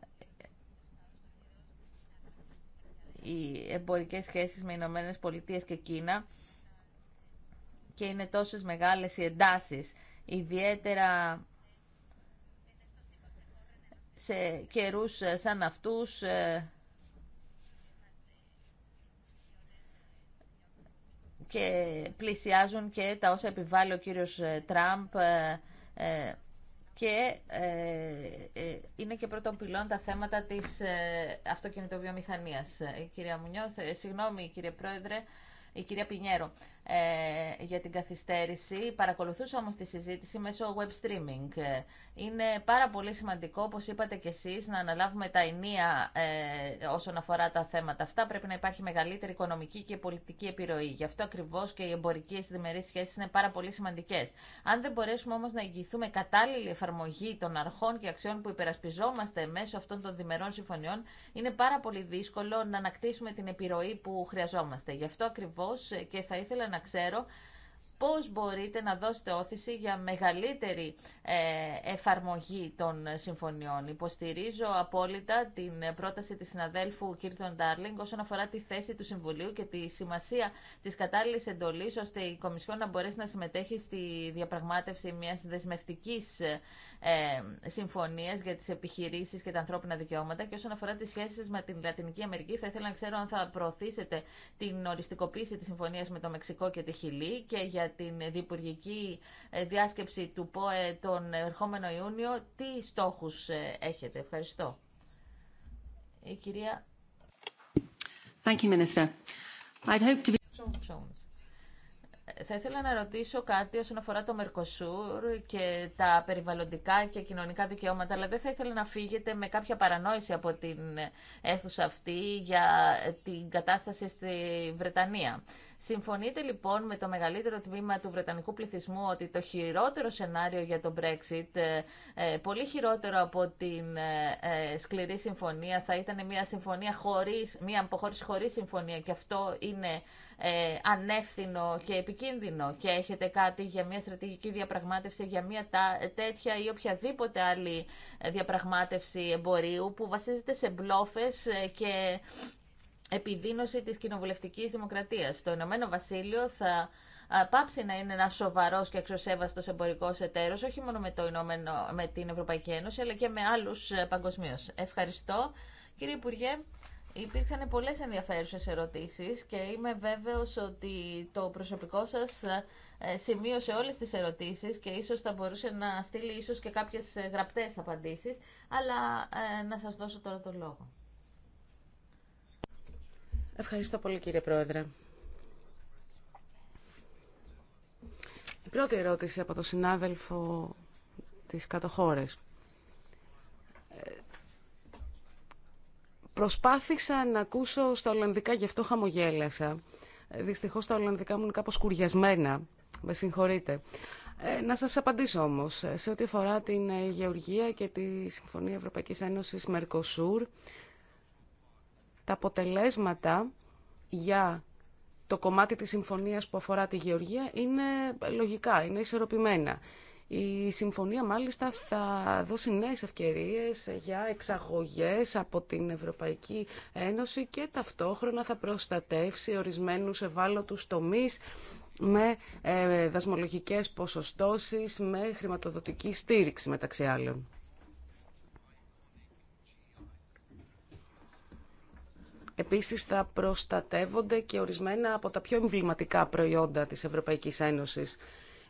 οι εμπορικές σχέσεις με Ηνωμένε Πολιτείε και Κίνα και είναι τόσε μεγάλες οι εντάσεις, ιδιαίτερα σε καιρούς σαν αυτούς και πλησιάζουν και τα όσα επιβάλλει ο κύριος ε, Τραμπ ε, ε, και είναι και πρώτον πυλών τα θέματα της αυτοκινητοβιομηχανίας. κυρία Μουνιώθ, συγγνώμη κύριε Πρόεδρε, η κυρία Πινιέρο ε, για την καθυστέρηση. Παρακολουθούσα όμως τη συζήτηση μέσω web streaming. Είναι πάρα πολύ σημαντικό, όπως είπατε και εσείς, να αναλάβουμε τα ενία ε, όσον αφορά τα θέματα αυτά. Πρέπει να υπάρχει μεγαλύτερη οικονομική και πολιτική επιρροή. Γι' αυτό ακριβώς και οι εμπορικές διμερείς σχέσεις είναι πάρα πολύ σημαντικές. Αν δεν μπορέσουμε όμως να εγγυηθούμε κατάλληλη εφαρμογή των αρχών και αξιών που υπερασπιζόμαστε μέσω αυτών των διμερών συμφωνιών, είναι πάρα πολύ δύσκολο να ανακτήσουμε την επιρροή που χρειαζόμαστε. Γι' αυτό ακριβώς και θα ήθελα να ξέρω πώς μπορείτε να δώσετε όθηση για μεγαλύτερη ε, εφαρμογή των συμφωνιών. Υποστηρίζω απόλυτα την πρόταση της συναδέλφου Κίρτον Ντάρλινγκ όσον αφορά τη θέση του Συμβουλίου και τη σημασία της κατάλληλης εντολής ώστε η Κομισιόν να μπορέσει να συμμετέχει στη διαπραγμάτευση μιας δεσμευτικής ε, συμφωνίες για τις επιχειρήσεις και τα ανθρώπινα δικαιώματα και όσον αφορά τις σχέσεις με την Λατινική Αμερική θα ήθελα να ξέρω αν θα προωθήσετε την οριστικοποίηση της συμφωνίας με το Μεξικό και τη Χιλή και για την διπουργική ε, διάσκεψη του ΠΟΕ τον ερχόμενο Ιούνιο τι στόχους ε, έχετε. Ευχαριστώ. Η κυρία... Thank you, Minister. I'd hope to be... Θα ήθελα να ρωτήσω κάτι όσον αφορά το Μερκοσούρ και τα περιβαλλοντικά και κοινωνικά δικαιώματα, αλλά δεν θα ήθελα να φύγετε με κάποια παρανόηση από την αίθουσα αυτή για την κατάσταση στη Βρετανία. Συμφωνείτε λοιπόν με το μεγαλύτερο τμήμα του Βρετανικού πληθυσμού ότι το χειρότερο σενάριο για το Brexit, ε, ε, πολύ χειρότερο από την ε, σκληρή συμφωνία, θα ήταν μια συμφωνία χωρίς, μια αποχώρηση χωρίς συμφωνία και αυτό είναι ε, ανεύθυνο και επικίνδυνο και έχετε κάτι για μια στρατηγική διαπραγμάτευση, για μια τέτοια ή οποιαδήποτε άλλη διαπραγμάτευση εμπορίου που βασίζεται σε μπλόφες ε, και επιδείνωση της κοινοβουλευτικής δημοκρατίας. Το Ηνωμένο Βασίλειο θα ε, πάψει να είναι ένα σοβαρό και αξιοσέβαστο εμπορικό εταίρο, όχι μόνο με, το με την Ευρωπαϊκή Ένωση, αλλά και με άλλου ε, παγκοσμίω. Ευχαριστώ. Κύριε Υπουργέ, Υπήρξαν πολλές ενδιαφέρουσες ερωτήσεις και είμαι βέβαιος ότι το προσωπικό σας ε, σημείωσε όλες τις ερωτήσεις και ίσως θα μπορούσε να στείλει ίσως και κάποιες ε, γραπτές απαντήσεις, αλλά ε, να σας δώσω τώρα το λόγο. Ευχαριστώ πολύ κύριε Πρόεδρε. Η πρώτη ερώτηση από τον συνάδελφο της κατοχώρες. Προσπάθησα να ακούσω στα Ολλανδικά, γι' αυτό χαμογέλασα. Ε, Δυστυχώ τα Ολλανδικά μου είναι κάπως κουριασμένα. Με συγχωρείτε. Ε, να σας απαντήσω όμως ε, σε ό,τι αφορά την Γεωργία και τη Συμφωνία Ευρωπαϊκής Ένωσης Μερκοσούρ. Τα αποτελέσματα για το κομμάτι της συμφωνίας που αφορά τη Γεωργία είναι λογικά, είναι ισορροπημένα. Η συμφωνία μάλιστα θα δώσει νέες ευκαιρίες για εξαγωγές από την Ευρωπαϊκή Ένωση και ταυτόχρονα θα προστατεύσει ορισμένους ευάλωτους τομείς με ε, δασμολογικές ποσοστώσεις, με χρηματοδοτική στήριξη μεταξύ άλλων. Επίσης θα προστατεύονται και ορισμένα από τα πιο εμβληματικά προϊόντα της Ευρωπαϊκής Ένωσης.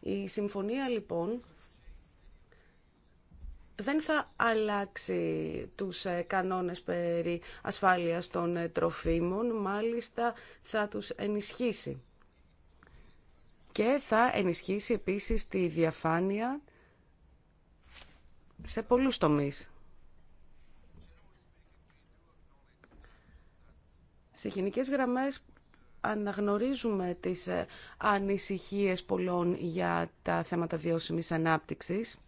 Η συμφωνία λοιπόν δεν θα αλλάξει τους ε, κανόνες περί ασφάλειας των ε, τροφίμων, μάλιστα θα τους ενισχύσει. Και θα ενισχύσει επίσης τη διαφάνεια σε πολλούς τομείς. Σε γενικές γραμμές αναγνωρίζουμε τις ε, ανησυχίες πολλών για τα θέματα βιώσιμης ανάπτυξης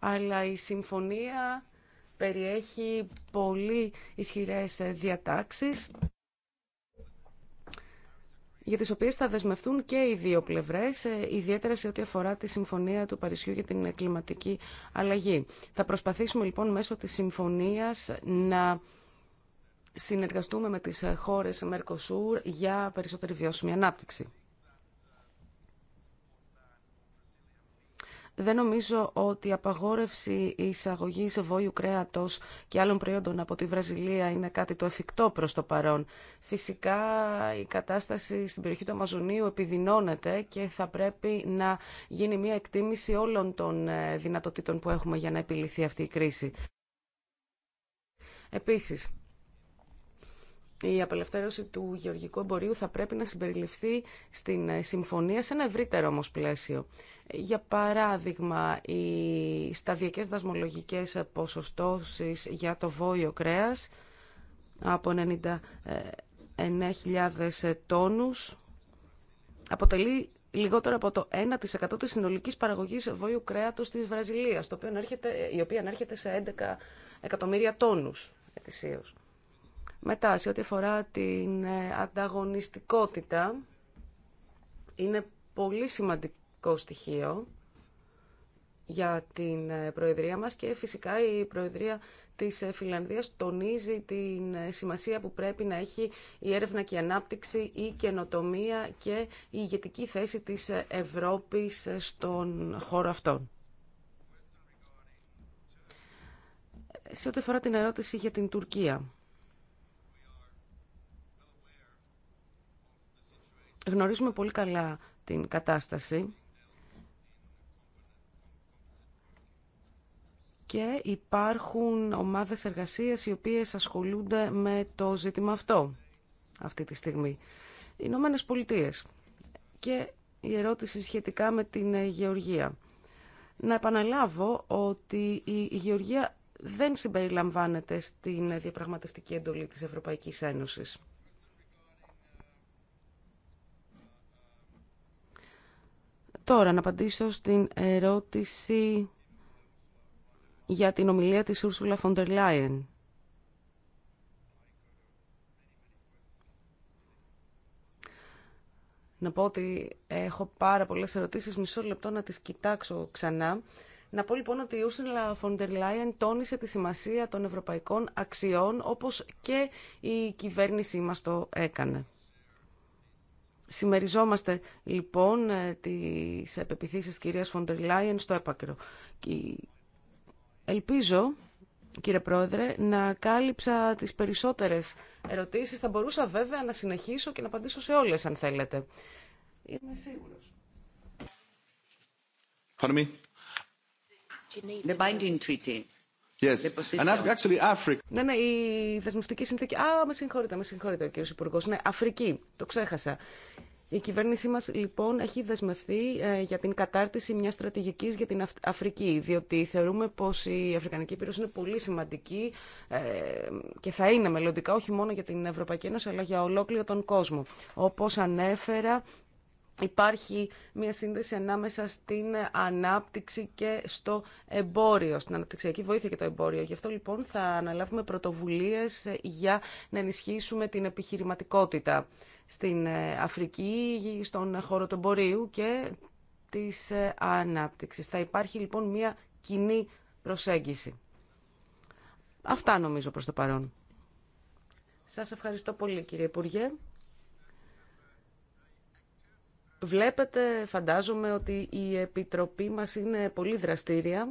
αλλά η συμφωνία περιέχει πολύ ισχυρές διατάξεις για τις οποίες θα δεσμευτούν και οι δύο πλευρές, ε, ιδιαίτερα σε ό,τι αφορά τη Συμφωνία του Παρισιού για την κλιματική αλλαγή. Θα προσπαθήσουμε λοιπόν μέσω της Συμφωνίας να συνεργαστούμε με τις ε, χώρες Mercosur για περισσότερη βιώσιμη ανάπτυξη. Δεν νομίζω ότι η απαγόρευση εισαγωγή βόλιου κρέατο και άλλων προϊόντων από τη Βραζιλία είναι κάτι το εφικτό προ το παρόν. Φυσικά η κατάσταση στην περιοχή του Αμαζονίου επιδεινώνεται και θα πρέπει να γίνει μια εκτίμηση όλων των ε, δυνατοτήτων που έχουμε για να επιληθεί αυτή η κρίση. Επίσης, η απελευθέρωση του γεωργικού εμπορίου θα πρέπει να συμπεριληφθεί στην ε, συμφωνία σε ένα ευρύτερο όμω πλαίσιο. Για παράδειγμα, οι σταδιακές δασμολογικές ποσοστώσεις για το βόηο κρέας από 99.000 τόνους αποτελεί λιγότερο από το 1% της συνολικής παραγωγής βόηου κρέατος της Βραζιλίας, το οποίο η οποία ανέρχεται σε 11 εκατομμύρια τόνους ετησίως. Μετά, σε ό,τι αφορά την ε, ανταγωνιστικότητα, είναι πολύ σημαντικό σημαντικό στοιχείο για την ε, Προεδρία μας και φυσικά η Προεδρία της ε, Φιλανδίας τονίζει την ε, σημασία που πρέπει να έχει η έρευνα και η ανάπτυξη, η καινοτομία και η ηγετική θέση της Ευρώπης στον χώρο αυτόν. Σε ό,τι αφορά την ερώτηση για την Τουρκία. Γνωρίζουμε πολύ καλά την κατάσταση και υπάρχουν ομάδες εργασίας οι οποίες ασχολούνται με το ζήτημα αυτό αυτή τη στιγμή. Οι Ηνωμένε Πολιτείε και η ερώτηση σχετικά με την ε, Γεωργία. Να επαναλάβω ότι η Γεωργία δεν συμπεριλαμβάνεται στην ε, διαπραγματευτική εντολή της Ευρωπαϊκής Ένωσης. Τώρα να απαντήσω στην ερώτηση για την ομιλία της Ursula von der Να πω ότι έχω πάρα πολλές ερωτήσεις, μισό λεπτό να τις κοιτάξω ξανά. Να πω λοιπόν ότι η Ursula von der τόνισε τη σημασία των ευρωπαϊκών αξιών, όπως και η κυβέρνησή μας το έκανε. Συμμεριζόμαστε λοιπόν ε, τις επεπιθήσεις της κυρίας Φοντερ Λάιεν στο έπακρο. Ελπίζω, κύριε Πρόεδρε, να κάλυψα τις περισσότερες ερωτήσεις. Θα μπορούσα βέβαια να συνεχίσω και να απαντήσω σε όλες, αν θέλετε. Είμαι σίγουρος. The binding treaty. Yes. And actually Africa. Ναι, ναι, η δεσμευτική συνθήκη. Α, με συγχωρείτε, με συγχωρείτε ο κύριος Υπουργός. Ναι, Αφρική, το ξέχασα. Η κυβέρνησή μας λοιπόν έχει δεσμευθεί ε, για την κατάρτιση μιας στρατηγικής για την Αφρική, διότι θεωρούμε πως η Αφρικανική Πύρος είναι πολύ σημαντική ε, και θα είναι μελλοντικά όχι μόνο για την Ευρωπαϊκή Ένωση αλλά για ολόκληρο τον κόσμο. Όπως ανέφερα, υπάρχει μια σύνδεση ανάμεσα στην ανάπτυξη και στο εμπόριο, στην αναπτυξιακή βοήθεια και το εμπόριο. Γι' αυτό λοιπόν θα αναλάβουμε πρωτοβουλίες για να ενισχύσουμε την επιχειρηματικότητα στην ε, Αφρική, στον χώρο των πορείου και της ε, ανάπτυξης. Θα υπάρχει λοιπόν μια κοινή προσέγγιση. Αυτά νομίζω προς το παρόν. Σας ευχαριστώ πολύ κύριε Υπουργέ. Βλέπετε, φαντάζομαι, ότι η Επιτροπή μας είναι πολύ δραστήρια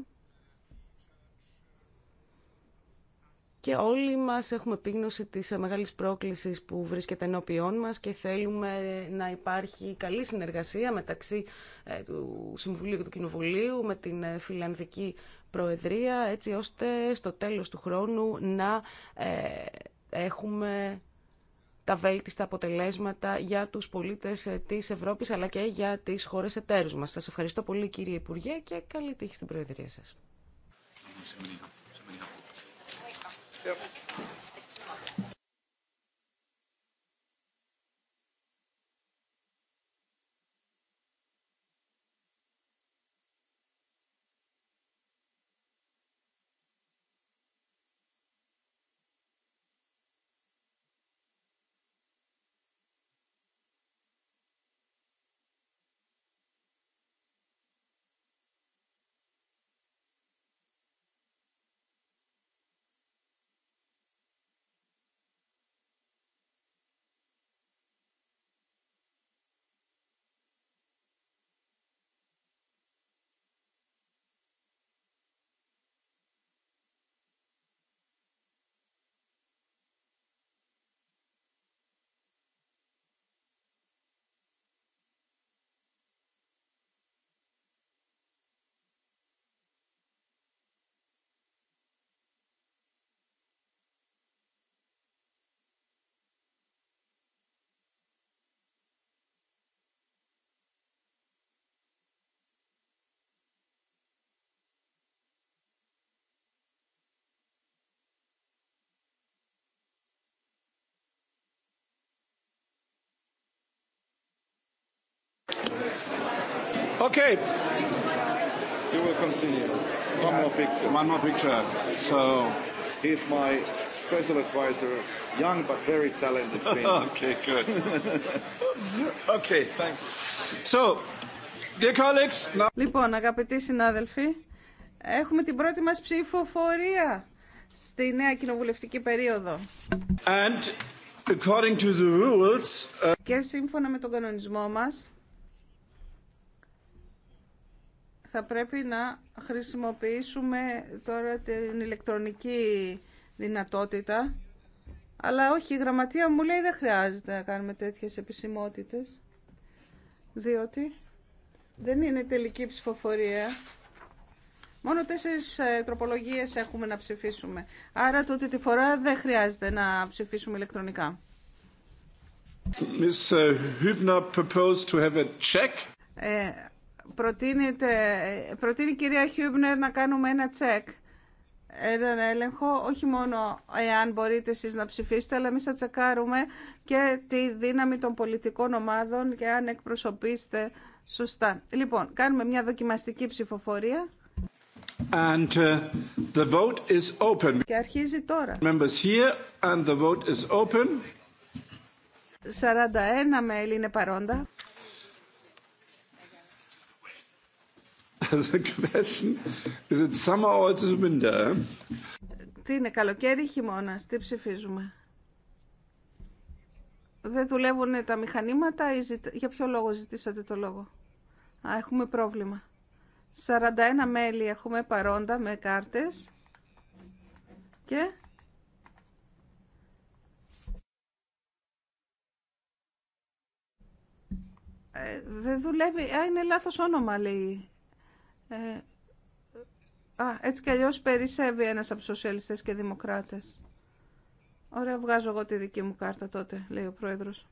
και όλοι μας έχουμε επίγνωση της μεγάλης πρόκλησης που βρίσκεται ενώπιόν μας και θέλουμε να υπάρχει καλή συνεργασία μεταξύ ε, του Συμβουλίου και του Κοινοβουλίου με την ε, Φιλανδική Προεδρία έτσι ώστε στο τέλος του χρόνου να ε, έχουμε τα βέλτιστα αποτελέσματα για τους πολίτες της Ευρώπης αλλά και για τις χώρες εταίρους μας. Σας ευχαριστώ πολύ κύριε Υπουργέ και καλή τύχη στην Προεδρία σας. Okay. You will continue. One yeah. more picture. One more picture. So. He's my special advisor, young but very talented okay, good. okay. Thanks. So, dear colleagues, now... Λοιπόν, αγαπητοί συνάδελφοι, έχουμε την πρώτη μας ψηφοφορία στη νέα κοινοβουλευτική περίοδο. And according to the rules, uh... Και σύμφωνα με τον κανονισμό μας, θα πρέπει να χρησιμοποιήσουμε τώρα την ηλεκτρονική δυνατότητα. Αλλά όχι, η γραμματεία μου λέει δεν χρειάζεται να κάνουμε τέτοιες επισημότητες, διότι δεν είναι τελική ψηφοφορία. Μόνο τέσσερις ε, τροπολογίες έχουμε να ψηφίσουμε. Άρα τούτη τη φορά δεν χρειάζεται να ψηφίσουμε ηλεκτρονικά. Ε, προτείνει η κυρία Χιούμπνερ να κάνουμε ένα τσεκ, έναν έλεγχο, όχι μόνο εάν μπορείτε εσείς να ψηφίσετε, αλλά εμείς θα τσεκάρουμε και τη δύναμη των πολιτικών ομάδων και αν εκπροσωπήσετε σωστά. Λοιπόν, κάνουμε μια δοκιμαστική ψηφοφορία. And, uh, the vote is open. Και αρχίζει τώρα. Members here and the vote is open. 41 μέλη είναι παρόντα. Τι είναι, καλοκαίρι ή χειμώνα, τι ψηφίζουμε. Δεν δουλεύουν τα μηχανήματα ή για ποιο λόγο ζητήσατε το λόγο. Α, έχουμε πρόβλημα. 41 μέλη έχουμε παρόντα με κάρτες και ε, δεν δουλεύει. Α, είναι λάθος όνομα λέει ε, α, έτσι κι αλλιώς περισσεύει ένας από τους σοσιαλιστές και δημοκράτες. Ωραία, βγάζω εγώ τη δική μου κάρτα τότε, λέει ο πρόεδρος.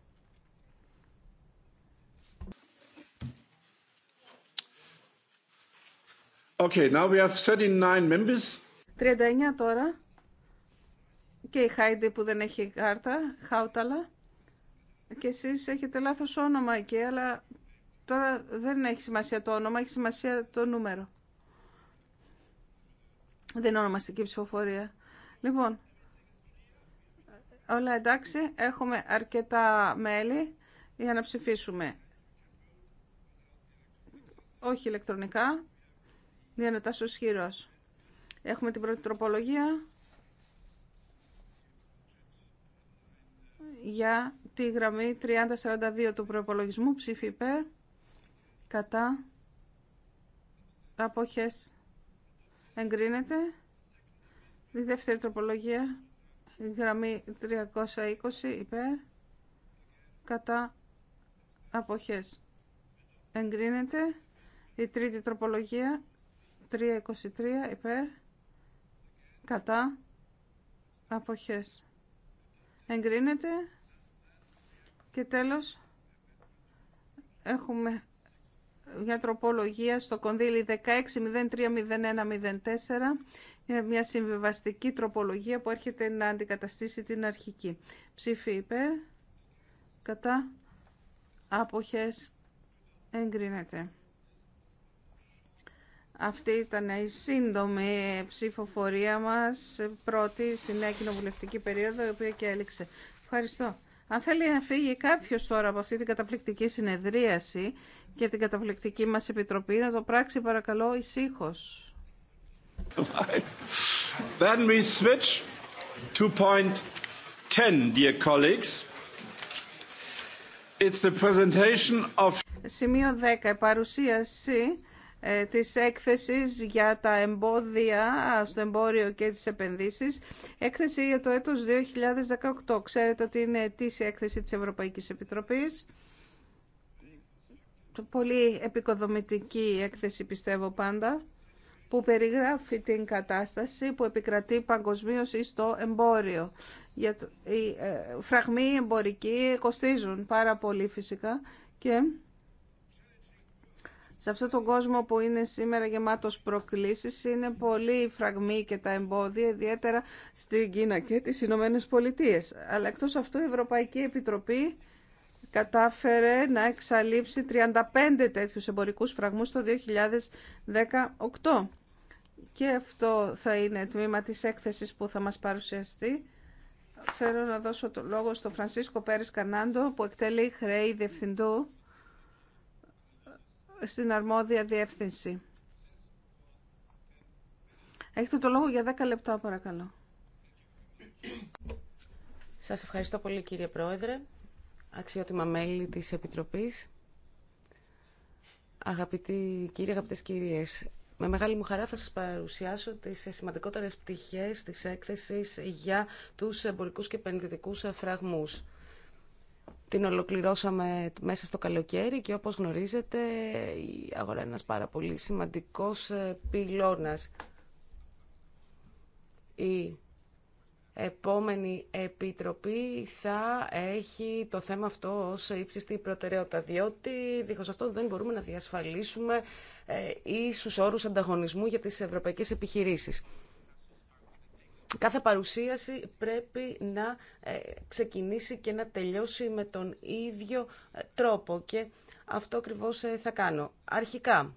Okay, now we have 39 members. 39 τώρα. Και η Χάιντι που δεν έχει κάρτα, Χάουταλα. Και εσείς έχετε λάθος όνομα εκεί, αλλά Τώρα δεν έχει σημασία το όνομα, έχει σημασία το νούμερο. Δεν είναι ονομαστική ψηφοφορία. Λοιπόν, όλα εντάξει, έχουμε αρκετά μέλη για να ψηφίσουμε. Όχι ηλεκτρονικά, τάσω σχήρως. Έχουμε την πρώτη τροπολογία για τη γραμμή 3042 του προπολογισμού ψήφι υπέρ κατά αποχές εγκρίνεται η δεύτερη τροπολογία γραμμή 320 υπέρ κατά αποχές εγκρίνεται η τρίτη τροπολογία 323 υπέρ κατά αποχές εγκρίνεται και τέλος έχουμε μια τροπολογία στο κονδύλι 16030104, μια συμβιβαστική τροπολογία που έρχεται να αντικαταστήσει την αρχική. Ψήφι υπέρ, κατά, άποχες, εγκρίνεται. Αυτή ήταν η σύντομη ψηφοφορία μας, πρώτη στη νέα κοινοβουλευτική περίοδο, η οποία και έληξε. Ευχαριστώ. Αν θέλει να φύγει κάποιος τώρα από αυτή την καταπληκτική συνεδρίαση και την καταπληκτική μας επιτροπή, να το πράξει παρακαλώ ησύχω. Then we switch to point 10, dear colleagues. It's a presentation of... Σημείο 10. Παρουσίαση ε, της έκθεσης για τα εμπόδια στο εμπόριο και τις επενδύσεις. Έκθεση για το έτος 2018. Ξέρετε ότι είναι ετήσια έκθεση της Ευρωπαϊκής Επιτροπής. Πολύ επικοδομητική έκθεση πιστεύω πάντα που περιγράφει την κατάσταση που επικρατεί παγκοσμίω στο εμπόριο. Για οι ε, φραγμοί εμπορικοί κοστίζουν πάρα πολύ φυσικά και σε αυτόν τον κόσμο που είναι σήμερα γεμάτος προκλήσεις είναι πολύ οι και τα εμπόδια, ιδιαίτερα στην Κίνα και τις Ηνωμένε Πολιτείες. Αλλά εκτός αυτού η Ευρωπαϊκή Επιτροπή κατάφερε να εξαλείψει 35 τέτοιους εμπορικούς φραγμούς το 2018. Και αυτό θα είναι τμήμα της έκθεσης που θα μας παρουσιαστεί. Θέλω να δώσω το λόγο στον Φρανσίσκο Πέρι Κανάντο που εκτελεί χρέη διευθυντού στην αρμόδια διεύθυνση. Έχετε το λόγο για 10 λεπτά, παρακαλώ. Σας ευχαριστώ πολύ, κύριε Πρόεδρε, αξιότιμα μέλη της Επιτροπής. Αγαπητοί κύριοι, αγαπητές κυρίες, με μεγάλη μου χαρά θα σας παρουσιάσω τις σημαντικότερες πτυχές της έκθεσης για τους εμπορικούς και επενδυτικούς φραγμούς την ολοκληρώσαμε μέσα στο καλοκαίρι και όπως γνωρίζετε η αγορά είναι ένας πάρα πολύ σημαντικός ε, πυλώνας. Η επόμενη επιτροπή θα έχει το θέμα αυτό ως ύψιστη προτεραιότητα, διότι δίχως αυτό δεν μπορούμε να διασφαλίσουμε ε, ίσους όρους ανταγωνισμού για τις ευρωπαϊκές επιχειρήσεις κάθε παρουσίαση πρέπει να ε, ξεκινήσει και να τελειώσει με τον ίδιο ε, τρόπο και αυτό ακριβώς ε, θα κάνω. Αρχικά,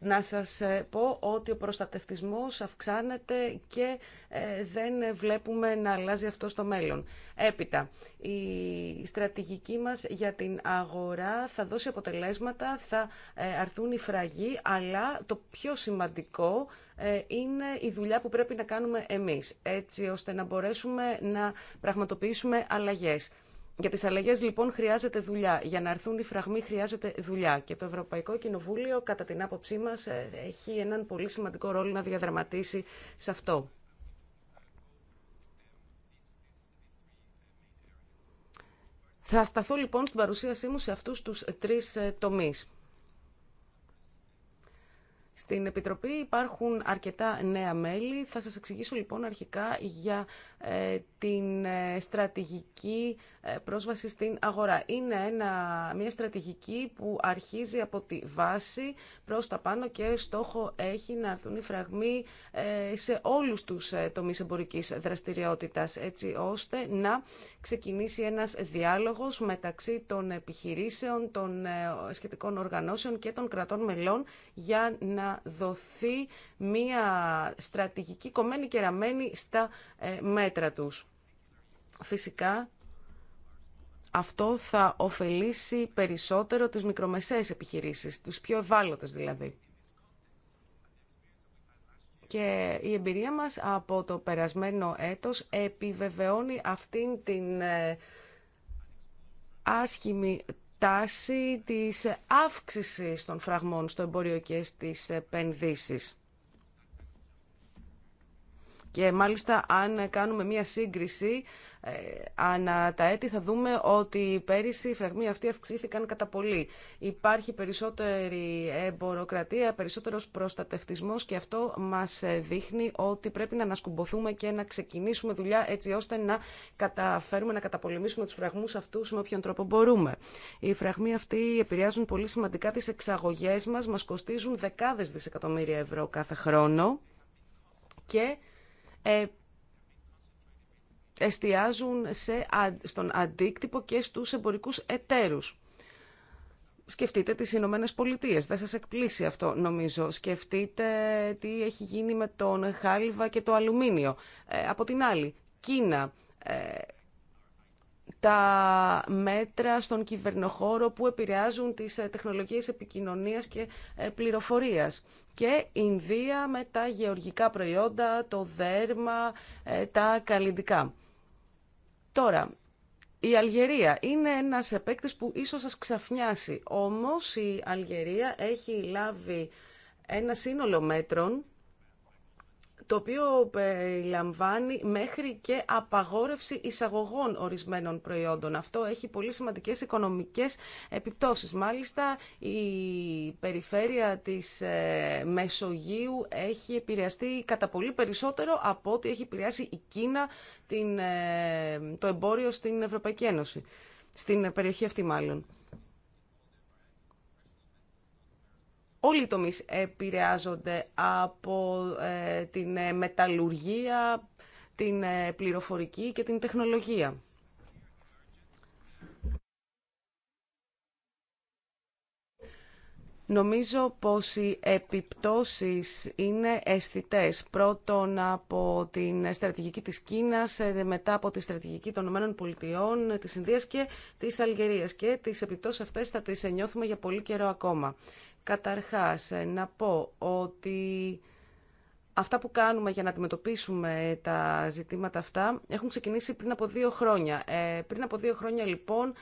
να σας ε, πω ότι ο προστατευτισμός αυξάνεται και ε, δεν βλέπουμε να αλλάζει αυτό στο μέλλον. Έπειτα, η στρατηγική μας για την αγορά θα δώσει αποτελέσματα, θα ε, αρθούν οι φραγοί, αλλά το πιο σημαντικό είναι η δουλειά που πρέπει να κάνουμε εμείς, έτσι ώστε να μπορέσουμε να πραγματοποιήσουμε αλλαγές. Για τις αλλαγέ λοιπόν χρειάζεται δουλειά. Για να έρθουν οι φραγμοί χρειάζεται δουλειά. Και το Ευρωπαϊκό Κοινοβούλιο, κατά την άποψή μας, ε, έχει έναν πολύ σημαντικό ρόλο να διαδραματίσει σε αυτό. Θα σταθώ λοιπόν στην παρουσίασή μου σε αυτούς τους τρεις ε, τομείς. Στην Επιτροπή υπάρχουν αρκετά νέα μέλη. Θα σας εξηγήσω λοιπόν αρχικά για ε, την ε, στρατηγική ε, πρόσβαση στην αγορά. Είναι μια στρατηγική που αρχίζει από τη βάση προς τα πάνω και στόχο έχει να έρθουν οι φραγμοί σε όλους τους τομείς εμπορικής δραστηριότητας, έτσι ώστε να ξεκινήσει ένας διάλογος μεταξύ των επιχειρήσεων, των σχετικών οργανώσεων και των κρατών μελών για να δοθεί μια στρατηγική κομμένη και ραμμένη στα μέτρα μέτρα Φυσικά, αυτό θα ωφελήσει περισσότερο τις μικρομεσαίες επιχειρήσεις, τις πιο ευάλωτες δηλαδή. Και η εμπειρία μας από το περασμένο έτος επιβεβαιώνει αυτήν την ε, άσχημη τάση της αύξησης των φραγμών στο εμπόριο και στις επενδύσεις. Και μάλιστα αν κάνουμε μία σύγκριση ε, ανά τα έτη θα δούμε ότι πέρυσι οι φραγμοί αυτοί αυξήθηκαν κατά πολύ. Υπάρχει περισσότερη εμποροκρατία, περισσότερος προστατευτισμός και αυτό μας ε, δείχνει ότι πρέπει να ανασκουμποθούμε και να ξεκινήσουμε δουλειά έτσι ώστε να καταφέρουμε να καταπολεμήσουμε τους φραγμούς αυτούς με όποιον τρόπο μπορούμε. Οι φραγμοί αυτοί επηρεάζουν πολύ σημαντικά τις εξαγωγές μας, μας κοστίζουν δεκάδες δισεκατομμύρια ευρώ κάθε χρόνο και ε, εστιάζουν σε, στον αντίκτυπο και στους εμπορικούς εταίρους. Σκεφτείτε τις Ηνωμένε Πολιτείες, δεν σας εκπλήσει αυτό νομίζω. Σκεφτείτε τι έχει γίνει με τον χάλιβα και το αλουμίνιο. Ε, από την άλλη, Κίνα, ε, τα μέτρα στον κυβερνοχώρο που επηρεάζουν τις ε, τεχνολογίες επικοινωνίας και ε, πληροφορίας. Και Ινδία με τα γεωργικά προϊόντα, το δέρμα, ε, τα καλλιντικά. Τώρα, η Αλγερία είναι ένας επέκτης που ίσως σας ξαφνιάσει. Όμως η Αλγερία έχει λάβει ένα σύνολο μέτρων το οποίο περιλαμβάνει μέχρι και απαγόρευση εισαγωγών ορισμένων προϊόντων. Αυτό έχει πολύ σημαντικές οικονομικές επιπτώσεις. Μάλιστα, η περιφέρεια της ε, Μεσογείου έχει επηρεαστεί κατά πολύ περισσότερο από ό,τι έχει επηρεάσει η Κίνα την, ε, το εμπόριο στην Ευρωπαϊκή Ένωση. Στην ε, περιοχή αυτή μάλλον. Όλοι οι τομείς επηρεάζονται από ε, την ε, μεταλλουργία, την ε, πληροφορική και την τεχνολογία. Νομίζω πως οι επιπτώσεις είναι αισθητέ. Πρώτον από την στρατηγική της Κίνας, μετά από τη στρατηγική των Ηνωμένων Πολιτειών, της Ινδίας και της Αλγερίας. Και τις επιπτώσεις αυτές θα τις νιώθουμε για πολύ καιρό ακόμα. Καταρχάς, ε, να πω ότι αυτά που κάνουμε για να αντιμετωπίσουμε τα ζητήματα αυτά έχουν ξεκινήσει πριν από δύο χρόνια. Ε, πριν από δύο χρόνια, λοιπόν,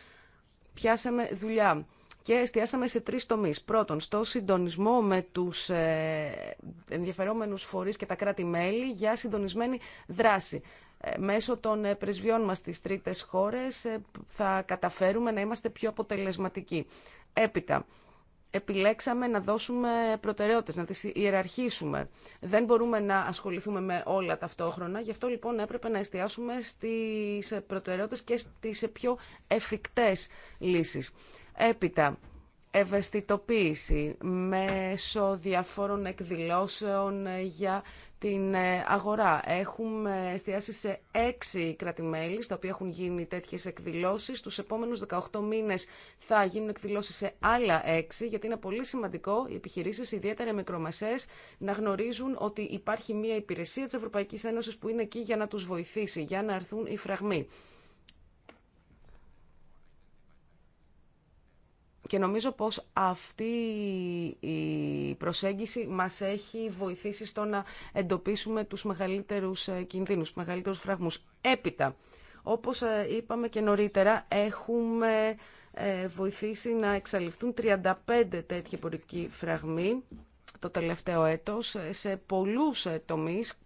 πιάσαμε δουλειά και εστιάσαμε σε τρεις τομείς. Πρώτον, στο συντονισμό με τους ε, ενδιαφερόμενους φορείς και τα κράτη-μέλη για συντονισμένη δράση. Μέσω των πρεσβειών μας στις τρίτες χώρες θα καταφέρουμε να είμαστε πιο αποτελεσματικοί. Έπειτα, επιλέξαμε να δώσουμε προτεραιότητες, να τις ιεραρχήσουμε. Δεν μπορούμε να ασχοληθούμε με όλα ταυτόχρονα, γι' αυτό λοιπόν έπρεπε να εστιάσουμε στις προτεραιότητες και στις πιο εφικτές λύσεις. Έπειτα, ευαισθητοποίηση μέσω διαφόρων εκδηλώσεων για την ε, αγορά. Έχουμε εστιάσει σε έξι κράτη-μέλη, στα οποία έχουν γίνει τέτοιες εκδηλώσεις. Τους επόμενους 18 μήνες θα γίνουν εκδηλώσεις σε άλλα έξι, γιατί είναι πολύ σημαντικό οι επιχειρήσεις, ιδιαίτερα οι μικρομεσαίες, να γνωρίζουν ότι υπάρχει μια υπηρεσία της Ευρωπαϊκής Ένωσης που είναι εκεί για να τους βοηθήσει, για να έρθουν οι φραγμοί. Και νομίζω πως αυτή η προσέγγιση μας έχει βοηθήσει στο να εντοπίσουμε τους μεγαλύτερους ε, κινδύνους, τους μεγαλύτερους φραγμούς. Έπειτα, όπως ε, είπαμε και νωρίτερα, έχουμε ε, βοηθήσει να εξαλειφθούν 35 τέτοιοι εμπορικοί φραγμοί το τελευταίο έτος σε πολλούς τομείς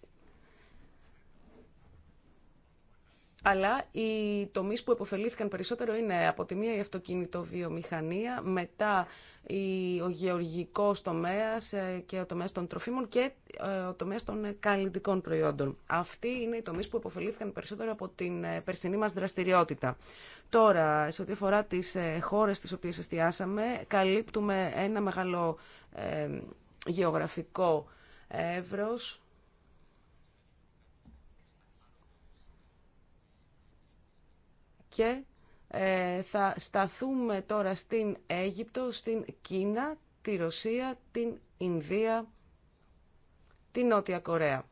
Αλλά οι τομεί που επωφελήθηκαν περισσότερο είναι από τη μία η αυτοκινητοβιομηχανία, μετά ο γεωργικό τομέα ε, και ο τομέα των τροφίμων και ε, ο τομέα των καλλιτικών προϊόντων. Αυτοί είναι οι τομεί που επωφελήθηκαν περισσότερο από την ε, περσινή μα δραστηριότητα. Τώρα, σε ό,τι αφορά τι χώρε τι οποίε εστιάσαμε, καλύπτουμε ένα μεγάλο γεωγραφικό εύρος και ε, θα σταθούμε τώρα στην Αίγυπτο, στην Κίνα, τη Ρωσία, την Ινδία, την Νότια Κορέα.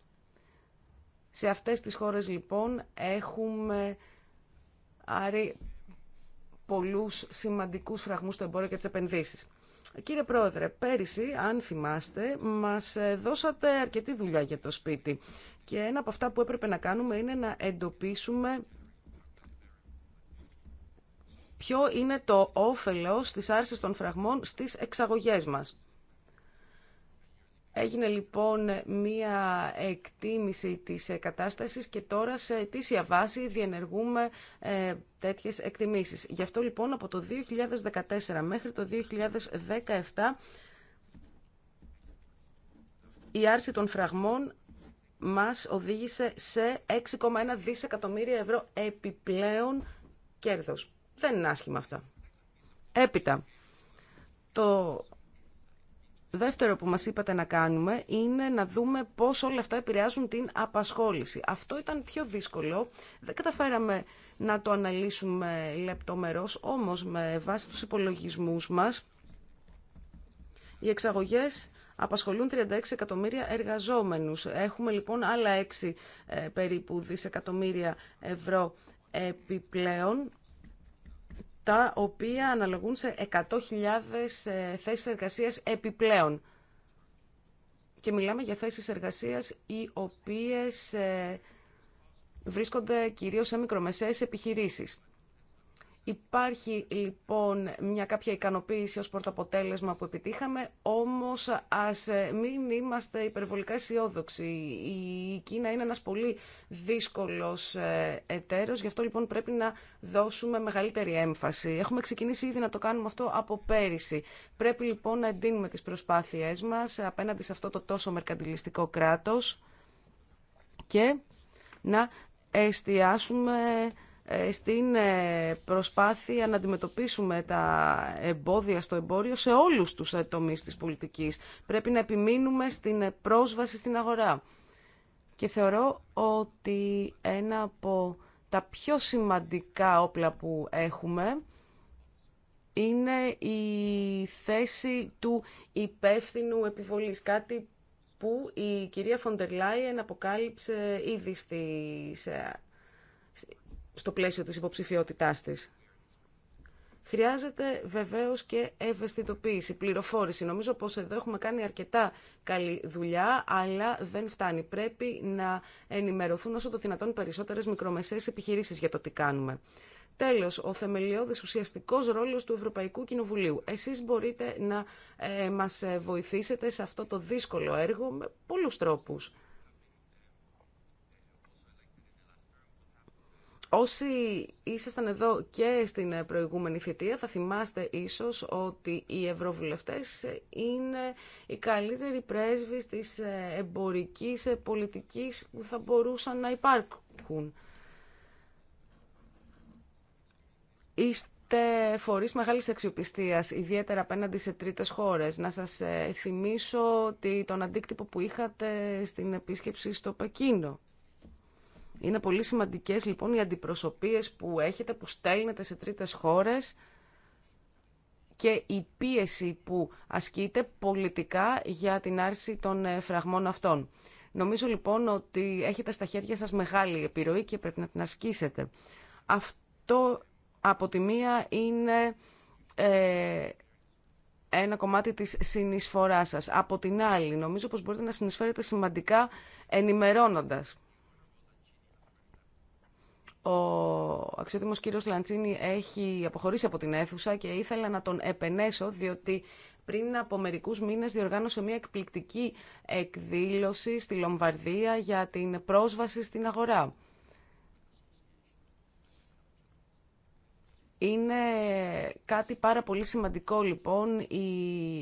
Σε αυτές τις χώρες λοιπόν έχουμε άρει πολλούς σημαντικούς φραγμούς στο εμπόριο και τις επενδύσεις. Κύριε Πρόεδρε, πέρυσι, αν θυμάστε, μας ε, δώσατε αρκετή δουλειά για το σπίτι και ένα από αυτά που έπρεπε να κάνουμε είναι να εντοπίσουμε ποιο είναι το όφελος της άρσης των φραγμών στις εξαγωγές μας. Έγινε λοιπόν μία εκτίμηση της κατάστασης και τώρα σε αιτήσια βάση διενεργούμε ε, τέτοιες εκτιμήσεις. Γι' αυτό λοιπόν από το 2014 μέχρι το 2017 η άρση των φραγμών μας οδήγησε σε 6,1 δισεκατομμύρια ευρώ επιπλέον κέρδος. Δεν είναι άσχημα αυτά. Έπειτα, το δεύτερο που μας είπατε να κάνουμε είναι να δούμε πώς όλα αυτά επηρεάζουν την απασχόληση. Αυτό ήταν πιο δύσκολο. Δεν καταφέραμε να το αναλύσουμε λεπτομερώς, όμως με βάση τους υπολογισμούς μας, οι εξαγωγές απασχολούν 36 εκατομμύρια εργαζόμενους. Έχουμε λοιπόν άλλα 6 ε, περίπου δισεκατομμύρια ευρώ επιπλέον τα οποία αναλογούν σε 100.000 ε, θέσεις εργασίας επιπλέον. Και μιλάμε για θέσεις εργασίας οι οποίες ε, βρίσκονται κυρίως σε μικρομεσαίες επιχειρήσεις. Υπάρχει λοιπόν μια κάποια ικανοποίηση ως αποτέλεσμα που επιτύχαμε, όμως ας ε, μην είμαστε υπερβολικά αισιόδοξοι. Η Κίνα είναι ένας πολύ δύσκολος ε, εταίρος, γι' αυτό λοιπόν πρέπει να δώσουμε μεγαλύτερη έμφαση. Έχουμε ξεκινήσει ήδη να το κάνουμε αυτό από πέρυσι. Πρέπει λοιπόν να εντείνουμε τις προσπάθειές μας απέναντι σε αυτό το τόσο μερκαντιλιστικό κράτος και να εστιάσουμε στην ε, προσπάθεια να αντιμετωπίσουμε τα εμπόδια στο εμπόριο σε όλους τους ε, τομείς της πολιτικής. Πρέπει να επιμείνουμε στην ε, πρόσβαση στην αγορά. Και θεωρώ ότι ένα από τα πιο σημαντικά όπλα που έχουμε είναι η θέση του υπεύθυνου επιβολής. Κάτι που η κυρία Φοντερ Λάιεν αποκάλυψε ήδη στη, στο πλαίσιο της υποψηφιότητάς της. Χρειάζεται βεβαίω και ευαισθητοποίηση, πληροφόρηση. Νομίζω πω εδώ έχουμε κάνει αρκετά καλή δουλειά, αλλά δεν φτάνει. Πρέπει να ενημερωθούν όσο το δυνατόν περισσότερε μικρομεσαίες επιχειρήσει για το τι κάνουμε. Τέλο, ο θεμελιώδη ουσιαστικό ρόλο του Ευρωπαϊκού Κοινοβουλίου. Εσεί μπορείτε να ε, μα ε, βοηθήσετε σε αυτό το δύσκολο έργο με πολλού τρόπου. Όσοι ήσασταν εδώ και στην προηγούμενη θητεία θα θυμάστε ίσως ότι οι ευρωβουλευτές είναι οι καλύτεροι πρέσβεις της εμπορικής πολιτικής που θα μπορούσαν να υπάρχουν. Είστε φορείς μεγάλης αξιοπιστίας, ιδιαίτερα απέναντι σε τρίτες χώρες. Να σας ε, θυμίσω ότι τον αντίκτυπο που είχατε στην επίσκεψη στο Πεκίνο. Είναι πολύ σημαντικές λοιπόν οι αντιπροσωπείες που έχετε, που στέλνετε σε τρίτες χώρες και η πίεση που ασκείτε πολιτικά για την άρση των ε, φραγμών αυτών. Νομίζω λοιπόν ότι έχετε στα χέρια σας μεγάλη επιρροή και πρέπει να την ασκήσετε. Αυτό από τη μία είναι ε, ένα κομμάτι της συνεισφοράς σας. Από την άλλη, νομίζω πως μπορείτε να συνεισφέρετε σημαντικά ενημερώνοντας. Ο αξιότιμος κύριος Λαντσίνη έχει αποχωρήσει από την αίθουσα και ήθελα να τον επενέσω διότι πριν από μερικούς μήνες διοργάνωσε μια εκπληκτική εκδήλωση στη Λομβαρδία για την πρόσβαση στην αγορά. Είναι κάτι πάρα πολύ σημαντικό λοιπόν η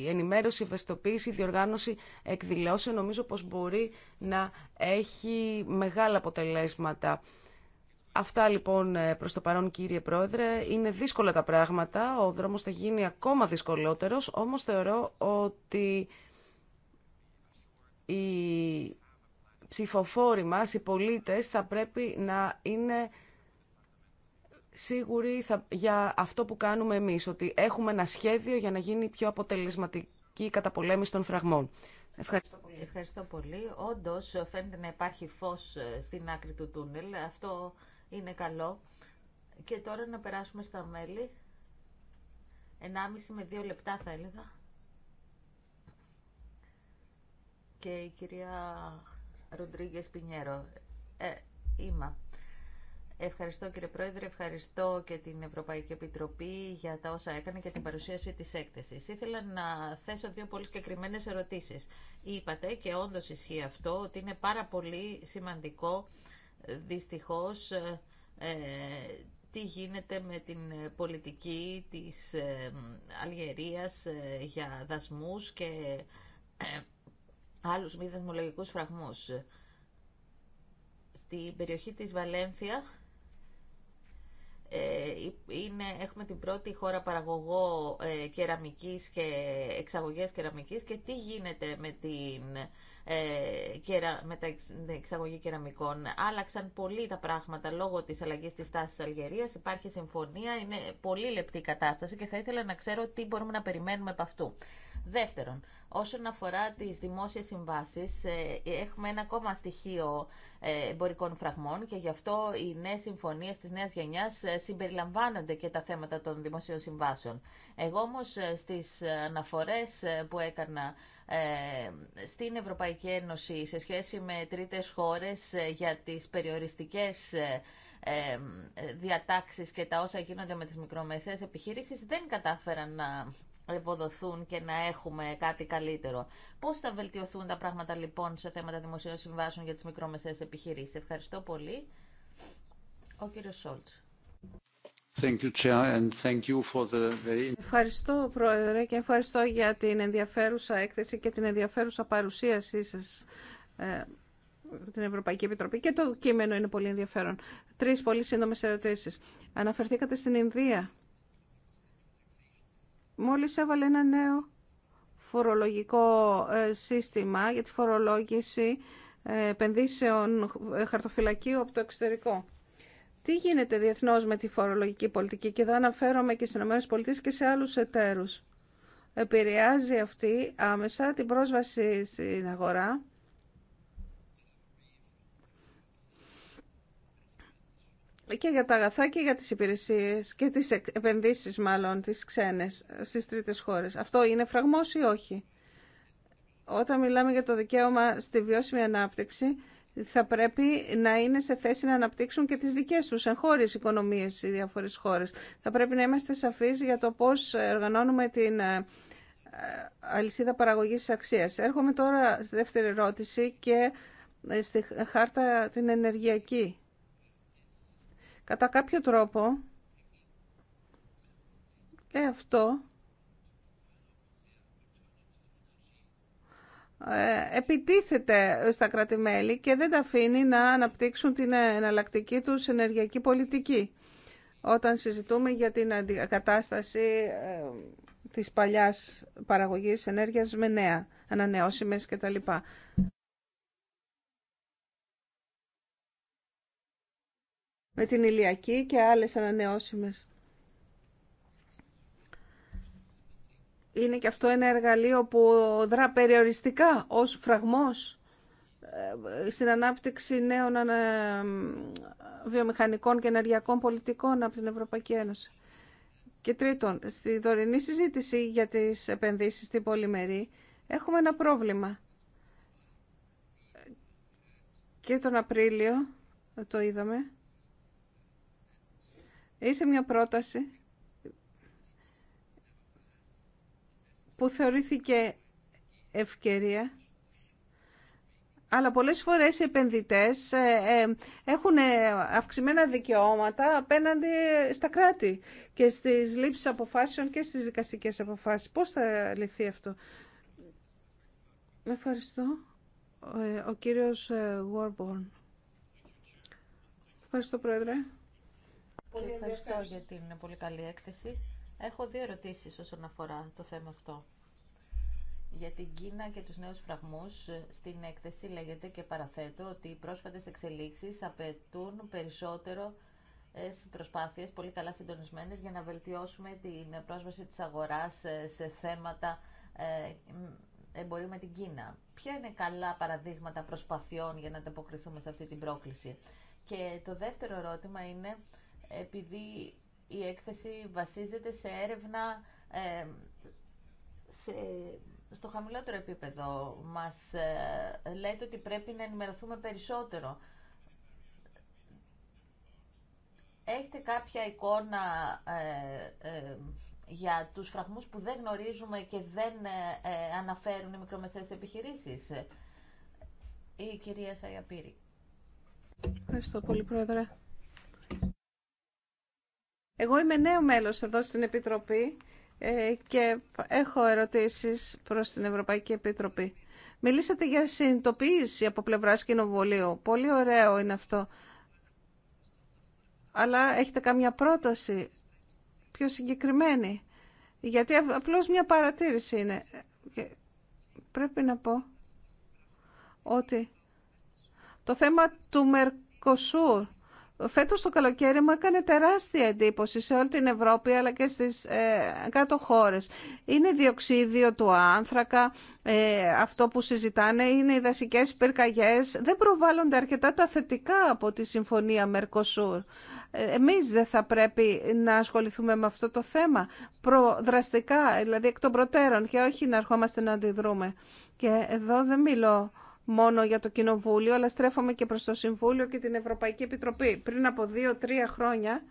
ενημέρωση, η ευαισθητοποίηση, η διοργάνωση εκδηλώσεων νομίζω πως μπορεί να έχει μεγάλα αποτελέσματα Αυτά λοιπόν ε, προς το παρόν κύριε Πρόεδρε. Είναι δύσκολα τα πράγματα, ο δρόμος θα γίνει ακόμα δυσκολότερος, όμως θεωρώ ότι οι ψηφοφόροι μας, οι πολίτες θα πρέπει να είναι σίγουροι για αυτό που κάνουμε εμείς, ότι έχουμε ένα σχέδιο για να γίνει πιο αποτελεσματική καταπολέμηση των φραγμών. Ευχαριστώ πολύ. Ευχαριστώ πολύ. Όντως φαίνεται να υπάρχει φως ε, στην άκρη του τούνελ. Αυτό είναι καλό. Και τώρα να περάσουμε στα μέλη. 1,5 με 2 λεπτά θα έλεγα. Και η κυρία Ροντρίγκε Πινιέρο. Ε, είμαι. Ευχαριστώ κύριε Πρόεδρε, ευχαριστώ και την Ευρωπαϊκή Επιτροπή για τα όσα έκανε και την παρουσίαση της έκθεσης. Ήθελα να θέσω δύο πολύ συγκεκριμένε ερωτήσεις. Είπατε και όντως ισχύει αυτό ότι είναι πάρα πολύ σημαντικό δυστυχώς ε, ε, τι γίνεται με την πολιτική της ε, Αλγερίας για δασμούς και άλλους μη δασμολογικούς φραγμούς. Στην περιοχή της Βαλένθια είναι, έχουμε την πρώτη χώρα παραγωγό ε, κεραμικής και εξαγωγές κεραμικής και τι γίνεται με την ε, με τα ναι, εξαγωγή κεραμικών. Άλλαξαν πολύ τα πράγματα λόγω της αλλαγής της τάσης Αλγερίας. Υπάρχει συμφωνία, είναι πολύ λεπτή η κατάσταση και θα ήθελα να ξέρω τι μπορούμε να περιμένουμε από αυτού. Δεύτερον, όσον αφορά τις δημόσιες συμβάσεις, ε, έχουμε ένα ακόμα στοιχείο ε, εμπορικών φραγμών και γι' αυτό οι νέες συμφωνίες της νέας γενιάς συμπεριλαμβάνονται και τα θέματα των δημοσίων συμβάσεων. Εγώ όμως στις αναφορές που έκανα ε, στην Ευρωπαϊκή Ένωση σε σχέση με τρίτες χώρες ε, για τις περιοριστικές ε, διατάξεις και τα όσα γίνονται με τις μικρομεσαίες επιχειρήσεις δεν κατάφεραν να υποδοθούν και να έχουμε κάτι καλύτερο. Πώς θα βελτιωθούν τα πράγματα λοιπόν σε θέματα δημοσίων συμβάσεων για τις μικρομεσαίες επιχειρήσεις. Ευχαριστώ πολύ. Ο κύριος Σόλτς. Ευχαριστώ, Πρόεδρε, και ευχαριστώ για την ενδιαφέρουσα έκθεση και την ενδιαφέρουσα παρουσίασή σας ε, την Ευρωπαϊκή Επιτροπή. Και το κείμενο είναι πολύ ενδιαφέρον. Τρεις πολύ σύντομες ερωτήσεις. Αναφερθήκατε στην Ινδία. Μόλις έβαλε ένα νέο φορολογικό ε, σύστημα για τη φορολόγηση ε, επενδύσεων ε, χαρτοφυλακίου από το εξωτερικό. Τι γίνεται διεθνώ με τη φορολογική πολιτική και εδώ αναφέρομαι και στι ΗΠΑ και σε άλλους εταίρους. Επηρεάζει αυτή άμεσα την πρόσβαση στην αγορά. και για τα αγαθά και για τις υπηρεσίες και τις επενδύσεις μάλλον τις ξένες στις τρίτες χώρες. Αυτό είναι φραγμός ή όχι. Όταν μιλάμε για το δικαίωμα στη βιώσιμη ανάπτυξη, θα πρέπει να είναι σε θέση να αναπτύξουν και τις δικές τους εγχώριες οικονομίες οι διάφορες χώρες. Θα πρέπει να είμαστε σαφείς για το πώς οργανώνουμε την ε, ε, αλυσίδα παραγωγής αξίας. Έρχομαι τώρα στη δεύτερη ερώτηση και ε, στη χάρτα την ενεργειακή. Κατά κάποιο τρόπο και αυτό Ε, επιτίθεται στα κρατημέλη και δεν τα αφήνει να αναπτύξουν την εναλλακτική τους ενεργειακή πολιτική. Όταν συζητούμε για την κατάσταση ε, της παλιάς παραγωγής ενέργειας με νέα, ανανεώσιμες κτλ. Με την ηλιακή και άλλες ανανεώσιμες. είναι και αυτό ένα εργαλείο που δρά περιοριστικά ως φραγμός ε, στην ανάπτυξη νέων ε, βιομηχανικών και ενεργειακών πολιτικών από την Ευρωπαϊκή Ένωση. Και τρίτον, στη δωρηνή συζήτηση για τις επενδύσεις στην πολυμερή έχουμε ένα πρόβλημα. Και τον Απρίλιο, το είδαμε, ήρθε μια πρόταση που θεωρήθηκε ευκαιρία αλλά πολλές φορές οι επενδυτές ε, ε, έχουν ε, αυξημένα δικαιώματα απέναντι στα κράτη και στις λήψεις αποφάσεων και στις δικαστικές αποφάσεις. Πώς θα λυθεί αυτό. Ευχαριστώ. Ο κύριος Warborn. Ευχαριστώ, Πρόεδρε. Πολύ ευχαριστώ για την πολύ καλή έκθεση. Έχω δύο ερωτήσεις όσον αφορά το θέμα αυτό. Για την Κίνα και τους νέους φραγμούς, στην έκθεση λέγεται και παραθέτω ότι οι πρόσφατες εξελίξεις απαιτούν περισσότερο ε, προσπάθειες πολύ καλά συντονισμένες για να βελτιώσουμε την πρόσβαση της αγοράς ε, σε θέματα ε, εμπορίου με την Κίνα. Ποια είναι καλά παραδείγματα προσπαθειών για να ανταποκριθούμε σε αυτή την πρόκληση. Και το δεύτερο ερώτημα είναι, επειδή η έκθεση βασίζεται σε έρευνα ε, στο χαμηλότερο επίπεδο. Μας ε, λέτε ότι πρέπει να ενημερωθούμε περισσότερο. Έχετε κάποια εικόνα ε, ε, για τους φραγμούς που δεν γνωρίζουμε και δεν αναφέρουν οι μικρομεσαίες επιχειρήσεις. Η κυρία Σαιαπύρη. Ευχαριστώ πολύ, Πρόεδρε. Εγώ είμαι νέο μέλος εδώ στην Επιτροπή ε, και έχω ερωτήσεις προς την Ευρωπαϊκή Επιτροπή. Μιλήσατε για συνειδητοποίηση από πλευράς κοινοβουλίου. Πολύ ωραίο είναι αυτό. Αλλά έχετε καμιά πρόταση πιο συγκεκριμένη. Γιατί απλώς μια παρατήρηση είναι. Και πρέπει να πω ότι το θέμα του Μερκοσούρ φέτος το καλοκαίρι μου έκανε τεράστια εντύπωση σε όλη την Ευρώπη αλλά και στις ε, κάτω χώρες. Είναι διοξίδιο του άνθρακα, ε, αυτό που συζητάνε είναι οι δασικές πυρκαγιές. Δεν προβάλλονται αρκετά τα θετικά από τη Συμφωνία Μερκοσούρ. Εμείς δεν θα πρέπει να ασχοληθούμε με αυτό το θέμα προδραστικά, δηλαδή εκ των προτέρων και όχι να αρχόμαστε να αντιδρούμε. Και εδώ δεν μιλώ μόνο για το Κοινοβούλιο, αλλά στρέφομαι και προς το Συμβούλιο και την Ευρωπαϊκή Επιτροπή. Πριν από δύο-τρία χρόνια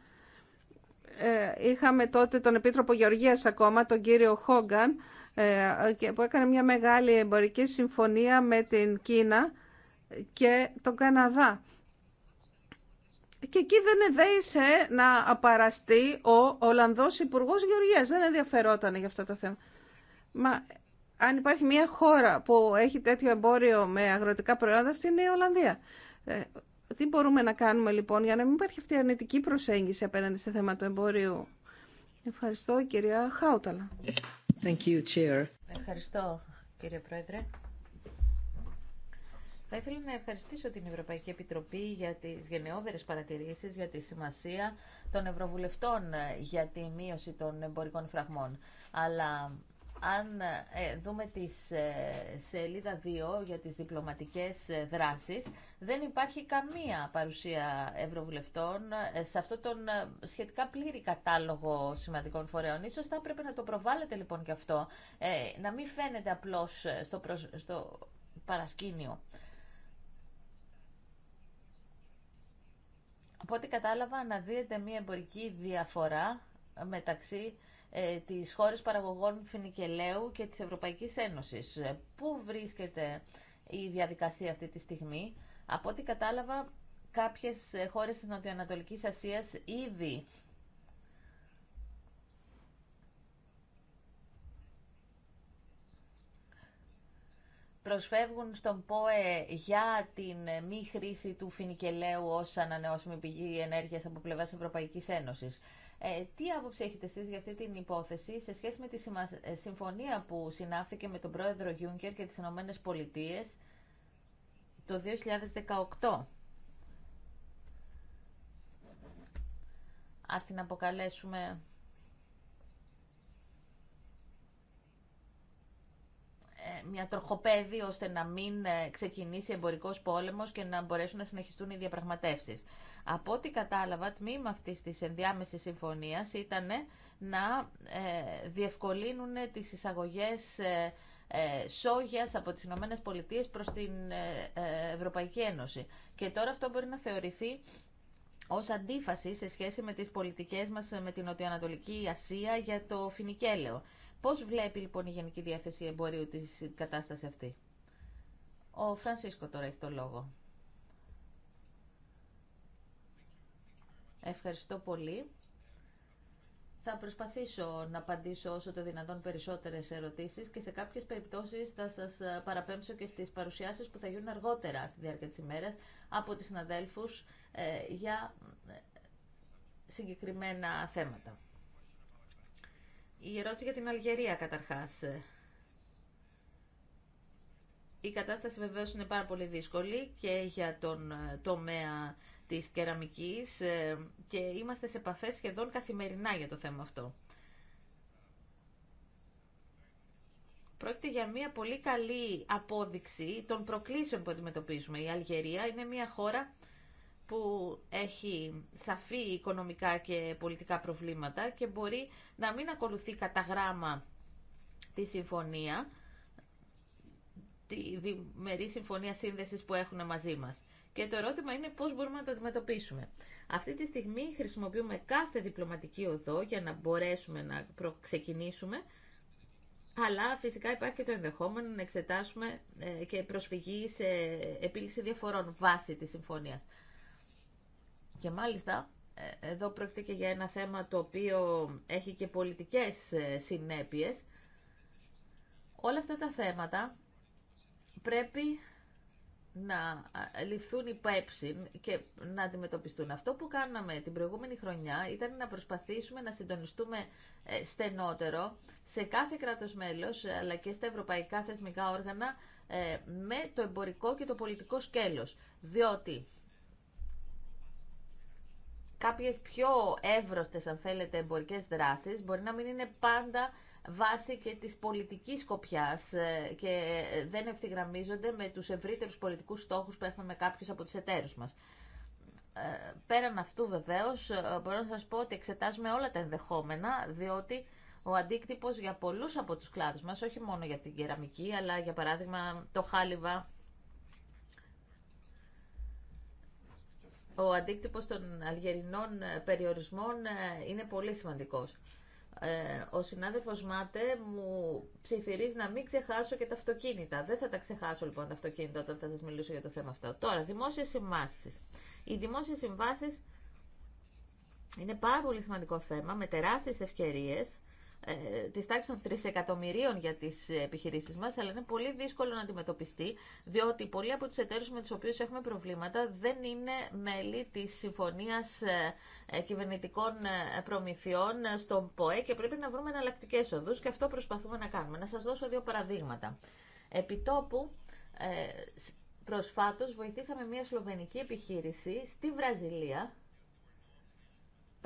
ε, είχαμε τότε τον Επίτροπο Γεωργίας ακόμα, τον κύριο Χόγκαν, ε, που έκανε μια μεγάλη εμπορική συμφωνία με την Κίνα και τον Καναδά. Και εκεί δεν εδέησε να απαραστεί ο Ολλανδός Υπουργός Γεωργίας. Δεν ενδιαφερόταν για αυτά τα θέματα. Μα αν υπάρχει μια χώρα που έχει τέτοιο εμπόριο με αγροτικά προϊόντα, αυτή είναι η Ολλανδία. Ε, τι μπορούμε να κάνουμε λοιπόν για να μην υπάρχει αυτή η αρνητική προσέγγιση απέναντι σε θέμα του εμπορίου. Ευχαριστώ κυρία Χάουταλα. Thank you, Chair. Ευχαριστώ κύριε Πρόεδρε. Θα ήθελα να ευχαριστήσω την Ευρωπαϊκή Επιτροπή για τις γενναιόδερες παρατηρήσεις, για τη σημασία των Ευρωβουλευτών ε, για τη μείωση των εμπορικών φραγμών. Αλλά αν ε, δούμε τη ε, σελίδα 2 για τις διπλωματικές ε, δράσεις, δεν υπάρχει καμία παρουσία ευρωβουλευτών σε αυτό τον σχετικά πλήρη κατάλογο σημαντικών φορέων. Ίσως θα έπρεπε να το προβάλλετε λοιπόν και αυτό, να μην φαίνεται απλώς στο, στο παρασκήνιο. Από ό,τι κατάλαβα, αναδύεται μία εμπορική διαφορά μεταξύ ε, της χώρες παραγωγών φινικελαίου και της Ευρωπαϊκής Ένωσης. Ε, πού βρίσκεται η διαδικασία αυτή τη στιγμή. Από ό,τι κατάλαβα, κάποιες χώρες της Νοτιοανατολικής Ασίας ήδη προσφεύγουν στον ΠΟΕ για την μη χρήση του φινικελαίου ως ανανεώσιμη πηγή ενέργειας από πλευράς Ευρωπαϊκής Ένωσης. Ε, τι άποψη έχετε εσείς για αυτή την υπόθεση σε σχέση με τη ε, συμφωνία που συνάφθηκε με τον πρόεδρο Γιούγκερ και τις Ηνωμένε Πολιτείες το 2018. Ας την αποκαλέσουμε Ε, μια τροχοπέδη ώστε να μην ε, ξεκινήσει εμπορικός πόλεμος και να μπορέσουν να συνεχιστούν οι διαπραγματεύσεις. Από ό,τι κατάλαβα, τμήμα αυτή τη ενδιάμεση συμφωνία ήταν ε, να διευκολύνουν τις εισαγωγές σόγιας από τις Ηνωμένες Πολιτείες προς την Ευρωπαϊκή Ένωση. Και τώρα αυτό μπορεί να θεωρηθεί ω αντίφαση σε σχέση με τι πολιτικέ μα με την Νοτιοανατολική Ασία για το φινικέλαιο. Πώς βλέπει λοιπόν η Γενική Διεύθυνση Εμπορίου τη κατάσταση αυτή. Ο Φρανσίσκο τώρα έχει το λόγο. Ευχαριστώ πολύ. Θα προσπαθήσω να απαντήσω όσο το δυνατόν περισσότερες ερωτήσεις και σε κάποιες περιπτώσεις θα σας παραπέμψω και στις παρουσιάσεις που θα γίνουν αργότερα στη διάρκεια της ημέρας από τις συναδέλφους ε, για ε, συγκεκριμένα θέματα. Η ερώτηση για την Αλγερία καταρχάς. Η κατάσταση βεβαίως είναι πάρα πολύ δύσκολη και για τον ε, τομέα της κεραμικής ε, και είμαστε σε επαφές σχεδόν καθημερινά για το θέμα αυτό. Πρόκειται για μια πολύ καλή απόδειξη των προκλήσεων που αντιμετωπίζουμε. Η Αλγερία είναι μια χώρα που έχει σαφή οικονομικά και πολιτικά προβλήματα και μπορεί να μην ακολουθεί κατά γράμμα τη συμφωνία, τη διμερή συμφωνία σύνδεσης που έχουν μαζί μας. Και το ερώτημα είναι πώς μπορούμε να το αντιμετωπίσουμε. Αυτή τη στιγμή χρησιμοποιούμε κάθε διπλωματική οδό για να μπορέσουμε να ξεκινήσουμε, αλλά φυσικά υπάρχει και το ενδεχόμενο να εξετάσουμε ε, και προσφυγή σε επίλυση διαφορών βάσει της συμφωνίας. Και μάλιστα ε, εδώ πρόκειται και για ένα θέμα το οποίο έχει και πολιτικές ε, συνέπειες. Όλα αυτά τα θέματα πρέπει να ληφθούν υπέψη και να αντιμετωπιστούν. Αυτό που κάναμε την προηγούμενη χρονιά ήταν να προσπαθήσουμε να συντονιστούμε ε, στενότερο σε κάθε κράτος μέλος αλλά και στα ευρωπαϊκά θεσμικά όργανα με το εμπορικό και το πολιτικό σκέλος. Διότι Κάποιε πιο εύρωστε, αν θέλετε, εμπορικέ δράσει μπορεί να μην είναι πάντα βάση και της πολιτικής σκοπιά ε, και ε, δεν ευθυγραμμίζονται με τους ευρύτερους πολιτικούς στόχου που έχουμε με κάποιου από του εταίρους μας. Ε, πέραν αυτού βεβαίω, μπορώ να σας πω ότι εξετάζουμε όλα τα ενδεχόμενα διότι ο αντίκτυπο για πολλού από του κλάδους μα, όχι μόνο για την κεραμική αλλά για παράδειγμα το χάλιβα ο αντίκτυπος των αλγερινών ε, περιορισμών ε, είναι πολύ σημαντικός. Ε, ο συνάδελφος Μάτε μου ψηφιρίζει να μην ξεχάσω και τα αυτοκίνητα. Δεν θα τα ξεχάσω λοιπόν τα αυτοκίνητα όταν θα σας μιλήσω για το θέμα αυτό. Τώρα, δημόσιες συμβάσεις. Οι δημόσιες συμβάσεις είναι πάρα πολύ σημαντικό θέμα με τεράστιες ευκαιρίες ε, τη τάξη των τρισεκατομμυρίων για τις επιχειρήσεις μας, αλλά είναι πολύ δύσκολο να αντιμετωπιστεί, διότι πολλοί από τους εταίρους με τους οποίους έχουμε προβλήματα δεν είναι μέλη τη συμφωνία ε, ε, Κυβερνητικών Προμηθειών στον ΠΟΕ και πρέπει να βρούμε εναλλακτικέ οδούς και αυτό προσπαθούμε να κάνουμε. Να σας δώσω δύο παραδείγματα. Επιτόπου, ε, βοηθήσαμε μια σλοβενική επιχείρηση στη Βραζιλία,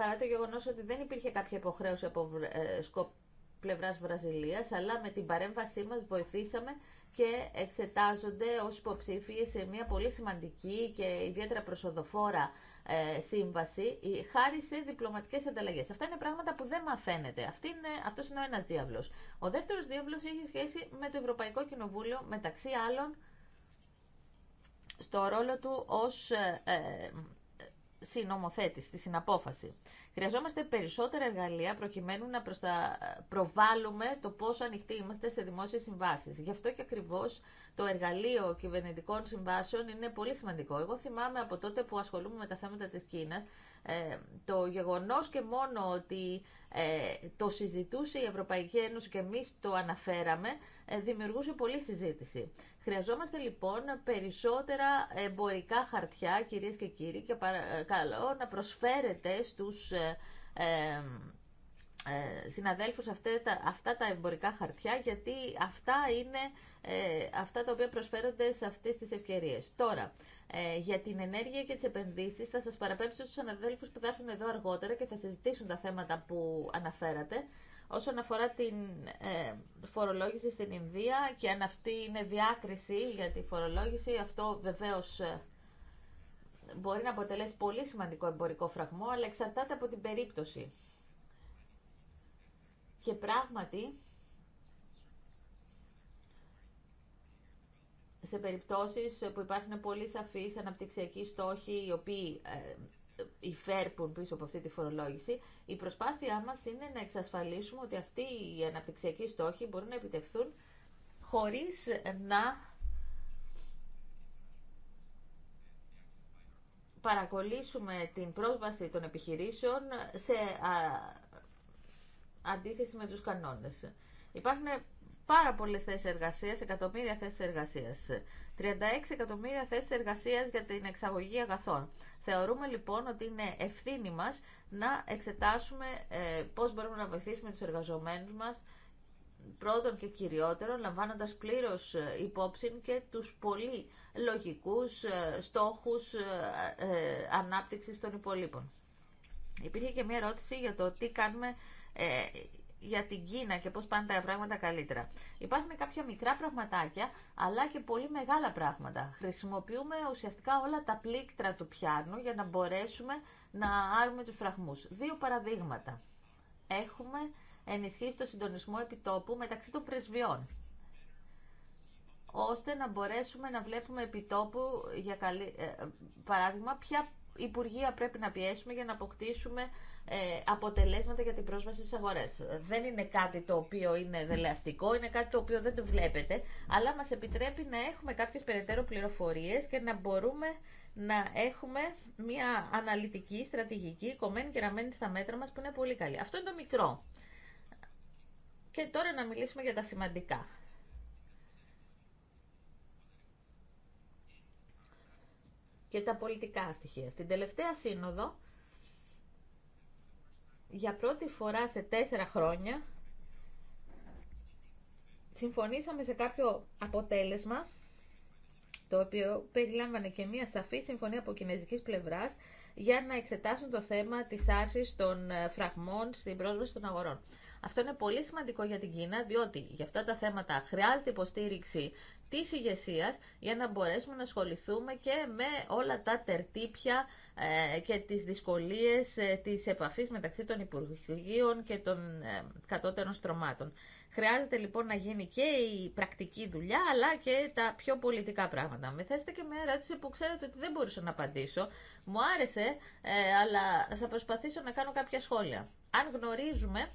παρά το γεγονό ότι δεν υπήρχε κάποια υποχρέωση από ε, πλευρά Βραζιλίας, αλλά με την παρέμβασή μας βοηθήσαμε και εξετάζονται ως υποψήφιοι σε μια πολύ σημαντική και ιδιαίτερα προσοδοφόρα ε, σύμβαση, χάρη σε διπλωματικές ανταλλαγές. Αυτά είναι πράγματα που δεν μαθαίνετε. Αυτό είναι, αυτός είναι ο ένας διάβλος. Ο δεύτερος διάβλος έχει σχέση με το Ευρωπαϊκό Κοινοβούλιο, μεταξύ άλλων, στο ρόλο του ως ε, συνομοθέτης, στη συναπόφαση. Χρειαζόμαστε περισσότερα εργαλεία προκειμένου να προστα... προβάλλουμε το πόσο ανοιχτοί είμαστε σε δημόσιες συμβάσεις. Γι' αυτό και ακριβώς το εργαλείο κυβερνητικών συμβάσεων είναι πολύ σημαντικό. Εγώ θυμάμαι από τότε που ασχολούμαι με τα θέματα της Κίνας, ε, το γεγονός και μόνο ότι ε, το συζητούσε η Ευρωπαϊκή Ένωση και εμείς το αναφέραμε, ε, δημιουργούσε πολλή συζήτηση. Χρειαζόμαστε λοιπόν περισσότερα εμπορικά χαρτιά, κυρίες και κύριοι, και παρακαλώ ε, να προσφέρετε στους ε, ε συναδέλφους αυτά τα, εμπορικά χαρτιά, γιατί αυτά είναι ε, αυτά τα οποία προσφέρονται σε αυτές τις ευκαιρίες. Τώρα, για την ενέργεια και τις επενδύσεις θα σας παραπέμψω στους συναδέλφους που θα έρθουν εδώ αργότερα και θα συζητήσουν τα θέματα που αναφέρατε. Όσον αφορά την ε, φορολόγηση στην Ινδία και αν αυτή είναι διάκριση για τη φορολόγηση, αυτό βεβαίως ε, μπορεί να αποτελέσει πολύ σημαντικό εμπορικό φραγμό, αλλά εξαρτάται από την περίπτωση. Και πράγματι, σε περιπτώσεις που υπάρχουν πολύ σαφείς αναπτυξιακοί στόχοι, οι οποίοι ε, υφέρπουν πίσω από αυτή τη φορολόγηση, η προσπάθειά μας είναι να εξασφαλίσουμε ότι αυτοί οι αναπτυξιακοί στόχοι μπορούν να επιτευχθούν χωρί να παρακολύσουμε την πρόσβαση των επιχειρήσεων σε αντίθεση με τους κανόνες. Υπάρχουν πάρα πολλές θέσεις εργασίας, εκατομμύρια θέσεις εργασίας. 36 εκατομμύρια θέσεις εργασίας για την εξαγωγή αγαθών. Θεωρούμε λοιπόν ότι είναι ευθύνη μας να εξετάσουμε ε, πώς μπορούμε να βοηθήσουμε τους εργαζομένους μας πρώτον και κυριότερον, λαμβάνοντας πλήρως ε, υπόψη και τους πολύ λογικούς ε, στόχους ανάπτυξης των υπολείπων. Υπήρχε και μια ερώτηση για το τι κάνουμε για την Κίνα και πώς πάνε τα πράγματα καλύτερα. Υπάρχουν κάποια μικρά πραγματάκια, αλλά και πολύ μεγάλα πράγματα. Χρησιμοποιούμε ουσιαστικά όλα τα πλήκτρα του πιάνου για να μπορέσουμε να άρουμε τους φραγμούς. Δύο παραδείγματα. Έχουμε ενισχύσει το συντονισμό επιτόπου μεταξύ των πρεσβειών ώστε να μπορέσουμε να βλέπουμε επιτόπου, για καλή, ε, παράδειγμα, ποια υπουργεία πρέπει να πιέσουμε για να αποκτήσουμε ε, αποτελέσματα για την πρόσβαση στι αγορές. Δεν είναι κάτι το οποίο είναι δελεαστικό, είναι κάτι το οποίο δεν το βλέπετε, αλλά μας επιτρέπει να έχουμε κάποιε περαιτέρω πληροφορίες και να μπορούμε να έχουμε μια αναλυτική, στρατηγική, κομμένη και ραμμένη στα μέτρα μας που είναι πολύ καλή. Αυτό είναι το μικρό. Και τώρα να μιλήσουμε για τα σημαντικά. Και τα πολιτικά στοιχεία. Στην τελευταία σύνοδο για πρώτη φορά σε τέσσερα χρόνια συμφωνήσαμε σε κάποιο αποτέλεσμα το οποίο περιλάμβανε και μια σαφή συμφωνία από κινέζικης πλευράς για να εξετάσουν το θέμα της άρσης των ε, φραγμών στην πρόσβαση των αγορών. Αυτό είναι πολύ σημαντικό για την Κίνα, διότι για αυτά τα θέματα χρειάζεται υποστήριξη Τη ηγεσία για να μπορέσουμε να ασχοληθούμε και με όλα τα τερτύπια ε, και τις δυσκολίες ε, της επαφής μεταξύ των Υπουργείων και των ε, κατώτερων στρωμάτων. Χρειάζεται λοιπόν να γίνει και η πρακτική δουλειά αλλά και τα πιο πολιτικά πράγματα. Με θέσετε και με ερώτηση που ξέρετε ότι δεν μπορούσα να απαντήσω. Μου άρεσε, αλλά θα προσπαθήσω να κάνω κάποια σχόλια. Αν γνωρίζουμε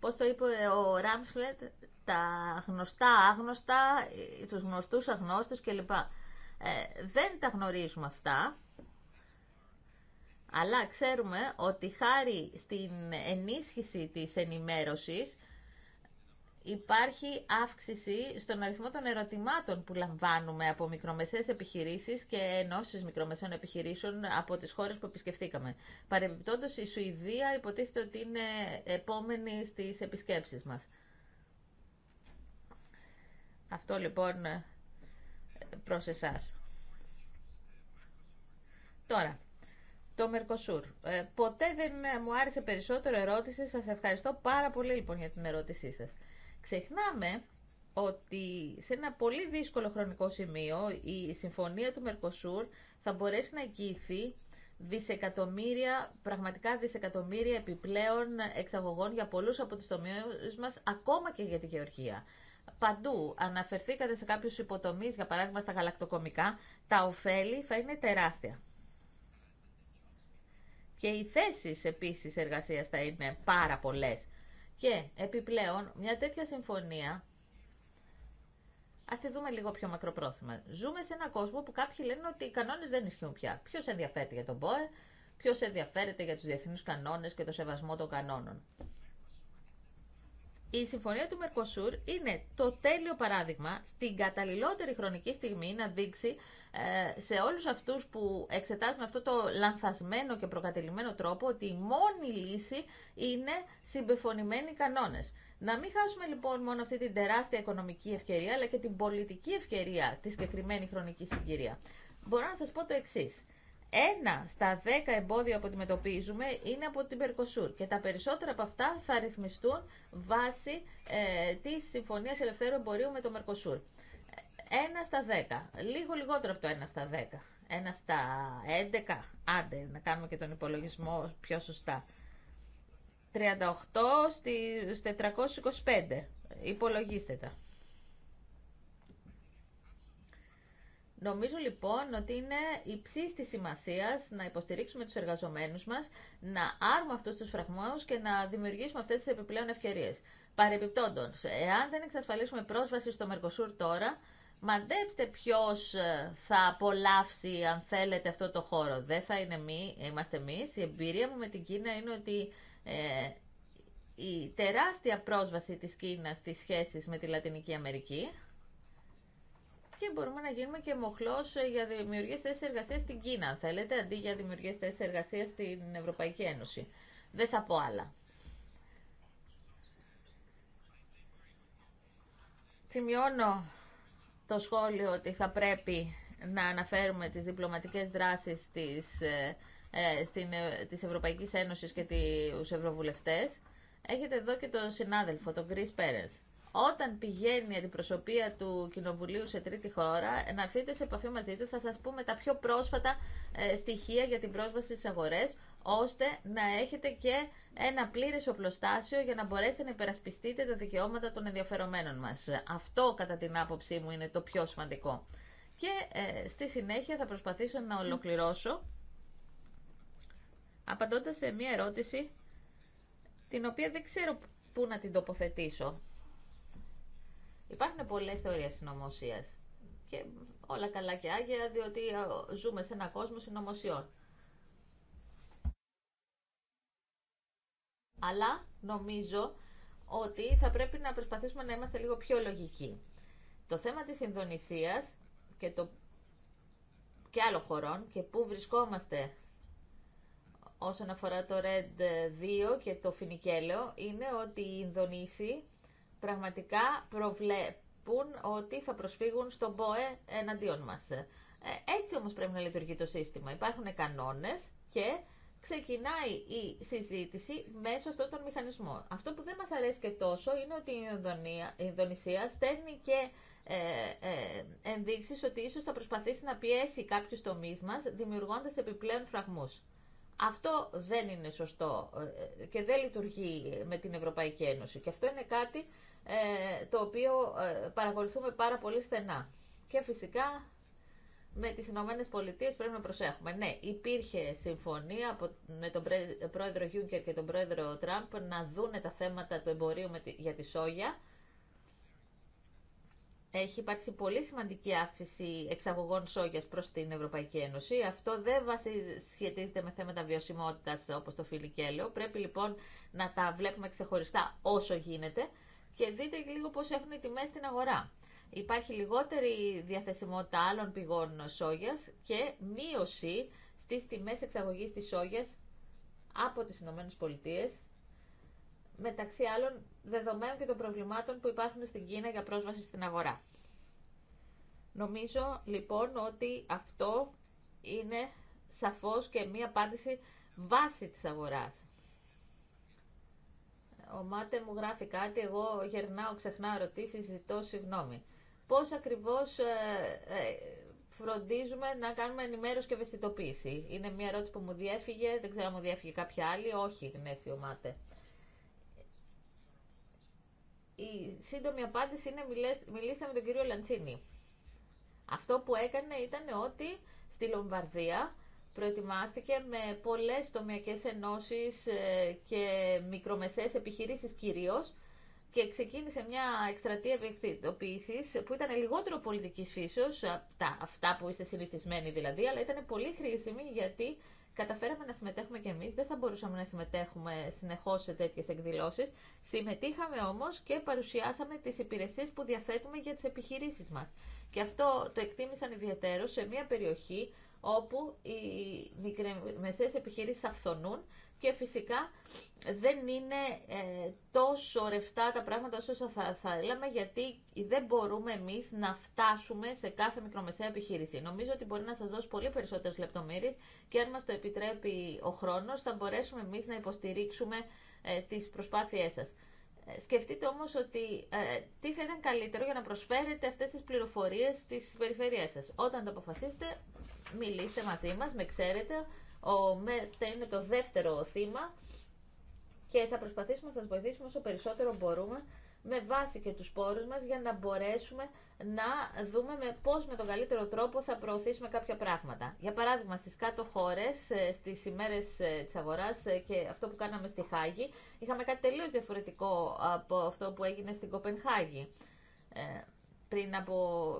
Πώ το είπε ο τα γνωστά άγνωστα, τους γνωστούς αγνώστους κλπ. Ε, δεν τα γνωρίζουμε αυτά, αλλά ξέρουμε ότι χάρη στην ενίσχυση της ενημέρωσης υπάρχει αύξηση στον αριθμό των ερωτημάτων που λαμβάνουμε από μικρομεσαίες επιχειρήσεις και ενώσεις μικρομεσαίων επιχειρήσεων από τις χώρες που επισκεφτήκαμε. Παρεμπιπτόντως η Σουηδία υποτίθεται ότι είναι επόμενη στις επισκέψεις μας. Αυτό λοιπόν προς εσάς. Τώρα, το Μερκοσούρ. Ε, ποτέ δεν ε, μου άρεσε περισσότερο ερώτηση. Σας ευχαριστώ πάρα πολύ λοιπόν για την ερώτησή σας. Ξεχνάμε ότι σε ένα πολύ δύσκολο χρονικό σημείο η συμφωνία του Μερκοσούρ θα μπορέσει να εγγυηθεί δισεκατομμύρια, πραγματικά δισεκατομμύρια επιπλέον εξαγωγών για πολλούς από τις τομείς μας, ακόμα και για τη Γεωργία παντού. Αναφερθήκατε σε κάποιους υποτομείς, για παράδειγμα στα γαλακτοκομικά, τα ωφέλη θα είναι τεράστια. Και οι θέσεις επίσης εργασίας θα είναι πάρα πολλές. Και επιπλέον μια τέτοια συμφωνία, ας τη δούμε λίγο πιο μακροπρόθεσμα. Ζούμε σε έναν κόσμο που κάποιοι λένε ότι οι κανόνες δεν ισχύουν πια. Ποιος ενδιαφέρεται για τον ΠΟΕ, ποιος ενδιαφέρεται για τους διεθνείς κανόνες και το σεβασμό των κανόνων. Η συμφωνία του Μερκοσούρ είναι το τέλειο παράδειγμα στην καταλληλότερη χρονική στιγμή να δείξει ε, σε όλους αυτούς που εξετάζουν αυτό το λανθασμένο και προκατελημένο τρόπο ότι η μόνη λύση είναι συμπεφωνημένοι κανόνες. Να μην χάσουμε λοιπόν μόνο αυτή την τεράστια οικονομική ευκαιρία αλλά και την πολιτική ευκαιρία τη συγκεκριμένη χρονική συγκυρία. Μπορώ να σας πω το εξής ένα στα δέκα εμπόδια που αντιμετωπίζουμε είναι από την Περκοσούρ και τα περισσότερα από αυτά θα ρυθμιστούν βάσει ε, της Συμφωνίας Ελευθέρου Εμπορίου με το Μερκοσούρ. Ένα στα δέκα, λίγο λιγότερο από το ένα στα δέκα, ένα στα έντεκα, άντε να κάνουμε και τον υπολογισμό πιο σωστά. 38 στι 425, υπολογίστε τα. Νομίζω λοιπόν ότι είναι υψή τη σημασία να υποστηρίξουμε του εργαζομένου μα, να άρουμε αυτού του φραγμού και να δημιουργήσουμε αυτέ τι επιπλέον ευκαιρίε. Παρεπιπτόντω, εάν δεν εξασφαλίσουμε πρόσβαση στο Μερκοσούρ τώρα, μαντέψτε ποιο ε, θα απολαύσει, αν θέλετε, αυτό το χώρο. Δεν θα είναι εμεί, είμαστε εμεί. Η εμπειρία μου με την Κίνα είναι ότι ε, η τεράστια πρόσβαση της Κίνας στις σχέσεις με τη Λατινική Αμερική και μπορούμε να γίνουμε και μοχλό ε, για δημιουργίε θέσει εργασία στην Κίνα, αν θέλετε, αντί για δημιουργίε θέσει εργασία στην Ευρωπαϊκή Ένωση. Δεν θα πω άλλα. Σημειώνω το σχόλιο ότι θα πρέπει να αναφέρουμε τις διπλωματικές δράσεις της, ε, ε στην, ε, της Ευρωπαϊκής Ένωσης και τους Ευρωβουλευτές. Έχετε εδώ και τον συνάδελφο, τον Chris Πέρες όταν πηγαίνει η αντιπροσωπεία του Κοινοβουλίου σε τρίτη χώρα, να έρθετε σε επαφή μαζί του, θα σας πούμε τα πιο πρόσφατα ε, στοιχεία για την πρόσβαση στις αγορές, ώστε να έχετε και ένα πλήρες οπλοστάσιο για να μπορέσετε να υπερασπιστείτε τα δικαιώματα των ενδιαφερομένων μας. Αυτό, κατά την άποψή μου, είναι το πιο σημαντικό. Και ε, στη συνέχεια θα προσπαθήσω να ολοκληρώσω, απαντώντας σε μία ερώτηση, την οποία δεν ξέρω πού να την τοποθετήσω. Υπάρχουν πολλές θεωρίες συνωμοσία. Και όλα καλά και άγια, διότι ζούμε σε ένα κόσμο συνωμοσιών. Αλλά νομίζω ότι θα πρέπει να προσπαθήσουμε να είμαστε λίγο πιο λογικοί. Το θέμα της Ινδονησίας και, το... και άλλων χωρών και πού βρισκόμαστε όσον αφορά το RED 2 και το φινικέλαιο είναι ότι οι Ινδονήσοι πραγματικά προβλέπουν ότι θα προσφύγουν στον ΠΟΕ εναντίον μας. Ε, έτσι όμως πρέπει να λειτουργεί το σύστημα. Υπάρχουν κανόνες και ξεκινάει η συζήτηση μέσω αυτών των μηχανισμών. Αυτό που δεν μας αρέσει και τόσο είναι ότι η, Ινδονησία στέλνει και ε, ε, ενδείξεις ότι ίσως θα προσπαθήσει να πιέσει κάποιους τομείς μας, δημιουργώντας επιπλέον φραγμούς. Αυτό δεν είναι σωστό ε, και δεν λειτουργεί με την Ευρωπαϊκή Ένωση. Και αυτό είναι κάτι ε, το οποίο ε, παρακολουθούμε πάρα πολύ στενά. Και φυσικά με τις Ηνωμένε Πολιτείε πρέπει να προσέχουμε. Ναι, υπήρχε συμφωνία με τον πρόεδρο Γιούγκερ και τον πρόεδρο Τραμπ να δούνε τα θέματα του εμπορίου για τη σόγια. Έχει υπάρξει πολύ σημαντική αύξηση εξαγωγών σόγιας προς την Ευρωπαϊκή Ένωση. Αυτό δεν σχετίζεται με θέματα βιωσιμότητας όπως το Φιλικέλαιο. Πρέπει λοιπόν να τα βλέπουμε ξεχωριστά όσο γίνεται και δείτε λίγο πώς έχουν οι τιμές στην αγορά. Υπάρχει λιγότερη διαθεσιμότητα άλλων πηγών σόγιας και μείωση στις τιμές εξαγωγής της σόγιας από τις Ηνωμένες Πολιτείες, μεταξύ άλλων δεδομένων και των προβλημάτων που υπάρχουν στην Κίνα για πρόσβαση στην αγορά. Νομίζω λοιπόν ότι αυτό είναι σαφώς και μία απάντηση βάση της αγοράς ο Μάτε μου γράφει κάτι, εγώ γερνάω, ξεχνάω ερωτήσει, ζητώ συγγνώμη. Πώ ακριβώ ε, ε, φροντίζουμε να κάνουμε ενημέρωση και ευαισθητοποίηση. Είναι μια ερώτηση που μου διέφυγε, δεν ξέρω αν μου διέφυγε κάποια άλλη, όχι γνέφει ο Μάτε. Η σύντομη απάντηση είναι μιλήστε με τον κύριο Λαντσίνη. Αυτό που έκανε ήταν ότι στη Λομβαρδία προετοιμάστηκε με πολλές τομιακές ενώσεις ε, και μικρομεσαίες επιχειρήσεις κυρίως και ξεκίνησε μια εκστρατεία ευαισθητοποίηση που ήταν λιγότερο πολιτική φύσεω, αυτά που είστε συνηθισμένοι δηλαδή, αλλά ήταν πολύ χρήσιμη γιατί καταφέραμε να συμμετέχουμε κι εμεί. Δεν θα μπορούσαμε να συμμετέχουμε συνεχώ σε τέτοιε εκδηλώσει. Συμμετείχαμε όμω και παρουσιάσαμε τι υπηρεσίε που διαθέτουμε για τι επιχειρήσει μα. Και αυτό το εκτίμησαν ιδιαίτερω σε μια περιοχή όπου οι μικρομεσαίες επιχειρήσεις αυθονούν και φυσικά δεν είναι ε, τόσο ρευστά τα πράγματα όσο θα, θα έλαμε, γιατί δεν μπορούμε εμείς να φτάσουμε σε κάθε μικρομεσαία επιχείρηση. Νομίζω ότι μπορεί να σας δώσω πολύ περισσότερες λεπτομέρειες και αν μας το επιτρέπει ο χρόνος θα μπορέσουμε εμείς να υποστηρίξουμε ε, τις προσπάθειές σας. Ε, σκεφτείτε όμως ότι ε, τι θα ήταν καλύτερο για να προσφέρετε αυτές τις πληροφορίες στις περιφερειές σας. Όταν το αποφασίσετε μιλήστε μαζί μας, με ξέρετε. Ο ΜΕΤΕ είναι το δεύτερο θύμα και θα προσπαθήσουμε να σας βοηθήσουμε όσο περισσότερο μπορούμε με βάση και τους πόρους μας για να μπορέσουμε να δούμε με πώς με τον καλύτερο τρόπο θα προωθήσουμε κάποια πράγματα. Για παράδειγμα, στις κάτω χώρες, ε, στις ημέρες ε, της αγοράς ε, και αυτό που κάναμε στη Χάγη, είχαμε κάτι τελείως διαφορετικό από αυτό που έγινε στην Κοπενχάγη πριν από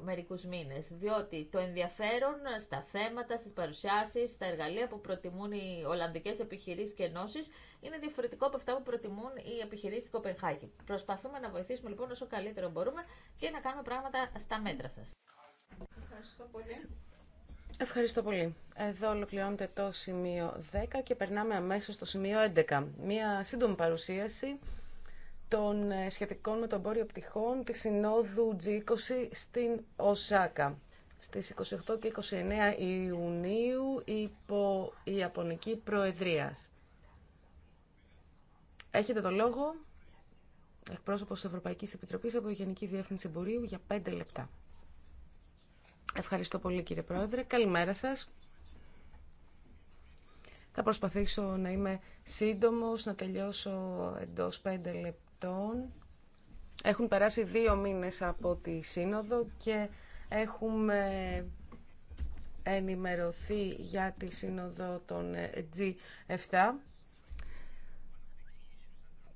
μερικούς μήνες, διότι το ενδιαφέρον στα θέματα, στις παρουσιάσεις, στα εργαλεία που προτιμούν οι Ολλανδικές επιχειρήσεις και ενώσεις είναι διαφορετικό από αυτά που προτιμούν οι επιχειρήσεις στην Κοπενχάγη. Προσπαθούμε να βοηθήσουμε λοιπόν όσο καλύτερο μπορούμε και να κάνουμε πράγματα στα μέτρα σας. Ευχαριστώ πολύ. Ευχαριστώ πολύ. Εδώ ολοκληρώνεται το σημείο 10 και περνάμε αμέσως στο σημείο 11. Μία σύντομη παρουσίαση των ε, σχετικών με τον εμπόριο πτυχών της Συνόδου G20 στην Οσάκα. Στις 28 και 29 Ιουνίου υπό η Ιαπωνική Προεδρία. Έχετε το λόγο, εκπρόσωπος της Ευρωπαϊκής Επιτροπής από τη Γενική Διεύθυνση Εμπορίου για 5 λεπτά. Ευχαριστώ πολύ κύριε Πρόεδρε. Καλημέρα σας. Θα προσπαθήσω να είμαι σύντομος, να τελειώσω εντός 5 λεπτά έχουν περάσει δύο μήνες από τη Σύνοδο και έχουμε ενημερωθεί για τη Σύνοδο των G7.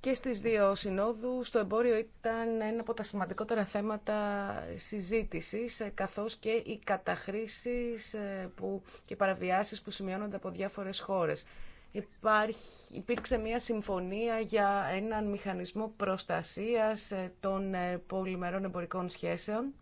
Και στις δύο συνόδους το εμπόριο ήταν ένα από τα σημαντικότερα θέματα συζήτησης, καθώς και οι καταχρήσεις ε, που, και παραβιάσεις που σημειώνονται από διάφορες χώρες υπήρξε μια συμφωνία για έναν μηχανισμό προστασίας ε, των ε, πολυμερών εμπορικών σχέσεων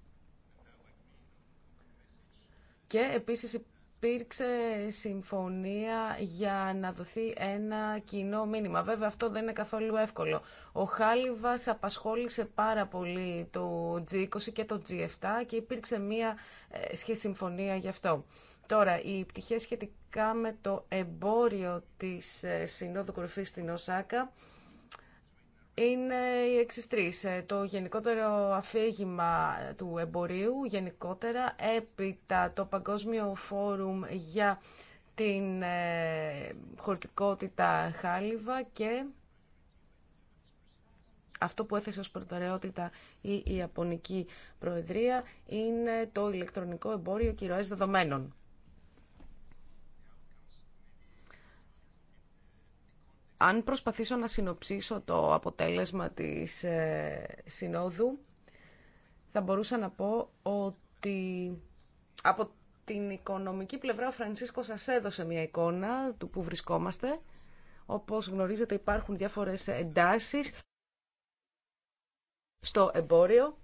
και επίσης υπήρξε συμφωνία για να δοθεί ένα κοινό μήνυμα. Βέβαια αυτό δεν είναι καθόλου εύκολο. Ο Χάλιβας απασχόλησε πάρα πολύ το G20 και το G7 και υπήρξε μια ε, συμφωνία γι' αυτό. Τώρα, οι πτυχές σχετικά με το εμπόριο της ε, Συνόδου Κορυφής στην Οσάκα είναι οι εξή ε, Το γενικότερο αφήγημα του εμπορίου γενικότερα, έπειτα το Παγκόσμιο Φόρουμ για την ε, Χωρτικότητα χάλιβα και αυτό που έθεσε ως προτεραιότητα η Ιαπωνική Προεδρία είναι το ηλεκτρονικό εμπόριο κυρωές δεδομένων. Αν προσπαθήσω να συνοψίσω το αποτέλεσμα της ε, συνόδου, θα μπορούσα να πω ότι από την οικονομική πλευρά ο Φρανσίσκος σας έδωσε μια εικόνα του που βρισκόμαστε. Όπως γνωρίζετε υπάρχουν διάφορες εντάσεις στο εμπόριο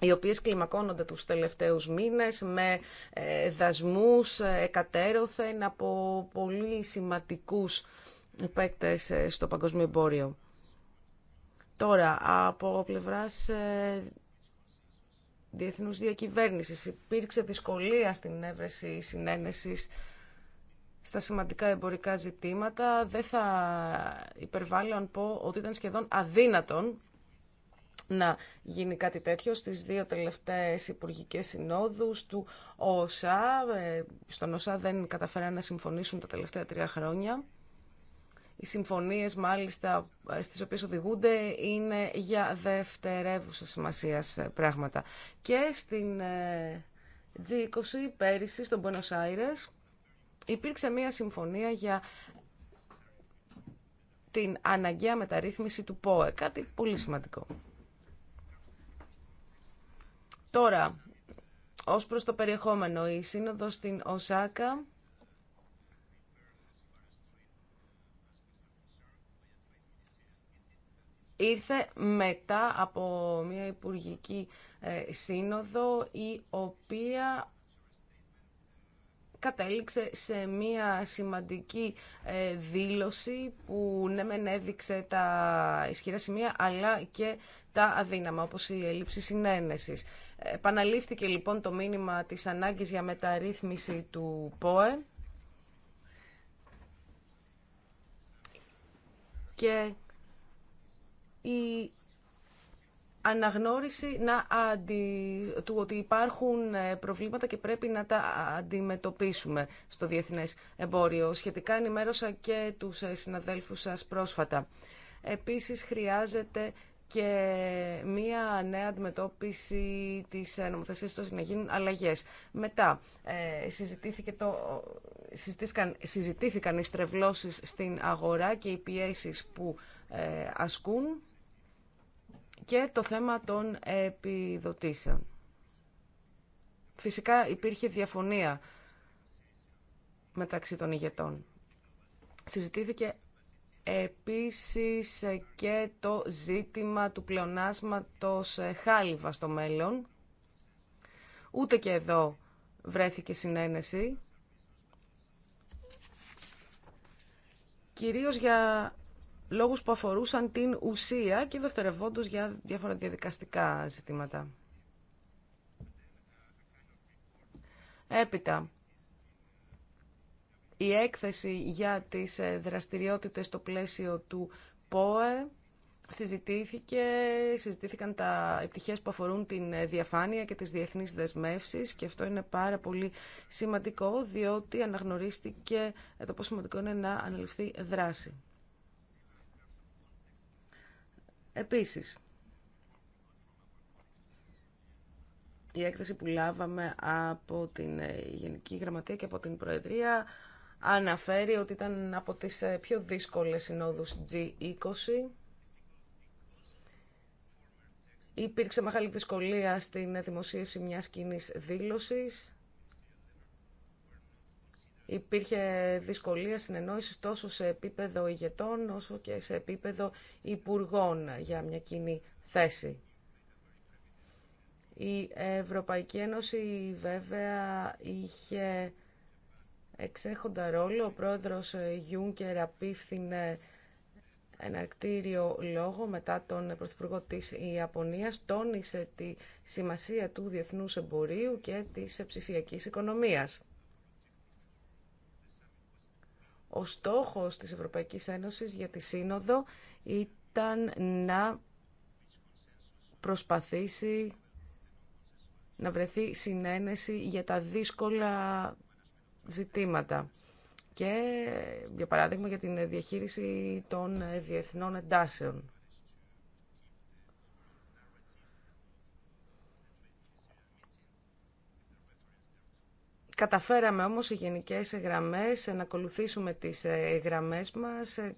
οι οποίες κλιμακώνονται τους τελευταίους μήνες με ε, δασμούς ε, εκατέρωθεν από πολύ σημαντικούς παίκτε ε, στο παγκόσμιο εμπόριο. Τώρα, από πλευράς ε, διεθνούς διακυβέρνησης υπήρξε δυσκολία στην έβρεση συνένεσης στα σημαντικά εμπορικά ζητήματα. Δεν θα υπερβάλλω αν πω ότι ήταν σχεδόν αδύνατον να γίνει κάτι τέτοιο στις δύο τελευταίες υπουργικέ συνόδους του ΟΣΑ. Ε, στον ΟΣΑ δεν καταφέραν να συμφωνήσουν τα τελευταία τρία χρόνια οι συμφωνίε μάλιστα στις οποίες οδηγούνται είναι για δευτερεύουσα σημασία πράγματα. Και στην ε, G20 πέρυσι στον Buenos υπήρξε μια συμφωνία για την αναγκαία μεταρρύθμιση του ΠΟΕ. Κάτι πολύ σημαντικό. Τώρα, ως προς το περιεχόμενο, η σύνοδος στην Οσάκα ήρθε μετά από μια υπουργική ε, σύνοδο η οποία κατέληξε σε μια σημαντική ε, δήλωση που ναι μεν έδειξε τα ισχυρά σημεία αλλά και τα αδύναμα όπως η έλλειψη συνένεσης. Επαναλήφθηκε λοιπόν το μήνυμα της ανάγκης για μεταρρύθμιση του ΠΟΕ και η αναγνώριση να αντι... του ότι υπάρχουν ε, προβλήματα και πρέπει να τα αντιμετωπίσουμε στο διεθνές εμπόριο. Σχετικά ενημέρωσα και τους ε, συναδέλφους σας πρόσφατα. Επίσης χρειάζεται και μία νέα αντιμετώπιση της ε, νομοθεσίας ώστε να γίνουν αλλαγές. Μετά συζητήθηκε το, συζητήθηκαν, συζητήθηκαν οι στρεβλώσεις στην αγορά και οι πιέσεις που ασκούν και το θέμα των επιδοτήσεων. Φυσικά υπήρχε διαφωνία μεταξύ των ηγετών. Συζητήθηκε επίσης και το ζήτημα του πλεονάσματος χάλιβα στο μέλλον. Ούτε και εδώ βρέθηκε συνένεση. Κυρίως για λόγους που αφορούσαν την ουσία και δευτερευόντως για διάφορα διαδικαστικά ζητήματα. Έπειτα, η έκθεση για τις ε, δραστηριότητες στο πλαίσιο του ΠΟΕ συζητήθηκε, συζητήθηκαν τα επιτυχίες που αφορούν την ε, διαφάνεια και τις διεθνείς δεσμεύσεις και αυτό είναι πάρα πολύ σημαντικό διότι αναγνωρίστηκε ε, το πόσο σημαντικό είναι να αναλυφθεί δράση. Επίσης, η έκθεση που λάβαμε από την ε, Γενική Γραμματεία και από την Προεδρία αναφέρει ότι ήταν από τις ε, πιο δύσκολες συνόδους G20. Υπήρξε μεγάλη δυσκολία στην δημοσίευση μιας κοινή δήλωσης υπήρχε δυσκολία συνεννόηση τόσο σε επίπεδο ηγετών όσο και σε επίπεδο υπουργών για μια κοινή θέση. Η Ευρωπαϊκή Ένωση βέβαια είχε εξέχοντα ρόλο. Ο πρόεδρος Γιούνκερ απίφθινε ένα κτίριο λόγο μετά τον Πρωθυπουργό της Ιαπωνίας τόνισε τη σημασία του διεθνούς εμπορίου και της ψηφιακής οικονομίας. Ο στόχος της Ευρωπαϊκής Ένωσης για τη Σύνοδο ήταν να προσπαθήσει να βρεθεί συνένεση για τα δύσκολα ζητήματα και για παράδειγμα για την διαχείριση των διεθνών εντάσεων. Καταφέραμε όμως οι γενικές γραμμές να ακολουθήσουμε τις ε, γραμμές μας. Ε,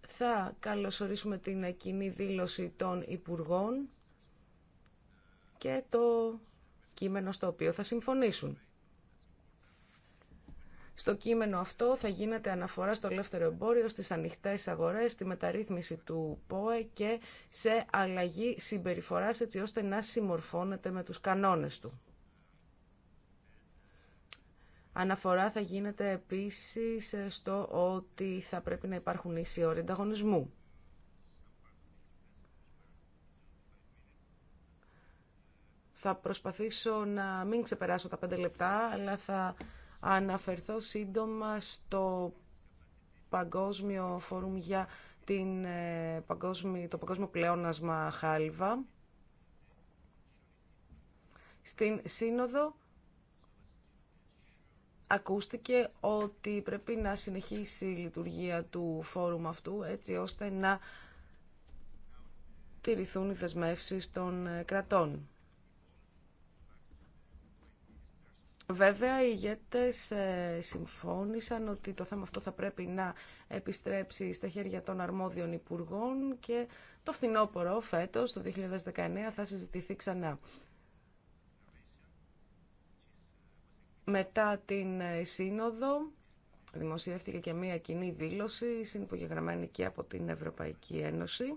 θα καλωσορίσουμε την κοινή δήλωση των Υπουργών και το κείμενο στο οποίο θα συμφωνήσουν. Στο κείμενο αυτό θα γίνεται αναφορά στο ελεύθερο εμπόριο, στις ανοιχτές αγορές, στη μεταρρύθμιση του ΠΟΕ και σε αλλαγή συμπεριφοράς έτσι ώστε να συμμορφώνεται με τους κανόνες του. Αναφορά θα γίνεται επίσης στο ότι θα πρέπει να υπάρχουν ίσοι όροι ανταγωνισμού. Θα προσπαθήσω να μην ξεπεράσω τα πέντε λεπτά, αλλά θα αναφερθώ σύντομα στο Παγκόσμιο Φόρουμ για την, ε, το Παγκόσμιο Πλεόνασμα Χάλιβα. Στην Σύνοδο ακούστηκε ότι πρέπει να συνεχίσει η λειτουργία του φόρουμ αυτού έτσι ώστε να τηρηθούν οι δεσμεύσεις των ε, κρατών. Βέβαια, οι ηγέτες ε, συμφώνησαν ότι το θέμα αυτό θα πρέπει να επιστρέψει στα χέρια των αρμόδιων υπουργών και το φθινόπωρο φέτος, το 2019, θα συζητηθεί ξανά. Μετά την ε, Σύνοδο δημοσιεύτηκε και μία κοινή δήλωση, συνυπογεγραμμένη και από την Ευρωπαϊκή Ένωση.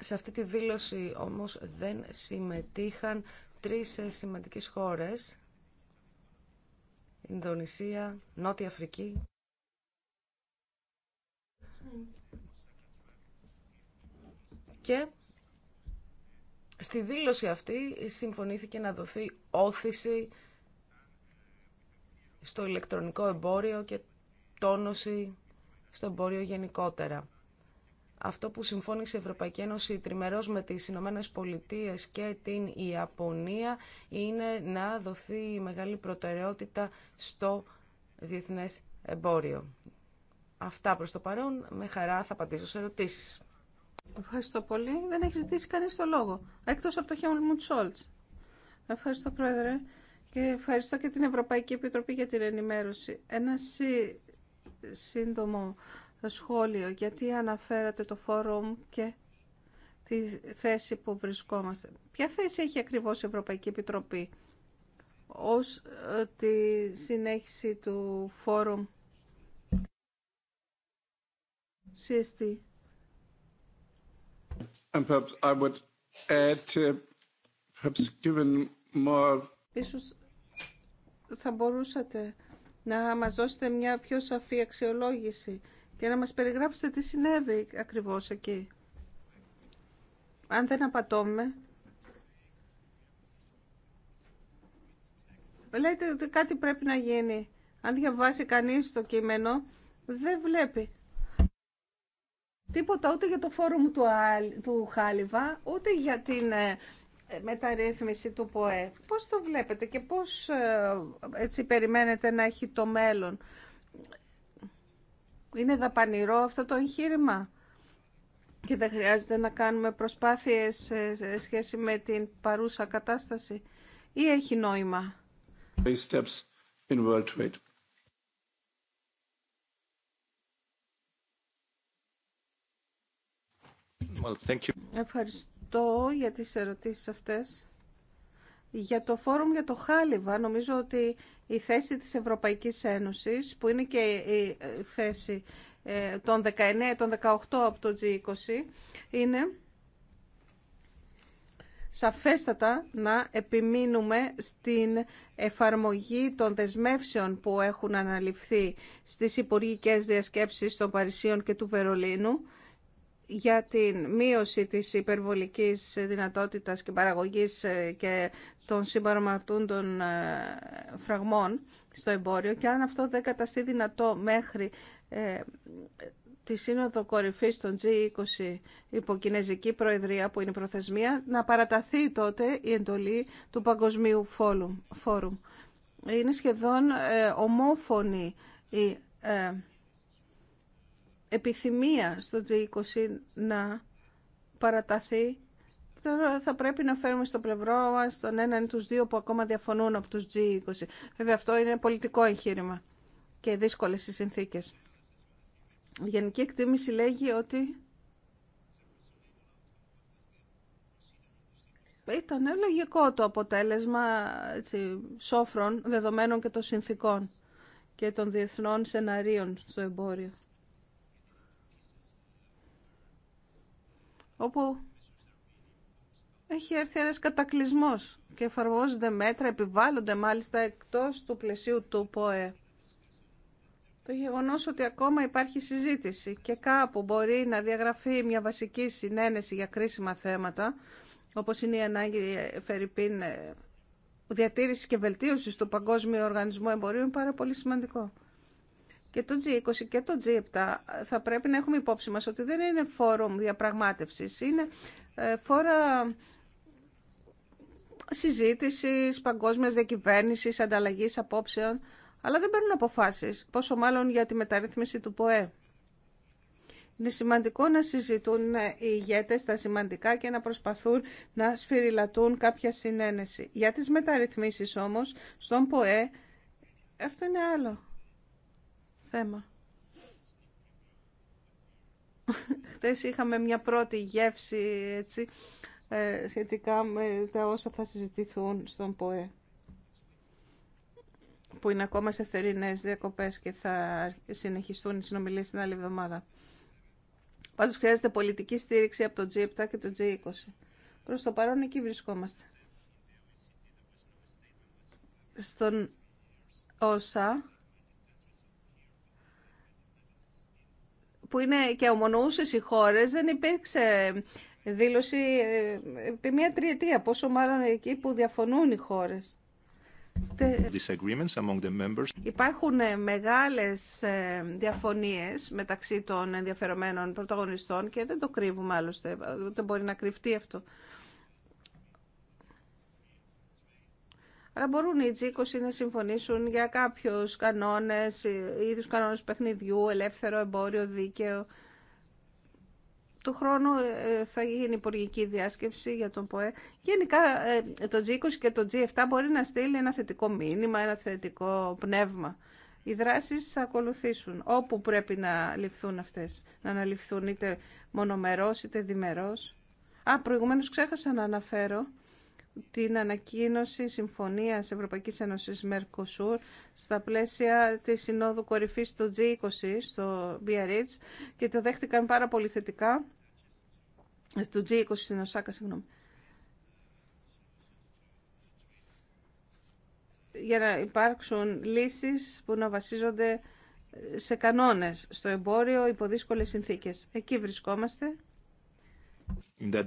Σε αυτή τη δήλωση όμως δεν συμμετείχαν τρεις σημαντικές χώρες. Ινδονησία, Νότια Αφρική. Και στη δήλωση αυτή συμφωνήθηκε να δοθεί όθηση στο ηλεκτρονικό εμπόριο και τόνωση στο εμπόριο γενικότερα αυτό που συμφώνησε η Ευρωπαϊκή Ένωση τριμερώς με τις Ηνωμένε Πολιτείε και την Ιαπωνία είναι να δοθεί μεγάλη προτεραιότητα στο διεθνές εμπόριο. Αυτά προς το παρόν. Με χαρά θα απαντήσω σε ερωτήσεις. Ευχαριστώ πολύ. Δεν έχει ζητήσει κανείς το λόγο, εκτός από το Χέλμουντ Σόλτς. Ευχαριστώ, Πρόεδρε. Και ευχαριστώ και την Ευρωπαϊκή Επιτροπή για την ενημέρωση. Ένα σύντομο σχόλιο γιατί αναφέρατε το φόρουμ και τη θέση που βρισκόμαστε. Ποια θέση έχει ακριβώς η Ευρωπαϊκή Επιτροπή ως ε, τη συνέχιση του φόρουμ CST. Uh, Ίσως θα μπορούσατε να μας δώσετε μια πιο σαφή αξιολόγηση και να μας περιγράψετε τι συνέβη ακριβώς εκεί. Αν δεν απατώμε, λέτε ότι κάτι πρέπει να γίνει. Αν διαβάσει κανείς το κείμενο, δεν βλέπει τίποτα ούτε για το φόρουμ του, του Χάλιβα, ούτε για την ε, μεταρρύθμιση του ΠΟΕ. Πώς το βλέπετε και πώς ε, έτσι περιμένετε να έχει το μέλλον είναι δαπανηρό αυτό το εγχείρημα και δεν χρειάζεται να κάνουμε προσπάθειες σε σχέση με την παρούσα κατάσταση ή έχει νόημα. Ευχαριστώ για τις ερωτήσεις αυτές. Για το φόρουμ για το Χάλιβα, νομίζω ότι η θέση της Ευρωπαϊκής Ένωσης, που είναι και η θέση ε, των 19, των 18 από το G20, είναι σαφέστατα να επιμείνουμε στην εφαρμογή των δεσμεύσεων που έχουν αναλυφθεί στις υπουργικές διασκέψεις των Παρισίων και του Βερολίνου για την μείωση της υπερβολικής δυνατότητας και παραγωγής ε, και των συμπαραματούν των ε, φραγμών στο εμπόριο και αν αυτό δεν καταστεί δυνατό μέχρι ε, τη Σύνοδο Κορυφής των G20 υπό Κινέζικη Προεδρία που είναι προθεσμία να παραταθεί τότε η εντολή του Παγκοσμίου Φόρουμ. Είναι σχεδόν ομόφωνη η επιθυμία στο G20 να παραταθεί. Τώρα θα πρέπει να φέρουμε στο πλευρό μας τον έναν ή τους δύο που ακόμα διαφωνούν από τους G20. Βέβαια αυτό είναι πολιτικό εγχείρημα και δύσκολες οι συνθήκες. Η του δυο που ακομα διαφωνουν απο του g 20 λέγει εγχειρημα και δυσκολε οι ήταν λογικό το αποτέλεσμα έτσι, σόφρων δεδομένων και των συνθήκων και των διεθνών σεναρίων στο εμπόριο. όπου έχει έρθει ένας κατακλυσμός και εφαρμόζονται μέτρα, επιβάλλονται μάλιστα εκτός του πλαισίου του ΠΟΕ. Το γεγονό ότι ακόμα υπάρχει συζήτηση και κάπου μπορεί να διαγραφεί μια βασική συνένεση για κρίσιμα θέματα, όπως είναι η ανάγκη ε, φερρυπίν ε, διατήρηση και βελτίωση του Παγκόσμιου Οργανισμού Εμπορίου, είναι πάρα πολύ σημαντικό και το G20 και το G7 θα πρέπει να έχουμε υπόψη μας ότι δεν είναι φόρουμ διαπραγμάτευσης, είναι ε, φόρα συζήτησης, παγκόσμιας διακυβέρνησης, ανταλλαγής απόψεων, αλλά δεν παίρνουν αποφάσεις, πόσο μάλλον για τη μεταρρύθμιση του ΠΟΕ. Είναι σημαντικό να συζητούν ε, οι ηγέτες τα σημαντικά και να προσπαθούν να σφυριλατούν κάποια συνένεση. Για τις μεταρρυθμίσεις όμως, στον ΠΟΕ, αυτό είναι άλλο θέμα. Χθες είχαμε μια πρώτη γεύση έτσι, ε, σχετικά με τα όσα θα συζητηθούν στον ΠΟΕ που είναι ακόμα σε θερινές διακοπέ και θα συνεχιστούν οι συνομιλίες την άλλη εβδομάδα. Πάντως χρειάζεται πολιτική στήριξη από το G7 και το G20. Προς το παρόν εκεί βρισκόμαστε. Στον όσα. που είναι και ομονοούσε οι χώρε, δεν υπήρξε δήλωση ε, επί μια τριετία, πόσο μάλλον εκεί που διαφωνούν οι χώρες. Υπάρχουν ε, μεγάλες ε, διαφωνίες μεταξύ των ενδιαφερομένων πρωταγωνιστών και δεν το κρύβουμε άλλωστε, δεν μπορεί να κρυφτεί αυτό. Αλλά μπορούν οι g να συμφωνήσουν για κάποιους κανόνες, είδους κανόνες παιχνιδιού, ελεύθερο εμπόριο, δίκαιο. Του χρόνου ε, ε, θα γίνει υπουργική διάσκεψη για τον ΠΟΕ. Γενικά ε, το G20 και το G7 μπορεί να στείλει ένα θετικό μήνυμα, ένα θετικό πνεύμα. Οι δράσεις θα ακολουθήσουν όπου πρέπει να ληφθούν αυτές, να αναλυφθούν είτε μονομερός είτε διμερός. Α, προηγουμένως ξέχασα να αναφέρω την ανακοίνωση Συμφωνίας Ευρωπαϊκής Ένωσης Μερκοσούρ στα πλαίσια της Συνόδου Κορυφής του G20 στο BRH και το δέχτηκαν πάρα πολύ θετικά στο G20 στην Οσάκα, για να υπάρξουν λύσεις που να βασίζονται σε κανόνες στο εμπόριο υπό δύσκολες συνθήκες. Εκεί βρισκόμαστε. In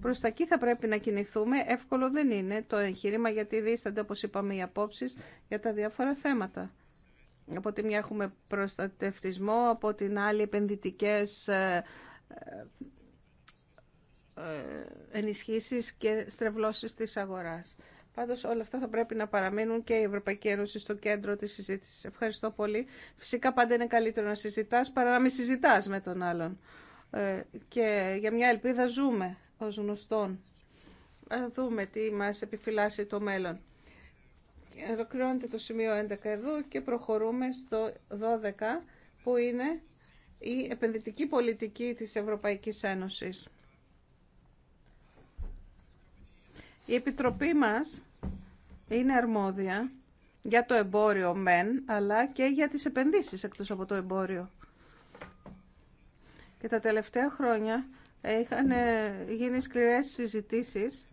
Προ τα εκεί θα πρέπει να κινηθούμε. Εύκολο δεν είναι το εγχείρημα γιατί δίστανται, όπω είπαμε, οι απόψει για τα διάφορα θέματα. Από τη μια έχουμε προστατευτισμό, από την άλλη επενδυτικές ε, ε, ε, ενισχύσει και στρεβλώσεις τη αγορά. Πάντω όλα αυτά θα πρέπει να παραμείνουν και η Ευρωπαϊκή Ένωση στο κέντρο τη συζήτηση. Ευχαριστώ πολύ. Φυσικά πάντα είναι καλύτερο να συζητάς παρά να μην συζητά με τον άλλον. Ε, και για μια ελπίδα ζούμε ως γνωστόν. Θα δούμε τι μας επιφυλάσσει το μέλλον. Ολοκληρώνεται το σημείο 11 εδώ και προχωρούμε στο 12 που είναι η επενδυτική πολιτική της Ευρωπαϊκής Ένωσης. Η Επιτροπή μας είναι αρμόδια για το εμπόριο μεν, αλλά και για τις επενδύσεις εκτός από το εμπόριο και τα τελευταία χρόνια είχαν ε, γίνει σκληρές συζητήσεις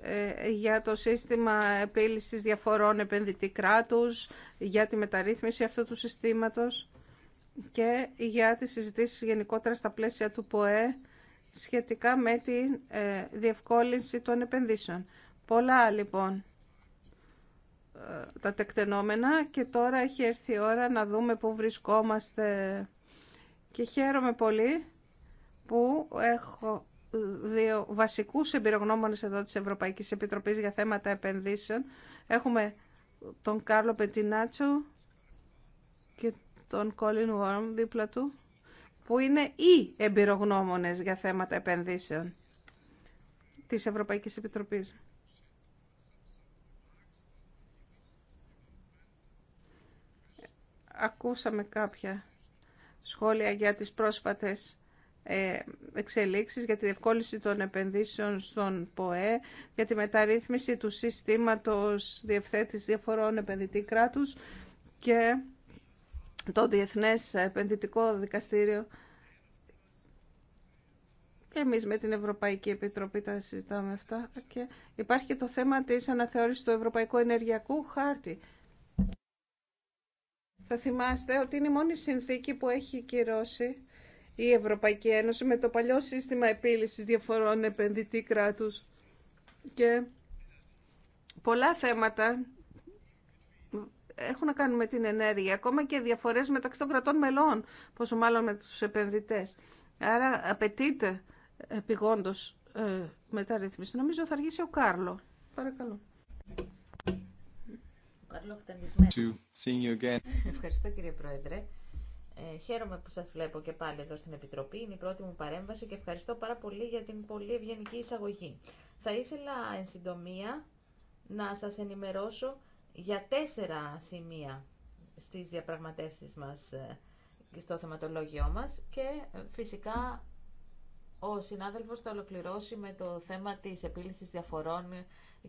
ε, για το σύστημα επίλυσης διαφορών επενδυτή κράτους, για τη μεταρρύθμιση αυτού του συστήματος και για τις συζητήσεις γενικότερα στα πλαίσια του ΠΟΕ σχετικά με τη ε, διευκόλυνση των επενδύσεων. Πολλά λοιπόν τα τεκτενόμενα και τώρα έχει έρθει η ώρα να δούμε πού βρισκόμαστε και χαίρομαι πολύ που έχω δύο βασικούς εμπειρογνώμονες εδώ της Ευρωπαϊκής Επιτροπής για θέματα επενδύσεων. Έχουμε τον Κάρλο Πετινάτσο και τον Κόλιν Βόρμ δίπλα του, που είναι οι εμπειρογνώμονες για θέματα επενδύσεων της Ευρωπαϊκής Επιτροπής. Ακούσαμε κάποια σχόλια για τις πρόσφατες ε, εξελίξεις για τη διευκόλυνση των επενδύσεων στον ΠΟΕ, για τη μεταρρύθμιση του συστήματος διευθέτης διαφορών επενδυτή κράτους και το Διεθνές Επενδυτικό Δικαστήριο. Και εμείς με την Ευρωπαϊκή Επιτροπή τα συζητάμε αυτά. Και υπάρχει και το θέμα της αναθεώρησης του Ευρωπαϊκού Ενεργειακού Χάρτη θα θυμάστε ότι είναι η μόνη συνθήκη που έχει κυρώσει η Ευρωπαϊκή Ένωση με το παλιό σύστημα επίλυσης διαφορών επενδυτή κράτους και πολλά θέματα έχουν να κάνουν με την ενέργεια, ακόμα και διαφορές μεταξύ των κρατών μελών, πόσο μάλλον με τους επενδυτές. Άρα απαιτείται επιγόντως ε, μεταρρύθμιση. Νομίζω θα αργήσει ο Κάρλο. Παρακαλώ. Ευχαριστώ κύριε Πρόεδρε. Ε, χαίρομαι που σας βλέπω και πάλι εδώ στην Επιτροπή. Είναι η πρώτη μου παρέμβαση και ευχαριστώ πάρα πολύ για την πολύ ευγενική εισαγωγή. Θα ήθελα εν συντομία να σας ενημερώσω για τέσσερα σημεία στις διαπραγματεύσεις μας ε, στο θεματολόγιο μας και ε, φυσικά ο συνάδελφος θα ολοκληρώσει με το θέμα της επίλυσης διαφορών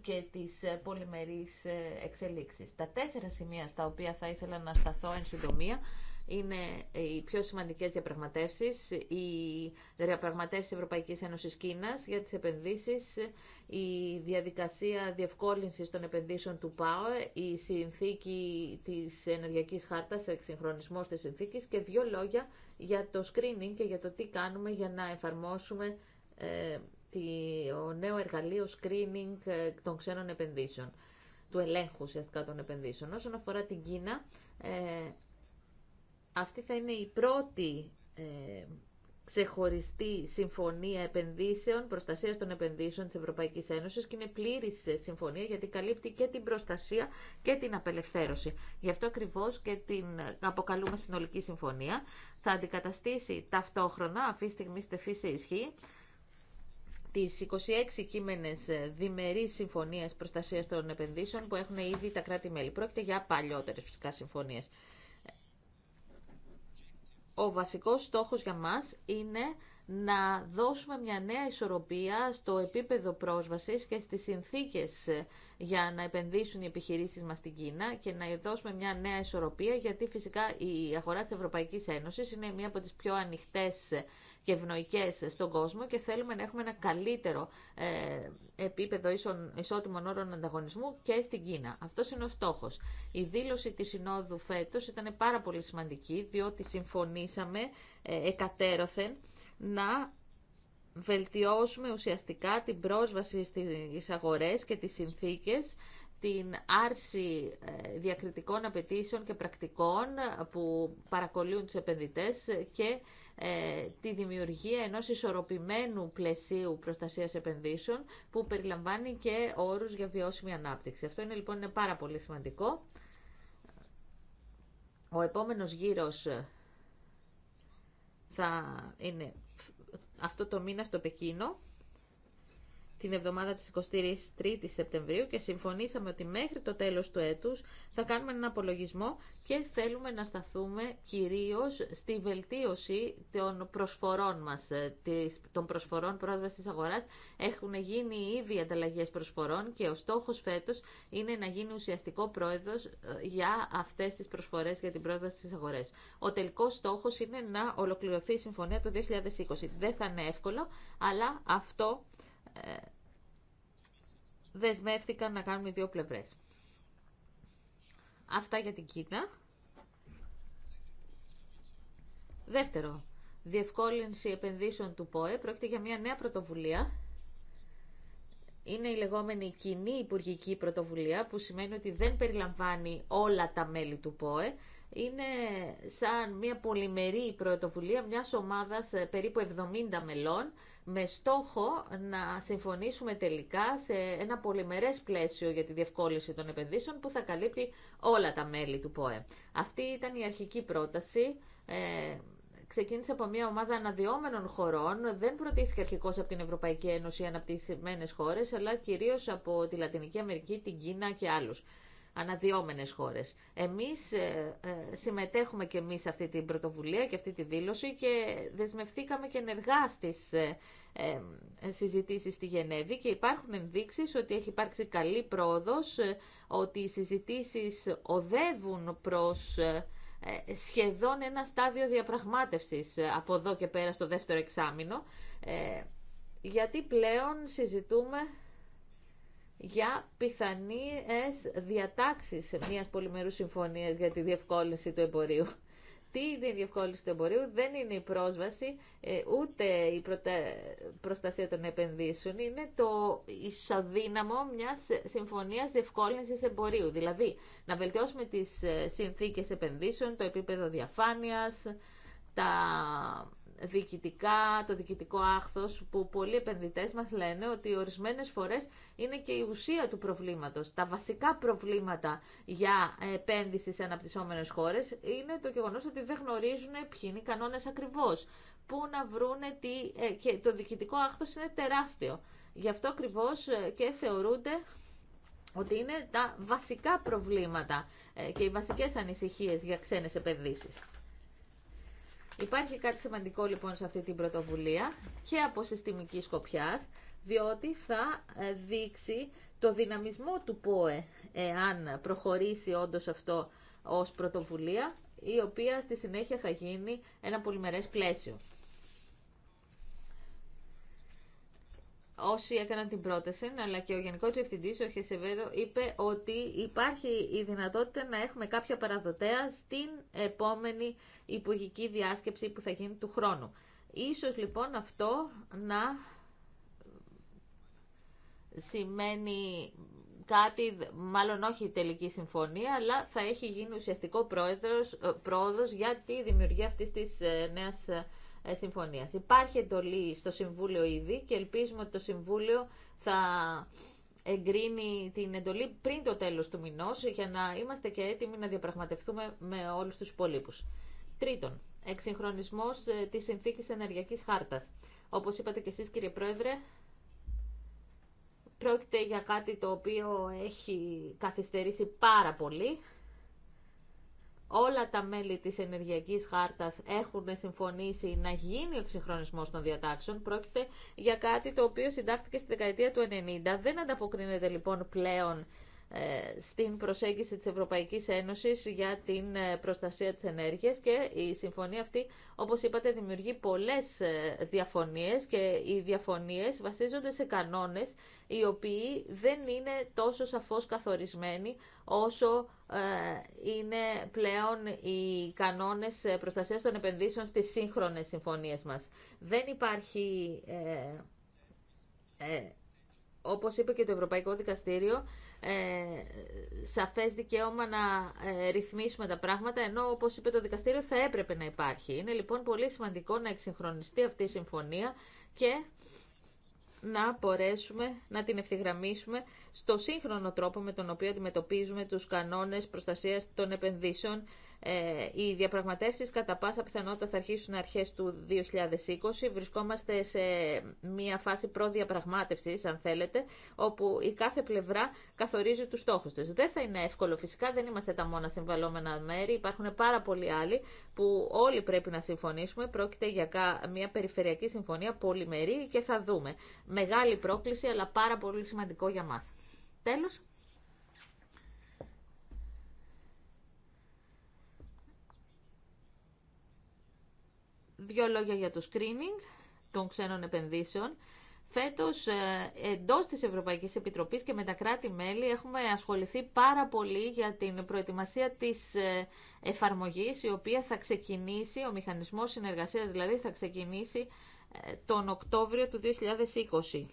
και της ε, πολυμερής ε, εξελίξης. Τα τέσσερα σημεία στα οποία θα ήθελα να σταθώ εν συντομία είναι οι πιο σημαντικές διαπραγματεύσεις, οι διαπραγματεύσεις Ευρωπαϊκής Ένωσης Κίνας για τις επενδύσεις, η διαδικασία διευκόλυνσης των επενδύσεων του ΠΑΟΕ, η συνθήκη της ενεργειακής χάρτας, εξυγχρονισμός της συνθήκης και δύο λόγια για το screening και για το τι κάνουμε για να εφαρμόσουμε ε, το νέο εργαλείο screening ε, των ξένων επενδύσεων, του ελέγχου ουσιαστικά των επενδύσεων. Όσον αφορά την Κίνα, ε, αυτή θα είναι η πρώτη ε, ξεχωριστή συμφωνία επενδύσεων, προστασίας των επενδύσεων της Ευρωπαϊκής Ένωσης και είναι πλήρη ε, συμφωνία γιατί καλύπτει και την προστασία και την απελευθέρωση. Γι' αυτό ακριβώς και την αποκαλούμε συνολική συμφωνία. Θα αντικαταστήσει ταυτόχρονα, αυτή τη στιγμή στεθεί σε ισχύ, τις 26 κείμενες ε, διμερείς συμφωνίες προστασίας των επενδύσεων που έχουν ήδη τα κράτη-μέλη. Πρόκειται για παλιότερες φυσικά συμφωνίες. Ο βασικός στόχος για μας είναι να δώσουμε μια νέα ισορροπία στο επίπεδο πρόσβασης και στις συνθήκες για να επενδύσουν οι επιχειρήσεις μας στην Κίνα και να δώσουμε μια νέα ισορροπία γιατί φυσικά η αγορά της Ευρωπαϊκής Ένωσης είναι μία από τις πιο ανοιχτές και ευνοϊκέ στον κόσμο και θέλουμε να έχουμε ένα καλύτερο ε, επίπεδο ισον, ισότιμων όρων ανταγωνισμού και στην Κίνα. Αυτό είναι ο στόχος. Η δήλωση της Συνόδου φέτος ήταν πάρα πολύ σημαντική διότι συμφωνήσαμε ε, εκατέρωθεν να βελτιώσουμε ουσιαστικά την πρόσβαση στις αγορές και τις συνθήκες την άρση ε, διακριτικών απαιτήσεων και πρακτικών που παρακολούν τους επενδυτές και ε, τη δημιουργία ενός ισορροπημένου πλαισίου προστασίας επενδύσεων που περιλαμβάνει και όρους για βιώσιμη ανάπτυξη. Αυτό είναι λοιπόν είναι πάρα πολύ σημαντικό. Ο επόμενος γύρος θα είναι αυτό το μήνα στο Πεκίνο την εβδομάδα της 23ης Σεπτεμβρίου και συμφωνήσαμε ότι μέχρι το τέλος του έτους θα κάνουμε έναν απολογισμό και θέλουμε να σταθούμε κυρίως στη βελτίωση των προσφορών μας, ε, των προσφορών πρόσβασης της αγοράς. Έχουν γίνει ήδη ανταλλαγές προσφορών και ο στόχος φέτος είναι να γίνει ουσιαστικό πρόεδρος ε, για αυτές τις προσφορές για την πρόσβαση στις αγορές. Ο τελικός στόχος είναι να ολοκληρωθεί η συμφωνία το 2020. Δεν θα είναι εύκολο, αλλά αυτό ε, δεσμεύτηκαν να κάνουμε δύο πλευρές. Αυτά για την Κίνα. Δεύτερο, διευκόλυνση επενδύσεων του ΠΟΕ πρόκειται για μια νέα πρωτοβουλία. Είναι η λεγόμενη κοινή υπουργική πρωτοβουλία που σημαίνει ότι δεν περιλαμβάνει όλα τα μέλη του ΠΟΕ είναι σαν μια πολυμερή πρωτοβουλία μιας ομάδας ε, περίπου 70 μελών με στόχο να συμφωνήσουμε τελικά σε ένα πολυμερές πλαίσιο για τη διευκόλυνση των επενδύσεων που θα καλύπτει όλα τα μέλη του ΠΟΕ. Αυτή ήταν η αρχική πρόταση. Ε, ξεκίνησε από μια ομάδα αναδυόμενων χωρών, δεν προτίθηκε αρχικώ από την Ευρωπαϊκή Ένωση ή αναπτυσσμένε χώρε, αλλά κυρίω από τη Λατινική Αμερική, την Κίνα και άλλου αναδυόμενες χώρες. Εμείς ε, ε, συμμετέχουμε και εμείς σε αυτή την πρωτοβουλία και αυτή τη δήλωση και δεσμευθήκαμε και ενεργά στις ε, ε συζητήσεις στη Γενέβη και υπάρχουν ενδείξεις ότι έχει υπάρξει καλή πρόοδος, ότι οι συζητήσεις οδεύουν προς σχεδόν ένα στάδιο διαπραγμάτευσης από εδώ και πέρα στο δεύτερο εξάμεινο, γιατί πλέον συζητούμε για πιθανές διατάξεις μιας πολυμερούς συμφωνίας για τη διευκόλυνση του εμπορίου. Τι είναι η διευκόλυνση του εμπορίου, δεν είναι η πρόσβαση, ε, ούτε η προστασία των επενδύσεων, είναι το ισοδύναμο μιας συμφωνίας διευκόλυνσης εμπορίου. Δηλαδή, να βελτιώσουμε τις ε, συνθήκες επενδύσεων, το επίπεδο διαφάνειας, τα διοικητικά, το διοικητικό άχθος που πολλοί επενδυτές μας λένε ότι ορισμένες φορές είναι και η ουσία του προβλήματος. Τα βασικά προβλήματα για επένδυση σε αναπτυσσόμενες χώρες είναι το γεγονός ότι δεν γνωρίζουν ποιοι είναι οι κανόνες ακριβώς, πού να βρούνε τι, ε, και το διοικητικό άχθος είναι τεράστιο. Γι' αυτό ακριβώς ε, και θεωρούνται ότι είναι τα βασικά προβλήματα ε, και οι βασικές ανησυχίες για ξένες επενδύσεις. Υπάρχει κάτι σημαντικό λοιπόν σε αυτή την πρωτοβουλία και από συστημική σκοπιά, διότι θα ε, δείξει το δυναμισμό του ΠΟΕ, εάν προχωρήσει όντως αυτό ως πρωτοβουλία, η οποία στη συνέχεια θα γίνει ένα πολυμερές πλαίσιο. όσοι έκαναν την πρόταση, αλλά και ο Γενικό Διευθυντή, ο Χεσεβέδο, είπε ότι υπάρχει η δυνατότητα να έχουμε κάποια παραδοτέα στην επόμενη υπουργική διάσκεψη που θα γίνει του χρόνου. Ίσως λοιπόν αυτό να σημαίνει κάτι, μάλλον όχι τελική συμφωνία, αλλά θα έχει γίνει ουσιαστικό πρόεδρος, ε, πρόοδος για τη δημιουργία αυτής της ε, νέας ε, συμφωνίας. Υπάρχει εντολή στο Συμβούλιο ήδη και ελπίζουμε ότι το Συμβούλιο θα εγκρίνει την εντολή πριν το τέλος του μηνός για να είμαστε και έτοιμοι να διαπραγματευτούμε με όλους τους υπολείπους. Τρίτον, εξυγχρονισμό ε, τη συνθήκη ενεργειακή χάρτα. Όπως είπατε και εσείς κύριε Πρόεδρε, πρόκειται για κάτι το οποίο έχει καθυστερήσει πάρα πολύ. Όλα τα μέλη της ενεργειακής χάρτας έχουν συμφωνήσει να γίνει ο εξυγχρονισμός των διατάξεων. Πρόκειται για κάτι το οποίο συντάχθηκε στη δεκαετία του 90. Δεν ανταποκρίνεται λοιπόν πλέον ε, στην προσέγγιση της Ευρωπαϊκής Ένωσης για την ε, προστασία της ενέργειας και η συμφωνία αυτή, όπως είπατε, δημιουργεί πολλές ε, διαφωνίες και οι διαφωνίες βασίζονται σε κανόνες οι οποίοι δεν είναι τόσο σαφώς καθορισμένοι όσο είναι πλέον οι κανόνες προστασίας των επενδύσεων στις σύγχρονες συμφωνίες μας. Δεν υπάρχει, ε, όπως είπε και το Ευρωπαϊκό Δικαστήριο, ε, σαφές δικαίωμα να ε, ρυθμίσουμε τα πράγματα, ενώ όπως είπε το δικαστήριο θα έπρεπε να υπάρχει. Είναι λοιπόν πολύ σημαντικό να εξυγχρονιστεί αυτή η συμφωνία και να μπορέσουμε να την ευθυγραμμίσουμε στο σύγχρονο τρόπο με τον οποίο αντιμετωπίζουμε τους κανόνες προστασίας των επενδύσεων ε, οι διαπραγματεύσεις κατά πάσα πιθανότητα θα αρχίσουν αρχές του 2020. Βρισκόμαστε σε μια φάση προδιαπραγμάτευσης, αν θέλετε, όπου η κάθε πλευρά καθορίζει τους στόχους τους. Δεν θα είναι εύκολο φυσικά, δεν είμαστε τα μόνα συμβαλόμενα μέρη, υπάρχουν πάρα πολλοί άλλοι που όλοι πρέπει να συμφωνήσουμε. Πρόκειται για μια περιφερειακή συμφωνία πολυμερή και θα δούμε. Μεγάλη πρόκληση, αλλά πάρα πολύ σημαντικό για μας. Τέλος. Δύο λόγια για το screening των ξένων επενδύσεων. Φέτος ε, εντός της Ευρωπαϊκής Επιτροπής και με τα κράτη-μέλη έχουμε ασχοληθεί πάρα πολύ για την προετοιμασία της ε, εφαρμογής η οποία θα ξεκινήσει, ο μηχανισμός συνεργασίας δηλαδή θα ξεκινήσει ε, τον Οκτώβριο του 2020.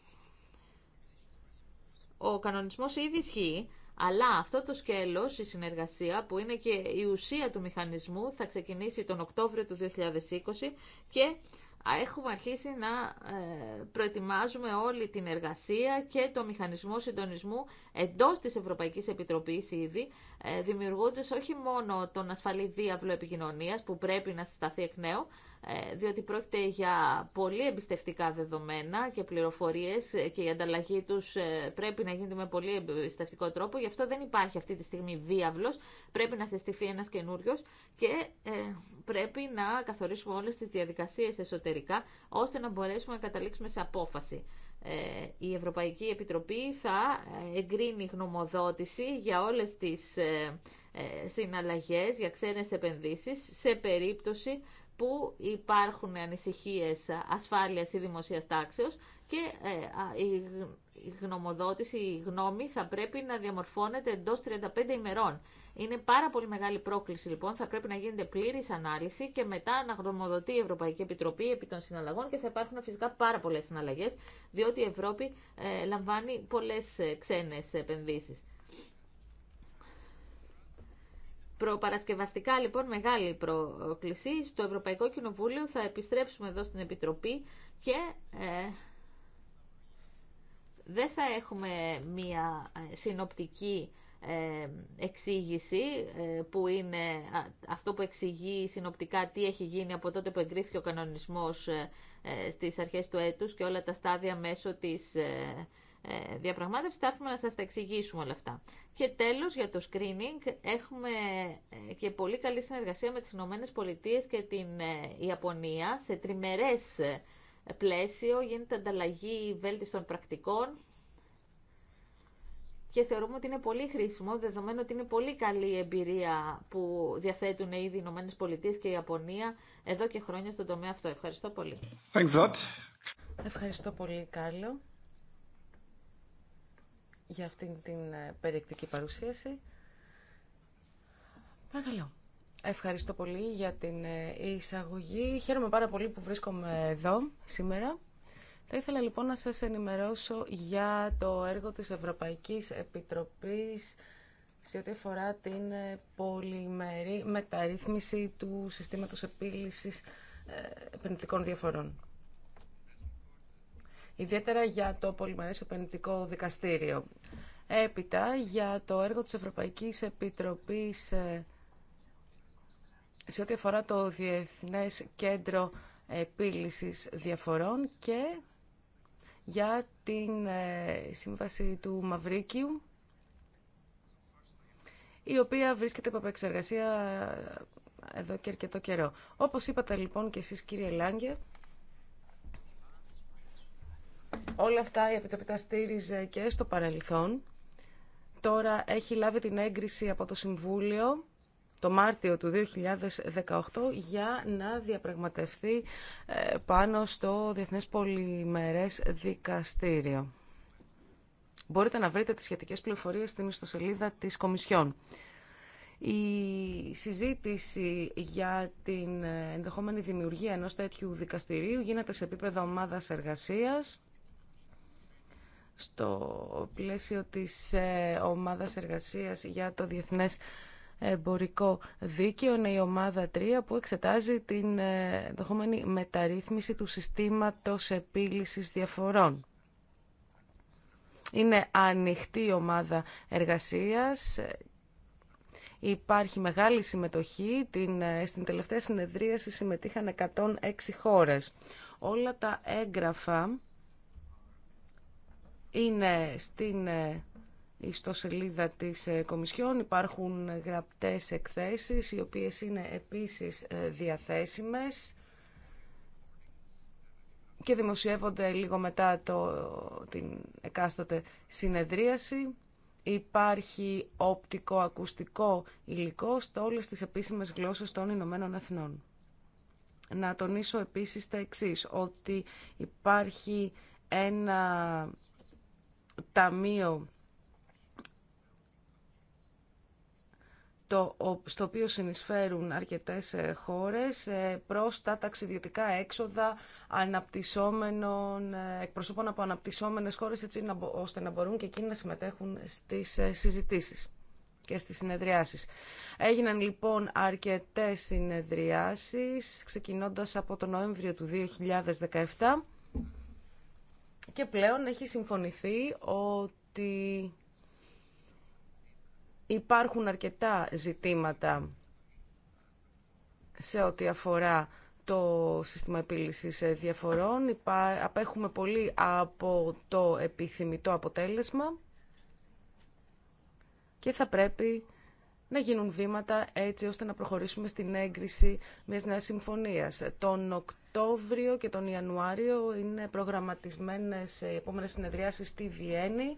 Ο κανονισμός ήδη ισχύει, αλλά αυτό το σκέλος, η συνεργασία που είναι και η ουσία του μηχανισμού θα ξεκινήσει τον Οκτώβριο του 2020 και έχουμε αρχίσει να ε, προετοιμάζουμε όλη την εργασία και το μηχανισμό συντονισμού εντός της Ευρωπαϊκής Επιτροπής ήδη, ε, δημιουργώντας όχι μόνο τον ασφαλή διάβλο επικοινωνίας που πρέπει να συσταθεί εκ νέου, ε, διότι πρόκειται για πολύ εμπιστευτικά δεδομένα και πληροφορίες και η ανταλλαγή τους ε, πρέπει να γίνεται με πολύ εμπιστευτικό τρόπο, γι' αυτό δεν υπάρχει αυτή τη στιγμή διάβλος, πρέπει να συστηθεί ένας καινούριο και ε, πρέπει να καθορίσουμε όλες τις διαδικασίες εσωτερικά, ώστε να μπορέσουμε να καταλήξουμε σε απόφαση. Η Ευρωπαϊκή Επιτροπή θα εγκρίνει γνωμοδότηση για όλες τις συναλλαγές, για ξένες επενδύσεις, σε περίπτωση που υπάρχουν ανησυχίες ασφάλειας ή δημοσίας τάξεως και ε, η γνωμοδότηση, η γνώμη θα πρέπει να διαμορφώνεται εντός 35 ημερών. Είναι πάρα πολύ μεγάλη πρόκληση λοιπόν, θα πρέπει να γίνεται πλήρης ανάλυση και μετά να γνωμοδοτεί η Ευρωπαϊκή Επιτροπή επί των συναλλαγών και θα υπάρχουν φυσικά πάρα πολλές συναλλαγές, διότι η Ευρώπη ε, λαμβάνει πολλές ε, ξένες επενδύσεις. Προπαρασκευαστικά λοιπόν μεγάλη πρόκληση. Στο Ευρωπαϊκό Κοινοβούλιο θα επιστρέψουμε εδώ στην Επιτροπή και ε, δεν θα έχουμε μία ε, συνοπτική ε, εξήγηση ε, που είναι αυτό που εξηγεί συνοπτικά τι έχει γίνει από τότε που εγκρίθηκε ο κανονισμός στις αρχές του έτους και όλα τα στάδια μέσω της ε, διαπραγμάτευση θα έρθουμε να σας τα εξηγήσουμε όλα αυτά. Και τέλος για το screening έχουμε ε, και πολύ καλή συνεργασία με τις Ηνωμένε Πολιτείες και την ε, Ιαπωνία σε τριμερές πλαίσιο, γίνεται ανταλλαγή βέλτιστων πρακτικών και θεωρούμε ότι είναι πολύ χρήσιμο, δεδομένου ότι είναι πολύ καλή η εμπειρία που διαθέτουν ήδη οι Ηνωμένε Πολιτείε και η Ιαπωνία εδώ και χρόνια στον τομέα αυτό. Ευχαριστώ πολύ. Ευχαριστώ πολύ, Κάλλο για αυτήν την ε, περιεκτική παρουσίαση. Παρακαλώ. Ευχαριστώ πολύ για την ε, εισαγωγή. Χαίρομαι πάρα πολύ που βρίσκομαι εδώ σήμερα. Θα ήθελα λοιπόν να σας ενημερώσω για το έργο της Ευρωπαϊκής Επιτροπής σε ό,τι αφορά την ε, πολυμερή μεταρρύθμιση του συστήματος επίλυσης επενδυτικών διαφορών ιδιαίτερα για το Πολυμερές Επενδυτικό Δικαστήριο. Έπειτα, για το έργο της Ευρωπαϊκής Επιτροπής ε, σε ό,τι αφορά το Διεθνές Κέντρο Επίλυσης Διαφορών και για την ε, Σύμβαση του Μαυρίκιου, η οποία βρίσκεται υπό επεξεργασία ε, εδώ και αρκετό καιρό. Όπως είπατε λοιπόν και εσείς κύριε Λάγκε, Όλα αυτά η Επιτροπή τα στήριζε και στο παρελθόν. Τώρα έχει λάβει την έγκριση από το Συμβούλιο το Μάρτιο του 2018 για να διαπραγματευτεί ε, πάνω στο Διεθνές Πολυμερές Δικαστήριο. Μπορείτε να βρείτε τις σχετικές πληροφορίες στην ιστοσελίδα της Κομισιόν. Η συζήτηση για την ενδεχόμενη δημιουργία ενός τέτοιου δικαστηρίου γίνεται σε επίπεδο ομάδας εργασίας στο πλαίσιο της ε, ομάδας εργασίας για το Διεθνές Εμπορικό Δίκαιο. Είναι η ομάδα 3 που εξετάζει την ε, δεχόμενη μεταρρύθμιση του συστήματος επίλυσης διαφορών. Είναι ανοιχτή η ομάδα εργασίας υπάρχει μεγάλη συμμετοχή. Την, ε, στην τελευταία συνεδρίαση συμμετείχαν 106 χώρες. Όλα τα έγγραφα είναι στην ε, ιστοσελίδα της ε, Κομισιόν. Υπάρχουν γραπτές εκθέσεις, οι οποίες είναι επίσης ε, διαθέσιμες και δημοσιεύονται λίγο μετά το, την εκάστοτε συνεδρίαση. Υπάρχει οπτικο-ακουστικό υλικό σε όλες τις επίσημες γλώσσες των Ηνωμένων Εθνών. Να τονίσω επίσης τα εξής, ότι υπάρχει ένα ταμείο το, στο οποίο συνεισφέρουν αρκετές ε, χώρες ε, προς τα ταξιδιωτικά έξοδα αναπτυσσόμενων, ε, εκπροσώπων από αναπτυσσόμενες χώρες έτσι, ώστε να μπορούν και εκείνοι να συμμετέχουν στις συζητήσεις και στις συνεδριάσεις. Έγιναν λοιπόν αρκετές συνεδριάσεις ξεκινώντας από τον Νοέμβριο του 2017 και πλέον έχει συμφωνηθεί ότι υπάρχουν αρκετά ζητήματα σε ό,τι αφορά το σύστημα επίλυσης διαφορών. Απέχουμε πολύ από το επιθυμητό αποτέλεσμα και θα πρέπει να γίνουν βήματα έτσι ώστε να προχωρήσουμε στην έγκριση μιας νέας συμφωνίας. Τον Οκτώβριο και τον Ιανουάριο είναι προγραμματισμένες ε, οι επόμενες συνεδριάσεις στη Βιέννη,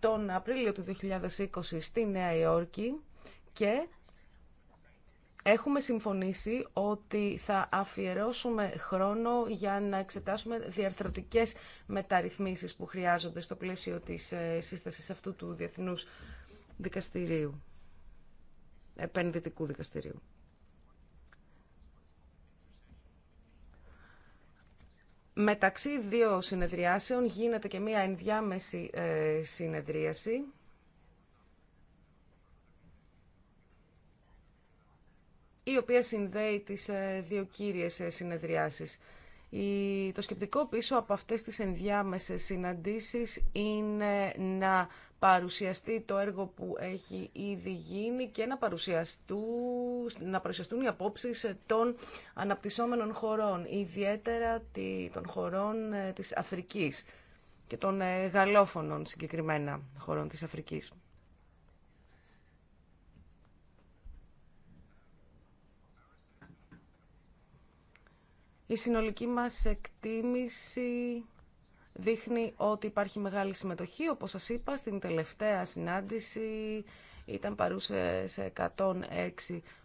τον Απρίλιο του 2020 στη Νέα Υόρκη και έχουμε συμφωνήσει ότι θα αφιερώσουμε χρόνο για να εξετάσουμε διαρθρωτικές μεταρρυθμίσεις που χρειάζονται στο πλαίσιο της ε, σύστασης αυτού του Διεθνούς Δικαστηρίου επενδυτικού δικαστηρίου. Μεταξύ δύο συνεδριάσεων γίνεται και μία ενδιάμεση ε, συνεδρίαση. η οποία συνδέει τις ε, δύο κύριες ε, συνεδριάσεις. Το σκεπτικό πίσω από αυτές τις ενδιάμεσες συναντήσεις είναι να παρουσιαστεί το έργο που έχει ήδη γίνει και να, παρουσιαστούν, να παρουσιαστούν οι απόψεις των αναπτυσσόμενων χωρών, ιδιαίτερα των χωρών ε, της Αφρικής και των ε, γαλλόφωνων συγκεκριμένα χωρών της Αφρικής. Η συνολική μας εκτίμηση δείχνει ότι υπάρχει μεγάλη συμμετοχή. Όπως σας είπα, στην τελευταία συνάντηση ήταν παρούσε σε 106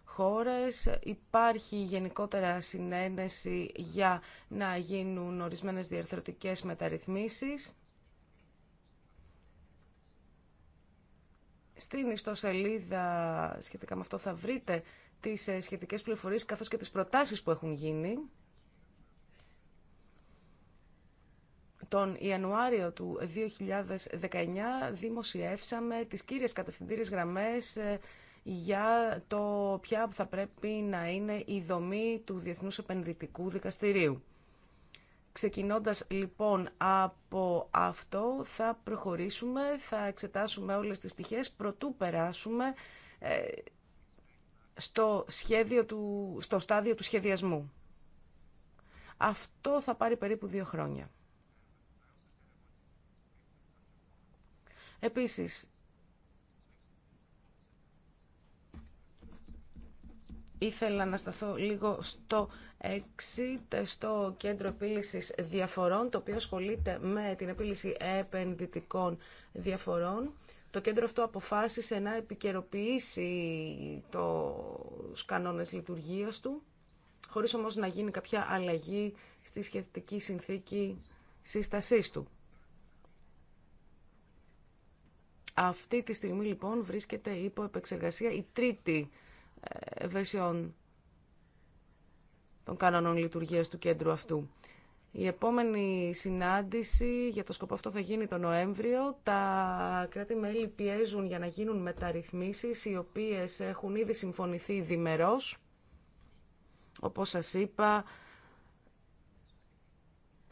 χώρες. Υπάρχει γενικότερα συνένεση για να γίνουν ορισμένες διαρθρωτικές μεταρρυθμίσεις. Στην ιστοσελίδα σχετικά με αυτό θα βρείτε τις ε, σχετικές πληροφορίες καθώς και τις προτάσεις που έχουν γίνει. τον Ιανουάριο του 2019 δημοσιεύσαμε τις κύριες κατευθυντήριες γραμμές ε, για το ποια θα πρέπει να είναι η δομή του Διεθνούς Επενδυτικού Δικαστηρίου. Ξεκινώντας λοιπόν από αυτό θα προχωρήσουμε, θα εξετάσουμε όλες τις πτυχές, προτού περάσουμε ε, στο, σχέδιο του, στο στάδιο του σχεδιασμού. Αυτό θα πάρει περίπου δύο χρόνια. Επίσης, ήθελα να σταθώ λίγο στο έξι, στο Κέντρο Επίλυσης Διαφορών, το οποίο ασχολείται με την επίλυση επενδυτικών διαφορών. Το κέντρο αυτό αποφάσισε να επικαιροποιήσει τους κανόνες λειτουργίας του, χωρίς όμως να γίνει κάποια αλλαγή στη σχετική συνθήκη σύστασής του. Αυτή τη στιγμή λοιπόν βρίσκεται υπό επεξεργασία η τρίτη βεσιόν των κανόνων λειτουργίας του κέντρου αυτού. Η επόμενη συνάντηση για το σκοπό αυτό θα γίνει το Νοέμβριο. Τα κράτη-μέλη πιέζουν για να γίνουν μεταρρυθμίσεις οι οποίες έχουν ήδη συμφωνηθεί διμερώς. Όπως σας είπα,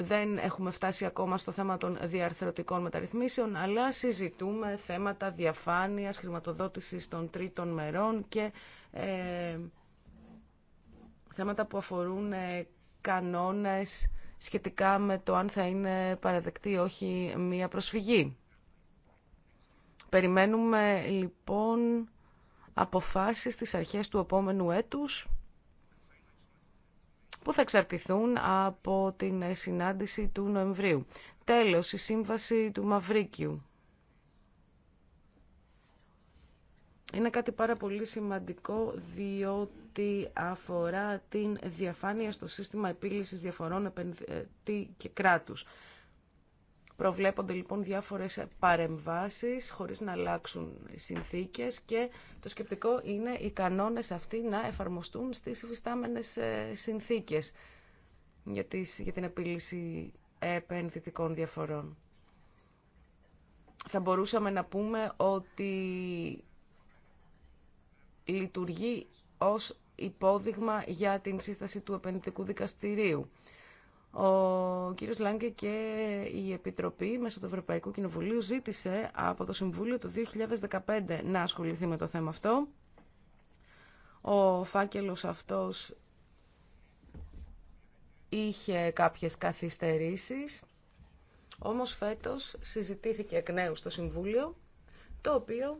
δεν έχουμε φτάσει ακόμα στο θέμα των διαρθρωτικών μεταρρυθμίσεων, αλλά συζητούμε θέματα διαφάνειας, χρηματοδότησης των τρίτων μερών και ε, θέματα που αφορούν ε, κανόνες σχετικά με το αν θα είναι παραδεκτή ή όχι μία προσφυγή. Περιμένουμε λοιπόν αποφάσεις στις αρχές του επόμενου έτους που θα εξαρτηθούν από την συνάντηση του Νοεμβρίου. Τέλος, η σύμβαση του Μαυρίκιου. Είναι κάτι πάρα πολύ σημαντικό διότι αφορά την διαφάνεια στο σύστημα επίλυσης διαφορών επενδυτή ε, και κράτους. Προβλέπονται λοιπόν διάφορες παρεμβάσεις χωρίς να αλλάξουν οι συνθήκες και το σκεπτικό είναι οι κανόνες αυτοί να εφαρμοστούν στις υφιστάμενες ε, συνθήκες για, για την επίλυση επενδυτικών διαφορών. Θα μπορούσαμε να πούμε ότι λειτουργεί ως υπόδειγμα για την σύσταση του επενδυτικού δικαστηρίου. Ο κύριος Λάγκε και η Επιτροπή μέσω του Ευρωπαϊκού Κοινοβουλίου ζήτησε από το Συμβούλιο του 2015 να ασχοληθεί με το θέμα αυτό. Ο φάκελος αυτός είχε κάποιες καθυστερήσεις, όμως φέτος συζητήθηκε εκ νέου στο Συμβούλιο, το οποίο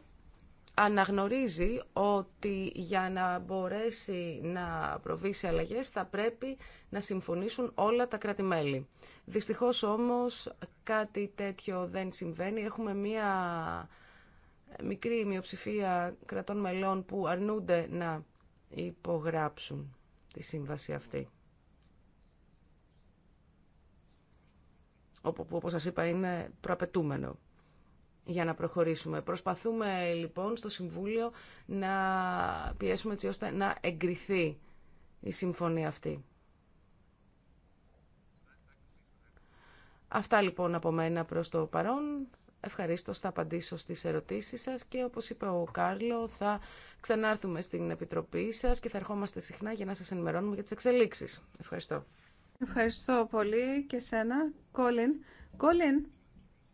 αναγνωρίζει ότι για να μπορέσει να προβεί σε αλλαγές θα πρέπει να συμφωνήσουν όλα τα κράτη-μέλη. Δυστυχώς όμως κάτι τέτοιο δεν συμβαίνει. Έχουμε μία μικρή μειοψηφία κρατών μελών που αρνούνται να υπογράψουν τη σύμβαση αυτή. Όπου, όπως σας είπα, είναι προαπαιτούμενο για να προχωρήσουμε. Προσπαθούμε λοιπόν στο Συμβούλιο να πιέσουμε έτσι ώστε να εγκριθεί η συμφωνία αυτή. Αυτά λοιπόν από μένα προς το παρόν. Ευχαρίστω θα απαντήσω στις ερωτήσεις σας και όπως είπε ο Κάρλο θα ξανάρθουμε στην Επιτροπή σας και θα ερχόμαστε συχνά για να σας ενημερώνουμε για τις εξελίξεις. Ευχαριστώ. Ευχαριστώ πολύ και σένα. Κόλιν. Κόλιν,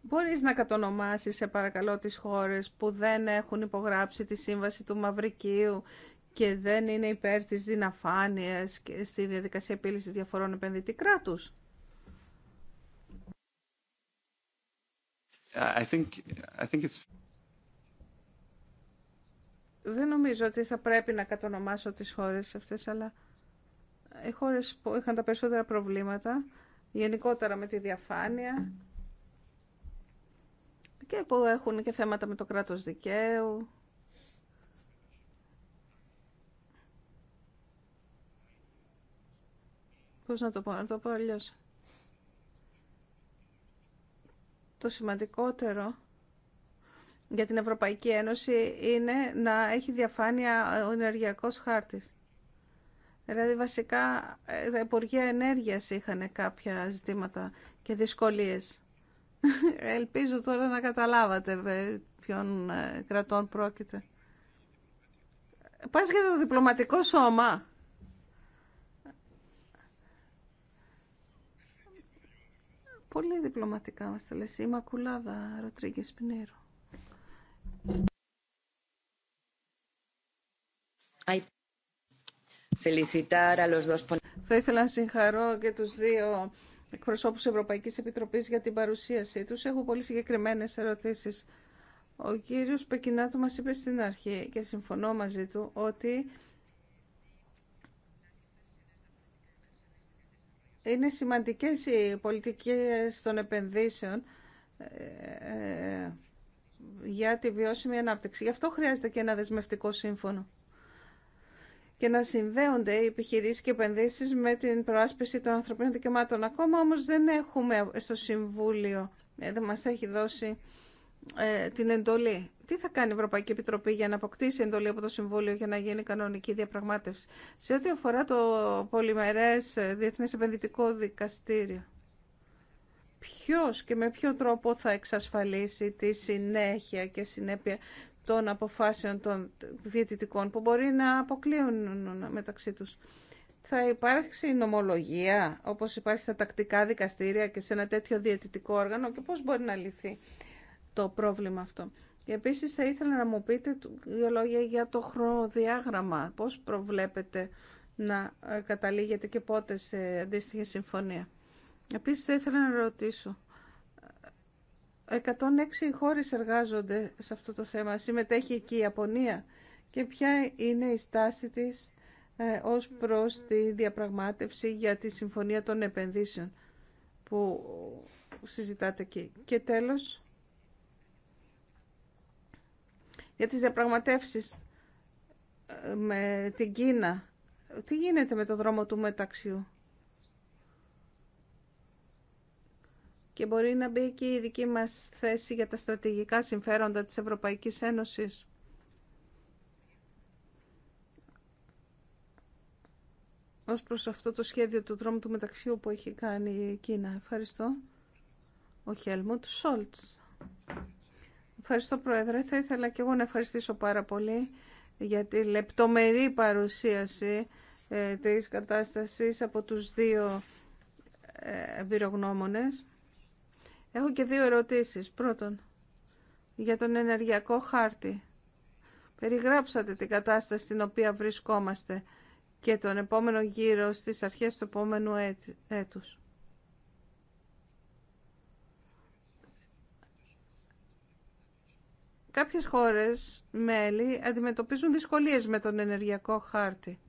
Μπορείς να κατονομάσεις, σε παρακαλώ, τις χώρες που δεν έχουν υπογράψει τη σύμβαση του Μαυρικίου και δεν είναι υπέρ της δυναφάνειας και στη διαδικασία επίλυσης διαφορών επενδυτή Δεν νομίζω ότι θα πρέπει να κατονομάσω τις χώρες αυτές, αλλά οι χώρες που είχαν τα περισσότερα προβλήματα, γενικότερα με τη διαφάνεια, και που έχουν και θέματα με το κράτος δικαίου. Πώς να το πω, να το πω αλλιώς. Το σημαντικότερο για την Ευρωπαϊκή Ένωση είναι να έχει διαφάνεια ο ενεργειακός χάρτης. Δηλαδή βασικά τα Υπουργεία Ενέργειας είχαν κάποια ζητήματα και δυσκολίες. Ελπίζω τώρα να καταλάβατε ποιον ε, κρατών πρόκειται. Πας για το διπλωματικό σώμα. Πολύ διπλωματικά μας τα λες. Η Μακουλάδα Ροτρίγκες Πινέρο. Θα ήθελα να συγχαρώ και τους δύο εκπροσώπους ευρωπαϊκή Επιτροπή για την παρουσίασή τους. Έχω πολύ συγκεκριμένες ερωτήσεις. Ο κύριος Πεκινάτου μας είπε στην αρχή και συμφωνώ μαζί του ότι είναι σημαντικές οι πολιτικές των επενδύσεων ε, ε, για τη βιώσιμη ανάπτυξη. Γι' αυτό χρειάζεται και ένα δεσμευτικό σύμφωνο και να συνδέονται οι επιχειρήσεις και επενδύσει με την προάσπιση των ανθρωπίνων δικαιωμάτων. Ακόμα όμω δεν έχουμε στο Συμβούλιο, ε, δεν μας έχει δώσει ε, την εντολή. Τι θα κάνει η Ευρωπαϊκή Επιτροπή για να αποκτήσει εντολή από το Συμβούλιο για να γίνει κανονική διαπραγμάτευση σε ό,τι αφορά το πολυμερέ ε, διεθνές επενδυτικό δικαστήριο. Ποιος και με ποιο τρόπο θα εξασφαλίσει τη συνέχεια και συνέπεια των αποφάσεων των διαιτητικών που μπορεί να αποκλείουν μεταξύ τους. Θα υπάρξει νομολογία, όπως υπάρχει στα τακτικά δικαστήρια και σε ένα τέτοιο διαιτητικό όργανο και πώς μπορεί να λυθεί το πρόβλημα αυτό. επίσης θα ήθελα να μου πείτε δύο λόγια για το χρονοδιάγραμμα. Πώς προβλέπετε να ε, καταλήγετε και πότε σε αντίστοιχη συμφωνία. Επίσης θα ήθελα να ρωτήσω 106 χώρες εργάζονται σε αυτό το θέμα. Συμμετέχει εκεί η Ιαπωνία. Και ποια είναι η στάση της ε, ως προς τη διαπραγμάτευση για τη Συμφωνία των Επενδύσεων που συζητάτε εκεί. Και τέλος, για τις διαπραγματεύσεις ε, με την Κίνα. Τι γίνεται με το δρόμο του μεταξιού. και μπορεί να μπει και η δική μας θέση για τα στρατηγικά συμφέροντα της Ευρωπαϊκής Ένωσης. ως προς αυτό το σχέδιο του δρόμου του μεταξύ που έχει κάνει η Κίνα. Ευχαριστώ. Ο Χέλμουτ Σόλτς. Ευχαριστώ Πρόεδρε. Θα ήθελα και εγώ να ευχαριστήσω πάρα πολύ για τη λεπτομερή παρουσίαση ε, της κατάστασης από τους δύο ε, εμπειρογνώμονες. Έχω και δύο ερωτήσεις. Πρώτον, για τον ενεργειακό χάρτη. Περιγράψατε την κατάσταση στην οποία βρισκόμαστε και τον επόμενο γύρο στις αρχές του επόμενου έτους. Κάποιες χώρες, μέλη, αντιμετωπίζουν δυσκολίες με τον ενεργειακό χάρτη.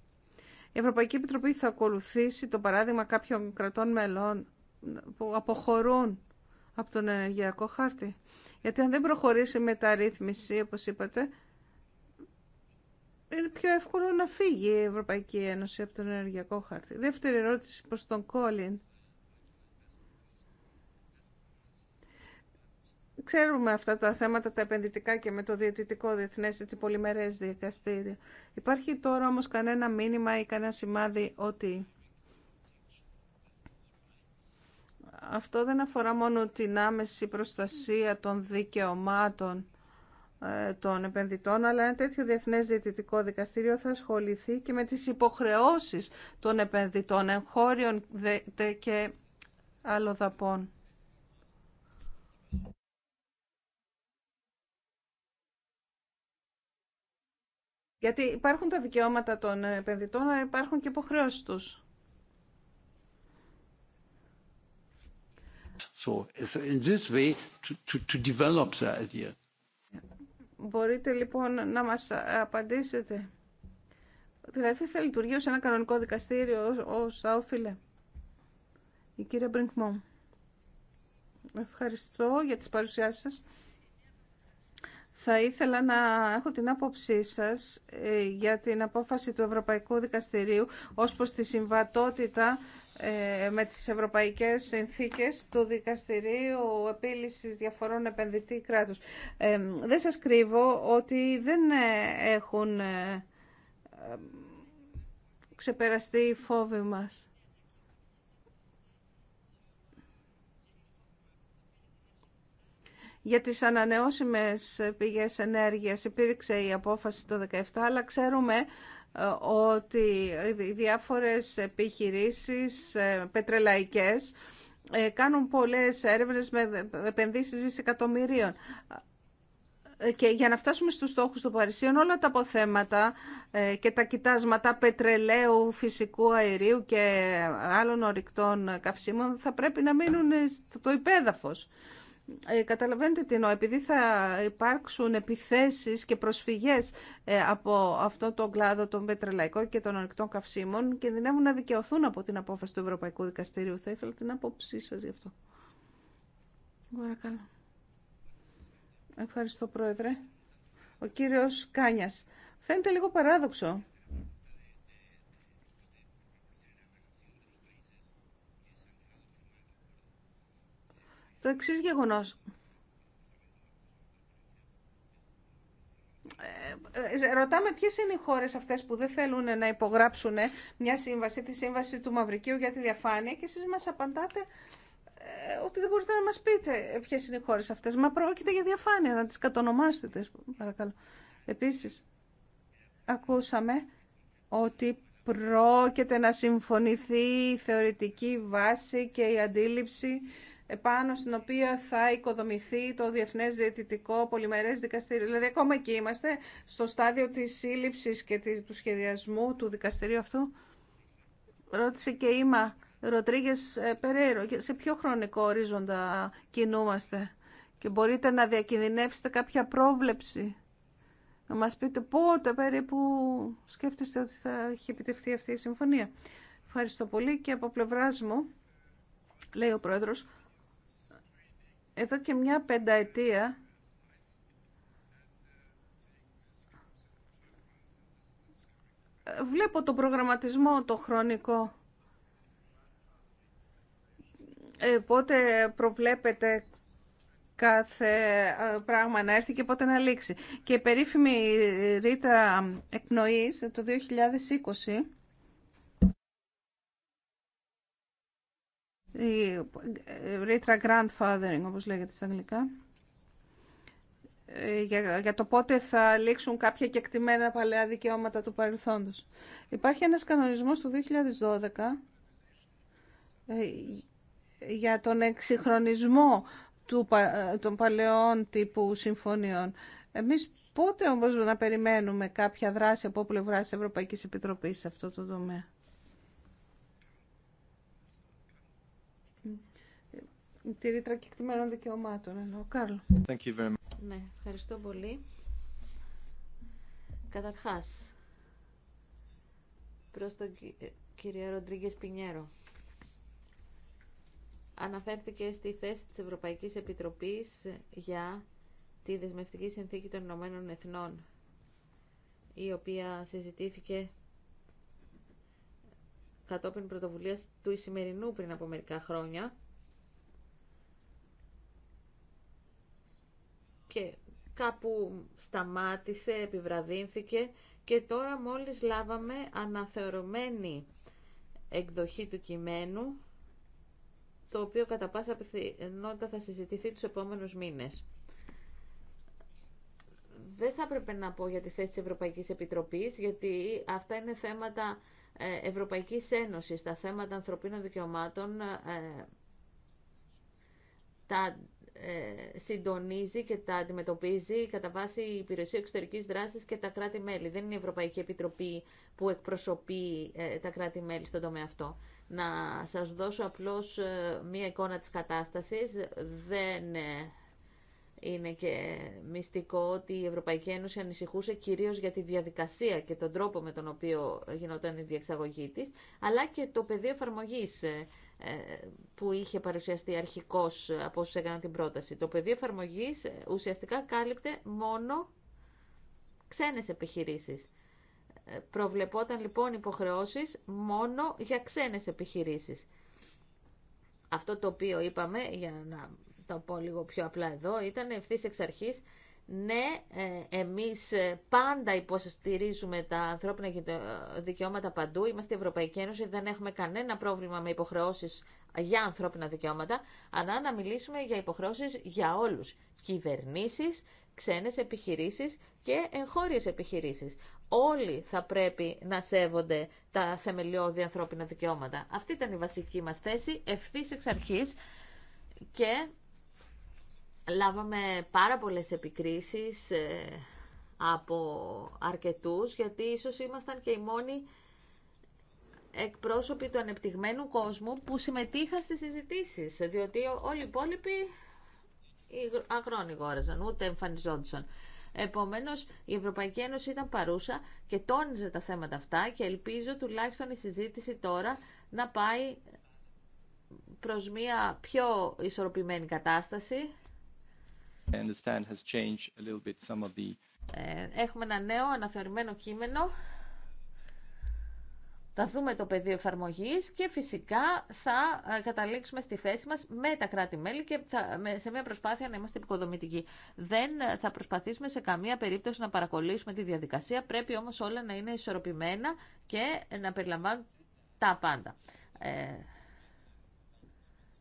Η Ευρωπαϊκή Επιτροπή θα ακολουθήσει το παράδειγμα κάποιων κρατών μελών που αποχωρούν από τον ενεργειακό χάρτη. Γιατί αν δεν προχωρήσει τα μεταρρύθμιση, όπως είπατε, είναι πιο εύκολο να φύγει η Ευρωπαϊκή Ένωση από τον ενεργειακό χάρτη. Δεύτερη ερώτηση προς τον Κόλιν. Ξέρουμε αυτά τα θέματα τα επενδυτικά και με το διαιτητικό διεθνές έτσι, πολυμερές δικαστήριο. Υπάρχει τώρα όμως κανένα μήνυμα ή κανένα σημάδι ότι αυτό δεν αφορά μόνο την άμεση προστασία των δικαιωμάτων ε, των επενδυτών, αλλά ένα τέτοιο διεθνές διαιτητικό δικαστήριο θα ασχοληθεί και με τις υποχρεώσεις των επενδυτών, εγχώριων και αλλοδαπών. Γιατί υπάρχουν τα δικαιώματα των επενδυτών, αλλά υπάρχουν και υποχρεώσεις τους. Μπορείτε λοιπόν να μας απαντήσετε. Δηλαδή θα λειτουργεί ως ένα κανονικό δικαστήριο ως άοφιλε. Η κυρία Μπρινκμό. Ευχαριστώ για τις παρουσιάσεις σας. Θα ήθελα να έχω την άποψή σας ε, για την απόφαση του Ευρωπαϊκού Δικαστηρίου ως προς τη συμβατότητα ε, με τις ευρωπαϊκές συνθήκες του Δικαστηρίου Επίλυσης Διαφορών Επενδυτή Κράτους. Ε, δεν σας κρύβω ότι δεν ε, έχουν ξεπεραστεί οι φόβοι μας. Για τις ανανεώσιμες πηγές ενέργειας υπήρξε η απόφαση το 2017, αλλά ξέρουμε ότι οι διάφορες επιχειρήσεις ε, πετρελαϊκές ε, κάνουν πολλές έρευνες με επενδύσεις δισεκατομμυρίων. Ε, και για να φτάσουμε στους στόχους του Παρισίων, όλα τα αποθέματα και τα κοιτάσματα πετρελαίου, φυσικού αερίου και άλλων ορυκτών καυσίμων θα πρέπει να μείνουν στο υπέδαφος. Ε, καταλαβαίνετε τι εννοώ, επειδή θα υπάρξουν επιθέσεις και προσφυγές ε, από αυτό το κλάδο των πετρελαϊκών και των ανοιχτών καυσίμων, κινδυνεύουν να δικαιωθούν από την απόφαση του Ευρωπαϊκού Δικαστηρίου. Θα ήθελα την άποψή σας γι' αυτό. Ευχαριστώ, Πρόεδρε. Ο κύριος Κάνιας. Φαίνεται λίγο παράδοξο το εξής γεγονός. Ε, ε, ρωτάμε ποιε είναι οι χώρε αυτές που δεν θέλουν να υπογράψουν μια σύμβαση, τη σύμβαση του Μαυρικίου για τη διαφάνεια και εσεί μας απαντάτε ε, ότι δεν μπορείτε να μας πείτε ποιες είναι οι χώρες αυτές. Μα πρόκειται για διαφάνεια, να τις κατονομάσετε, παρακαλώ. Επίσης, ακούσαμε ότι πρόκειται να συμφωνηθεί η θεωρητική βάση και η αντίληψη επάνω στην οποία θα οικοδομηθεί το Διεθνές Διαιτητικό Πολυμερές Δικαστήριο. Δηλαδή ακόμα εκεί είμαστε στο στάδιο της σύλληψης και του σχεδιασμού του δικαστηρίου αυτού. Ρώτησε και είμαι Ροτρίγε Περέρο. σε ποιο χρονικό ορίζοντα κινούμαστε και μπορείτε να διακινδυνεύσετε κάποια πρόβλεψη. Να μας πείτε πότε περίπου σκέφτεστε ότι θα έχει επιτευχθεί αυτή η συμφωνία. Ευχαριστώ πολύ και από πλευρά μου, λέει ο Πρόεδρος, εδώ και μια πενταετία βλέπω τον προγραμματισμό το χρονικό. Ε, πότε προβλέπετε κάθε ε, πράγμα να έρθει και πότε να λήξει. Και η περίφημη ρήτρα εκπνοής το 2020 η ε, ρήτρα grandfathering όπως λέγεται στα αγγλικά ε, για, το πότε θα λήξουν κάποια κεκτημένα παλαιά δικαιώματα του παρελθόντος. Υπάρχει ένας κανονισμός του 2012 ε, για τον εξυγχρονισμό του, των παλαιών τύπου συμφωνιών. Εμείς πότε όμως να περιμένουμε κάποια δράση από πλευρά της Ευρωπαϊκής Επιτροπής σε αυτό το τομέα. τη ρήτρα κεκτημένων δικαιωμάτων. Εννοώ, Κάρλο. Ναι, ευχαριστώ πολύ. Καταρχάς, προς τον ε, κύριο Ροντρίγκε Πινιέρο. Αναφέρθηκε στη θέση τη Ευρωπαϊκής Επιτροπής για τη Δεσμευτική Συνθήκη των Ηνωμένων Εθνών, η οποία συζητήθηκε κατόπιν πρωτοβουλίας του Ισημερινού πριν από μερικά χρόνια και κάπου σταμάτησε, επιβραδύνθηκε και τώρα μόλις λάβαμε αναθεωρωμένη εκδοχή του κειμένου το οποίο κατά πάσα πιθανότητα θα συζητηθεί τους επόμενους μήνες. Δεν θα έπρεπε να πω για τη θέση της Ευρωπαϊκής Επιτροπής, γιατί αυτά είναι θέματα ε, Ευρωπαϊκής Ένωσης, τα θέματα ανθρωπίνων δικαιωμάτων, ε, τα ε, συντονίζει και τα αντιμετωπίζει κατά βάση η Υπηρεσία Εξωτερικής Δράσης και τα κράτη-μέλη. Δεν είναι η Ευρωπαϊκή Επιτροπή που εκπροσωπεί ε, τα κράτη-μέλη στον τομέα αυτό. Να σας δώσω απλώς ε, μία εικόνα της κατάστασης. Δεν είναι και μυστικό ότι η Ευρωπαϊκή Ένωση ανησυχούσε κυρίως για τη διαδικασία και τον τρόπο με τον οποίο γινόταν η διεξαγωγή της, αλλά και το πεδίο εφαρμογής ε, που είχε παρουσιαστεί αρχικώς ε, από όσους έκαναν την πρόταση. Το πεδίο εφαρμογή ε, ουσιαστικά κάλυπτε μόνο ξένες επιχειρήσεις. Προβλεπόταν λοιπόν υποχρεώσεις μόνο για ξένες επιχειρήσεις. Αυτό το οποίο είπαμε, για να το πω λίγο πιο απλά εδώ, ήταν ευθύ εξ αρχής ναι, ε, εμείς ε, πάντα υποστηρίζουμε τα ανθρώπινα δικαιώματα παντού. Είμαστε η Ευρωπαϊκή Ένωση, δεν έχουμε κανένα πρόβλημα με υποχρεώσεις για ανθρώπινα δικαιώματα, αλλά να μιλήσουμε για υποχρεώσεις για όλους. Κυβερνήσεις, ξένες επιχειρήσεις και εγχώριες επιχειρήσεις. Όλοι θα πρέπει να σέβονται τα θεμελιώδη ανθρώπινα δικαιώματα. Αυτή ήταν η βασική μας θέση ευθύ εξ αρχής και Λάβαμε πάρα πολλές επικρίσεις ε, από αρκετούς, γιατί ίσως ήμασταν και οι μόνοι εκπρόσωποι του ανεπτυγμένου κόσμου που συμμετείχαν στις συζητήσεις, διότι όλοι οι υπόλοιποι αγρόνι γόραζαν, ούτε εμφανιζόντουσαν. Επομένως, η Ευρωπαϊκή Ένωση ήταν παρούσα και τόνιζε τα θέματα αυτά και ελπίζω τουλάχιστον η συζήτηση τώρα να πάει προς μια πιο ισορροπημένη κατάσταση ε, έχουμε ένα νέο αναθεωρημένο κείμενο. Θα δούμε το πεδίο εφαρμογή και φυσικά θα ε, καταλήξουμε στη θέση μα με τα κράτη-μέλη και θα, σε μια προσπάθεια να είμαστε επικοδομητικοί. Δεν ε, θα προσπαθήσουμε σε καμία περίπτωση να παρακολύσουμε τη διαδικασία. Πρέπει όμω όλα να είναι ισορροπημένα και να περιλαμβάνουν τα πάντα.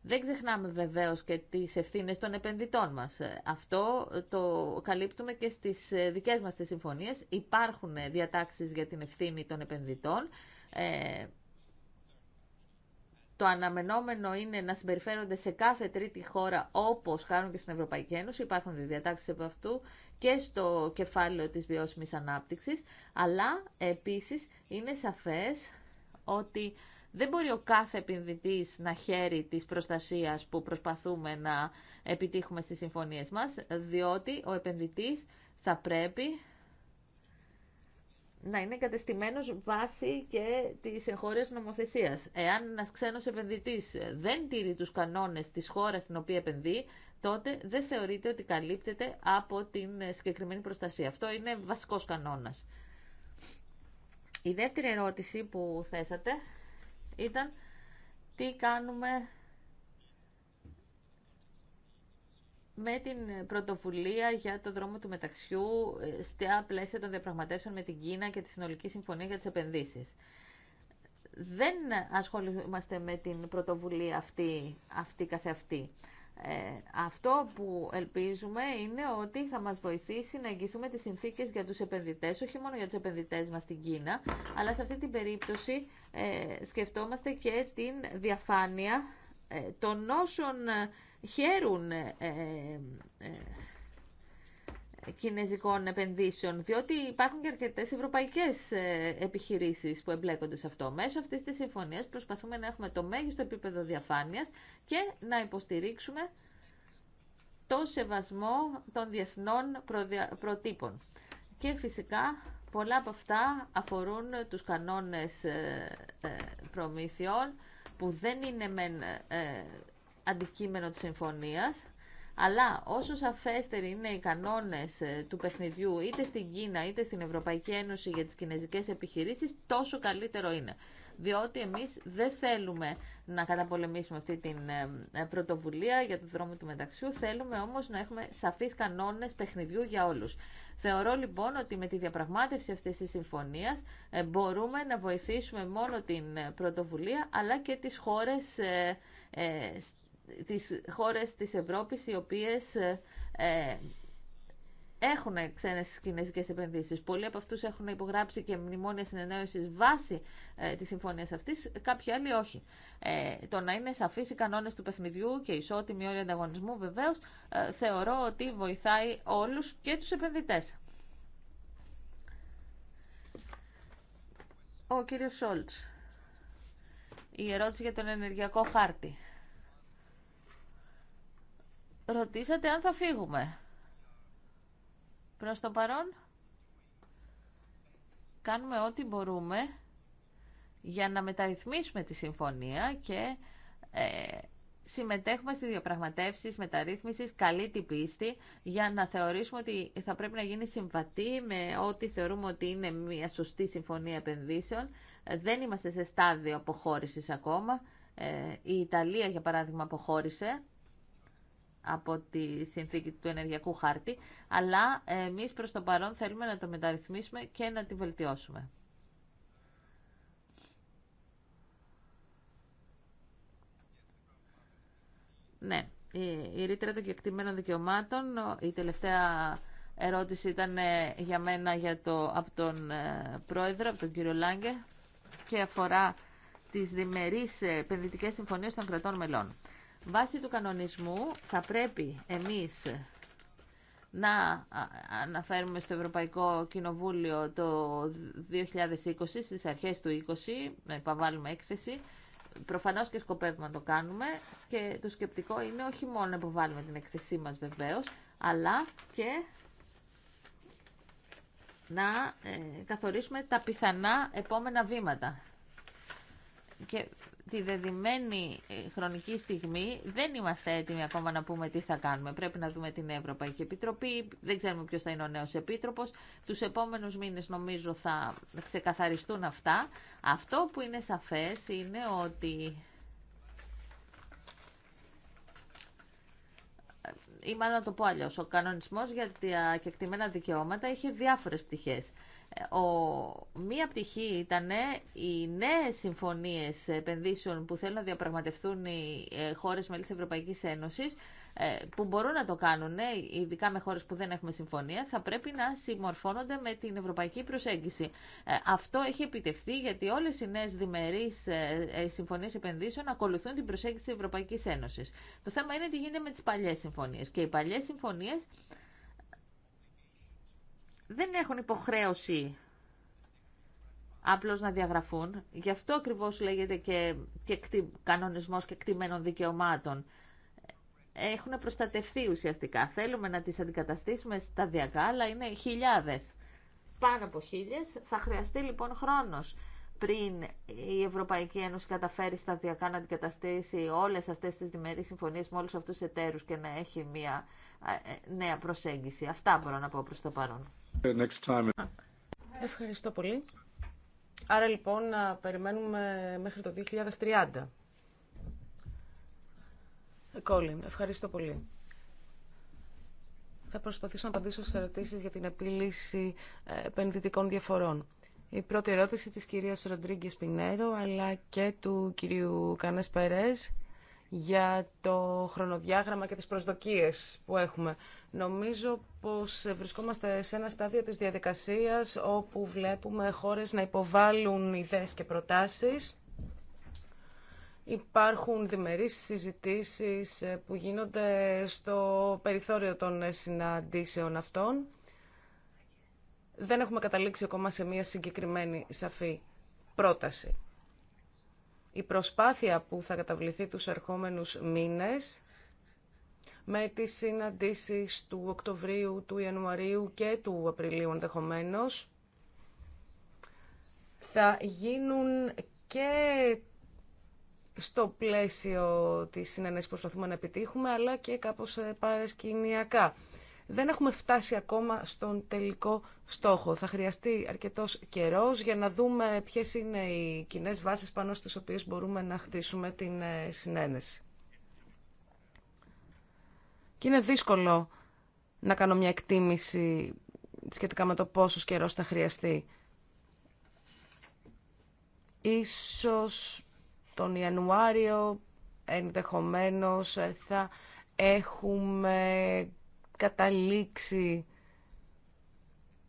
Δεν ξεχνάμε βεβαίως και τι ευθύνε των επενδυτών μας. Ε, αυτό το καλύπτουμε και στις ε, δικές μας τι συμφωνίε. Υπάρχουν ε, διατάξεις για την ευθύνη των επενδυτών. Ε, το αναμενόμενο είναι να συμπεριφέρονται σε κάθε τρίτη χώρα όπως κάνουν και στην Ευρωπαϊκή Ένωση. Υπάρχουν δηλαδή διατάξεις από αυτού και στο κεφάλαιο της βιώσιμης ανάπτυξης. Αλλά επίσης είναι σαφές ότι δεν μπορεί ο κάθε επενδυτή να χαίρει της προστασίας που προσπαθούμε να επιτύχουμε στις συμφωνίες μας, διότι ο επενδυτή θα πρέπει να είναι εγκατεστημένο βάσει και τη εγχώρια νομοθεσία. Εάν ένα ξένο επενδυτή δεν τηρεί του κανόνε τη χώρα στην οποία επενδύει, τότε δεν θεωρείται ότι καλύπτεται από την συγκεκριμένη προστασία. Αυτό είναι βασικός κανόνας. Η δεύτερη ερώτηση που θέσατε ήταν τι κάνουμε με την πρωτοβουλία για το δρόμο του μεταξιού ε, στα πλαίσια των διαπραγματεύσεων με την Κίνα και τη Συνολική Συμφωνία για τις Επενδύσεις. Δεν ασχολούμαστε με την πρωτοβουλία αυτή, αυτή καθεαυτή. Ε, αυτό που ελπίζουμε είναι ότι θα μας βοηθήσει να εγγυθούμε τις συνθήκες για τους επενδυτές, όχι μόνο για τους επενδυτές μας στην Κίνα, αλλά σε αυτή την περίπτωση ε, σκεφτόμαστε και την διαφάνεια ε, των όσων χαίρουν κινέζικων επενδύσεων, διότι υπάρχουν και αρκετές ευρωπαϊκές ε, επιχειρήσεις που εμπλέκονται σε αυτό. Μέσω αυτή τη συμφωνίας προσπαθούμε να έχουμε το μέγιστο επίπεδο διαφάνειας και να υποστηρίξουμε το σεβασμό των διεθνών προτύπων. Και φυσικά πολλά από αυτά αφορούν τους κανόνες ε, ε, προμήθειών που δεν είναι μεν αντικείμενο της συμφωνίας, αλλά όσο σαφέστεροι είναι οι κανόνε ε, του παιχνιδιού είτε στην Κίνα είτε στην Ευρωπαϊκή Ένωση για τι κινεζικέ επιχειρήσει, τόσο καλύτερο είναι. Διότι εμεί δεν θέλουμε να καταπολεμήσουμε αυτή την ε, ε, πρωτοβουλία για το δρόμο του μεταξύ, θέλουμε όμω να έχουμε σαφείς κανόνε παιχνιδιού για όλου. Θεωρώ λοιπόν ότι με τη διαπραγμάτευση αυτή τη συμφωνία μπορούμε να βοηθήσουμε μόνο την πρωτοβουλία αλλά και τι χώρε τις χώρες της Ευρώπης οι οποίες ε, ε, έχουν ξένες κινέζικες επενδύσεις. Πολλοί από αυτούς έχουν υπογράψει και μνημόνια συνεννόησης βάσει ε, της συμφωνίας αυτής, κάποιοι άλλοι όχι. Ε, το να είναι σαφείς οι κανόνες του παιχνιδιού και ισότιμη όρια ανταγωνισμού βεβαίως ε, θεωρώ ότι βοηθάει όλους και τους επενδυτές. Ο κύριος Σόλτς. Η ερώτηση για τον ενεργειακό χάρτη. Ρωτήσατε αν θα φύγουμε. Προς το παρόν, κάνουμε ό,τι μπορούμε για να μεταρρυθμίσουμε τη συμφωνία και ε, συμμετέχουμε στις διαπραγματεύσεις μεταρρύθμισης καλή την πίστη για να θεωρήσουμε ότι θα πρέπει να γίνει συμβατή με ό,τι θεωρούμε ότι είναι μια σωστή συμφωνία επενδύσεων. Δεν είμαστε σε στάδιο αποχώρησης ακόμα. Ε, η Ιταλία, για παράδειγμα, αποχώρησε από τη συνθήκη του ενεργειακού χάρτη, αλλά εμείς προς το παρόν θέλουμε να το μεταρρυθμίσουμε και να τη βελτιώσουμε. Ναι, η ρήτρα των κεκτημένων δικαιωμάτων, η τελευταία ερώτηση ήταν ε, για μένα για το, από τον ε, πρόεδρο, από τον κύριο Λάγκε, και αφορά τις διμερείς ε, επενδυτικές συμφωνίες των κρατών μελών. Βάσει του κανονισμού θα πρέπει εμείς να αναφέρουμε στο Ευρωπαϊκό Κοινοβούλιο το 2020, στις αρχές του 2020, να υποβάλουμε έκθεση. Προφανώς και σκοπεύουμε να το κάνουμε και το σκεπτικό είναι όχι μόνο να υποβάλουμε την έκθεσή μας βεβαίω, αλλά και να ε, καθορίσουμε τα πιθανά επόμενα βήματα. Και τη δεδειμένη ε, χρονική στιγμή δεν είμαστε έτοιμοι ακόμα να πούμε τι θα κάνουμε. Πρέπει να δούμε την Ευρωπαϊκή Επιτροπή, δεν ξέρουμε ποιος θα είναι ο νέος επίτροπος. Τους επόμενους μήνες νομίζω θα ξεκαθαριστούν αυτά. Αυτό που είναι σαφές είναι ότι ε, ή να το πω αλλιώ, ο κανονισμό για τα κεκτημένα δικαιώματα είχε διάφορε πτυχέ. Ο, μία πτυχή ήταν οι νέες συμφωνίε επενδύσεων που θέλουν να διαπραγματευτούν οι ε, χώρε μέλη τη Ευρωπαϊκή Ένωση, ε, που μπορούν να το κάνουν, ε, ειδικά με χώρες που δεν έχουμε συμφωνία, θα πρέπει να συμμορφώνονται με την ευρωπαϊκή προσέγγιση. Αυτό έχει επιτευχθεί γιατί όλες οι νέε διμερεί συμφωνίε επενδύσεων ακολουθούν την προσέγγιση της Ευρωπαϊκής Ένωσης. Το θέμα είναι τι γίνεται με τις παλιές συμφωνίες Και οι παλιέ συμφωνίε δεν έχουν υποχρέωση απλώς να διαγραφούν. Γι' αυτό ακριβώς λέγεται και, και κανονισμός και κτημένων δικαιωμάτων. Έχουν προστατευτεί ουσιαστικά. Θέλουμε να τις αντικαταστήσουμε σταδιακά, αλλά είναι χιλιάδες. Πάνω από χίλιες. Θα χρειαστεί λοιπόν χρόνος πριν η Ευρωπαϊκή Ένωση καταφέρει σταδιακά να αντικαταστήσει όλες αυτές τις διμερείς συμφωνίες με όλους αυτούς τους εταίρους και να έχει μια ε, νέα προσέγγιση. Αυτά μπορώ να πω προς το παρόν. Ευχαριστώ πολύ. Άρα λοιπόν να περιμένουμε μέχρι το 2030. Κόλλιν, ευχαριστώ πολύ. Θα προσπαθήσω να απαντήσω στις ερωτήσεις για την επίλυση ε, επενδυτικών διαφορών. Η πρώτη ερώτηση της κυρίας Ροντρίγκης Πινέρο αλλά και του κυρίου Κανές Περές για το χρονοδιάγραμμα και τις προσδοκίες που έχουμε. Νομίζω πως βρισκόμαστε σε ένα στάδιο της διαδικασίας όπου βλέπουμε χώρες να υποβάλουν ιδέες και προτάσεις. Υπάρχουν διμερείς συζητήσεις που γίνονται στο περιθώριο των συναντήσεων αυτών. Δεν έχουμε καταλήξει ακόμα σε μια συγκεκριμένη σαφή πρόταση η προσπάθεια που θα καταβληθεί τους ερχόμενους μήνες με τις συναντήσεις του Οκτωβρίου, του Ιανουαρίου και του Απριλίου ενδεχομένω. θα γίνουν και στο πλαίσιο της συνενέσης που προσπαθούμε να επιτύχουμε, αλλά και κάπως παρασκηνιακά δεν έχουμε φτάσει ακόμα στον τελικό στόχο. Θα χρειαστεί αρκετός καιρός για να δούμε ποιες είναι οι κοινέ βάσεις πάνω στις οποίες μπορούμε να χτίσουμε την ε, συνένεση. Και είναι δύσκολο να κάνω μια εκτίμηση σχετικά με το πόσος καιρός θα χρειαστεί. Ίσως τον Ιανουάριο ενδεχομένως θα έχουμε καταλήξει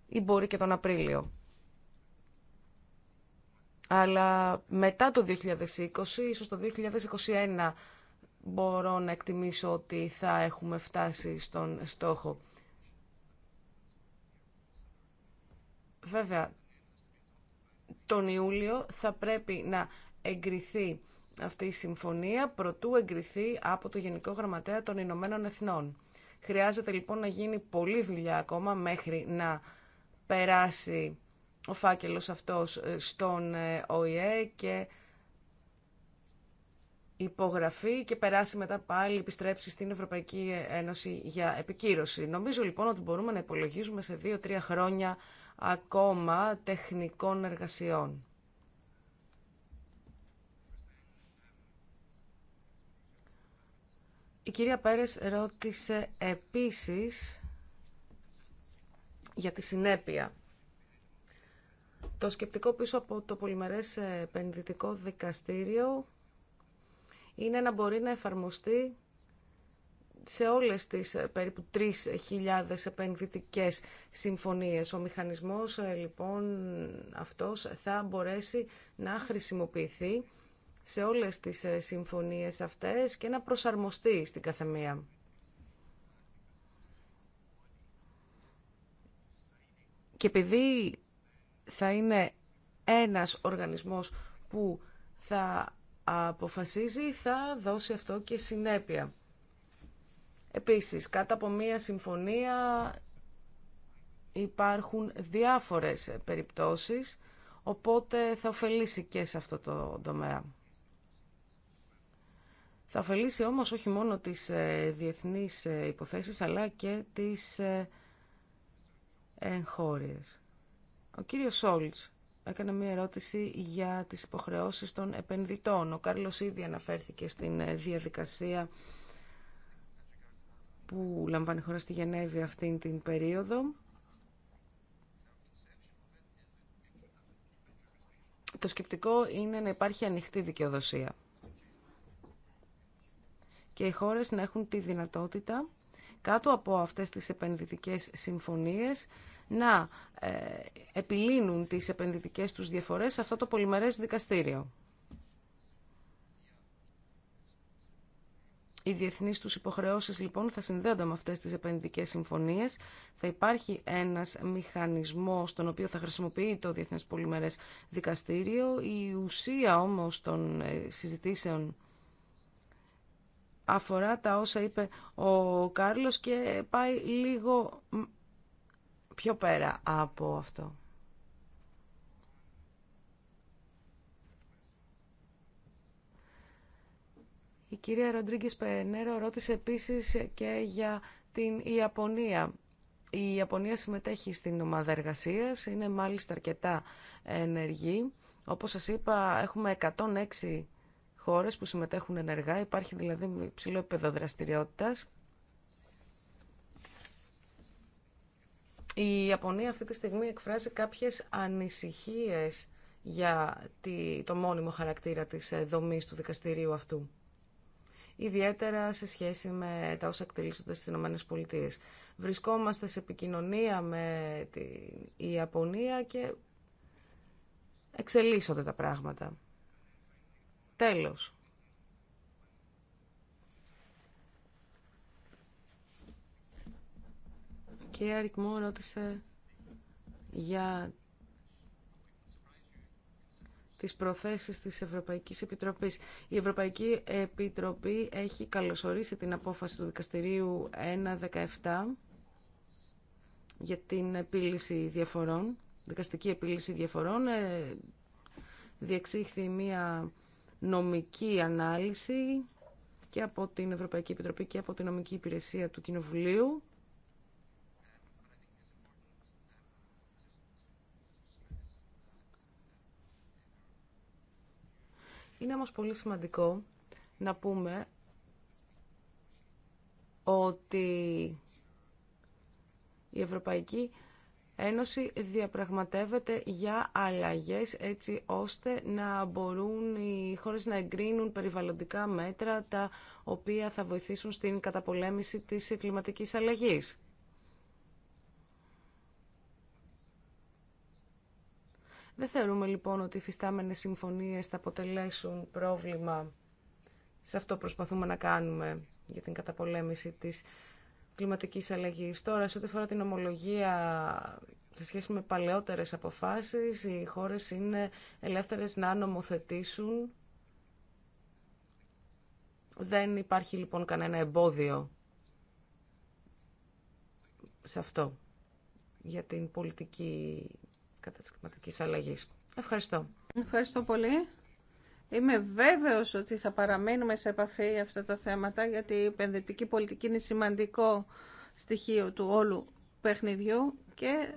ή μπορεί και τον Απρίλιο. Αλλά μετά το 2020, ίσως το 2021, μπορώ να εκτιμήσω ότι θα έχουμε φτάσει στον στόχο. Βέβαια, τον Ιούλιο θα πρέπει να εγκριθεί αυτή η συμφωνία προτού εγκριθεί από το Γενικό Γραμματέα των Ηνωμένων Εθνών. Χρειάζεται λοιπόν να γίνει πολλή δουλειά ακόμα μέχρι να περάσει ο φάκελος αυτός ε, στον ε, ΟΗΕ και υπογραφεί και περάσει μετά πάλι, επιστρέψει στην Ευρωπαϊκή Ένωση για επικύρωση. Νομίζω λοιπόν ότι μπορούμε να υπολογίζουμε σε δύο-τρία χρόνια ακόμα τεχνικών εργασιών. Η κυρία Πέρες ρώτησε επίσης για τη συνέπεια. Το σκεπτικό πίσω από το πολυμερές ε, επενδυτικό δικαστήριο είναι να μπορεί να εφαρμοστεί σε όλες τις ε, περίπου 3.000 επενδυτικές συμφωνίες. Ο μηχανισμός ε, λοιπόν αυτός θα μπορέσει να χρησιμοποιηθεί σε όλες τις ε, συμφωνίες αυτές και να προσαρμοστεί στην καθεμία. Και επειδή θα είναι ένας οργανισμός που θα αποφασίζει, θα δώσει αυτό και συνέπεια. Επίσης, κάτω από μία συμφωνία υπάρχουν διάφορες περιπτώσεις, οπότε θα ωφελήσει και σε αυτό το τομέα. Θα ωφελήσει όμως όχι μόνο τις ε, διεθνείς ε, υποθέσεις αλλά και τις ε, εγχώριες. Ο κύριος Σόλτς έκανε μία ερώτηση για τις υποχρεώσεις των επενδυτών. Ο Κάρλος ήδη αναφέρθηκε στην διαδικασία που λαμβάνει χώρα στη Γενέβη αυτήν την περίοδο. Το σκεπτικό είναι να υπάρχει ανοιχτή δικαιοδοσία και οι χώρες να έχουν τη δυνατότητα κάτω από αυτές τις επενδυτικές συμφωνίες να ε, επιλύνουν τις επενδυτικές τους διαφορές σε αυτό το πολυμερές δικαστήριο. Οι διεθνεί τους υποχρεώσεις, λοιπόν θα συνδέονται με αυτές τις επενδυτικέ συμφωνίες. Θα υπάρχει ένας μηχανισμός, τον οποίο θα χρησιμοποιεί το Διεθνές Πολυμερές Δικαστήριο. Η ουσία όμως, των ε, συζητήσεων αφορά τα όσα είπε ο Κάρλος και πάει λίγο πιο πέρα από αυτό. Η κυρία Ροντρίγκης Πενέρο ρώτησε επίσης και για την Ιαπωνία. Η Ιαπωνία συμμετέχει στην ομάδα εργασία, είναι μάλιστα αρκετά ενεργή. Όπως σας είπα, έχουμε 106 χώρες που συμμετέχουν ενεργά. Υπάρχει δηλαδή υψηλό επίπεδο Η Ιαπωνία αυτή τη στιγμή εκφράζει κάποιες ανησυχίες για το μόνιμο χαρακτήρα της ε, δομής του δικαστηρίου αυτού. Ιδιαίτερα σε σχέση με τα όσα εκτελήσονται στις ΗΠΑ. Βρισκόμαστε σε επικοινωνία με την Ιαπωνία και εξελίσσονται τα πράγματα. Τέλος. Και αριθμό ρώτησε για τις προθέσεις της Ευρωπαϊκής Επιτροπής. Η Ευρωπαϊκή Επιτροπή έχει καλωσορίσει την απόφαση του Δικαστηρίου 1.17 για την επίλυση διαφορών, δικαστική επίλυση διαφορών. Ε, διεξήχθη μία νομική ανάλυση και από την Ευρωπαϊκή Επιτροπή και από την νομική υπηρεσία του Κοινοβουλίου. Είναι όμως πολύ σημαντικό να πούμε ότι η Ευρωπαϊκή Ένωση διαπραγματεύεται για αλλαγές έτσι ώστε να μπορούν οι χώρες να εγκρίνουν περιβαλλοντικά μέτρα τα οποία θα βοηθήσουν στην καταπολέμηση της κλιματικής αλλαγής. Δεν θεωρούμε λοιπόν ότι οι φυστάμενες συμφωνίες θα αποτελέσουν πρόβλημα. Σε αυτό που προσπαθούμε να κάνουμε για την καταπολέμηση της κλιματικής αλλαγής. Τώρα, σε ό,τι αφορά την ομολογία σε σχέση με παλαιότερες αποφάσεις, οι χώρες είναι ελεύθερες να νομοθετήσουν. Δεν υπάρχει λοιπόν κανένα εμπόδιο σε αυτό για την πολιτική κατά της κλιματικής αλλαγής. Ευχαριστώ. Ευχαριστώ πολύ. Είμαι βέβαιος ότι θα παραμένουμε σε επαφή για αυτά τα θέματα, γιατί η επενδυτική πολιτική είναι σημαντικό στοιχείο του όλου παιχνιδιού και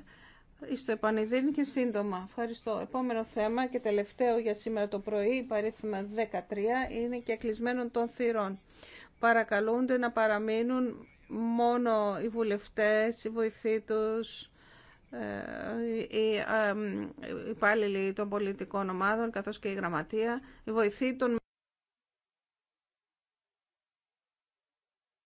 στο επανειδήν και σύντομα. Ευχαριστώ. Επόμενο θέμα και τελευταίο για σήμερα το πρωί, η 13, είναι και κλεισμένων των θυρών. Παρακαλούνται να παραμείνουν μόνο οι βουλευτές, οι βοηθοί τους, ε, ε, ε, οι υπάλληλοι των πολιτικών ομάδων καθώς και η γραμματεία, η βοηθή των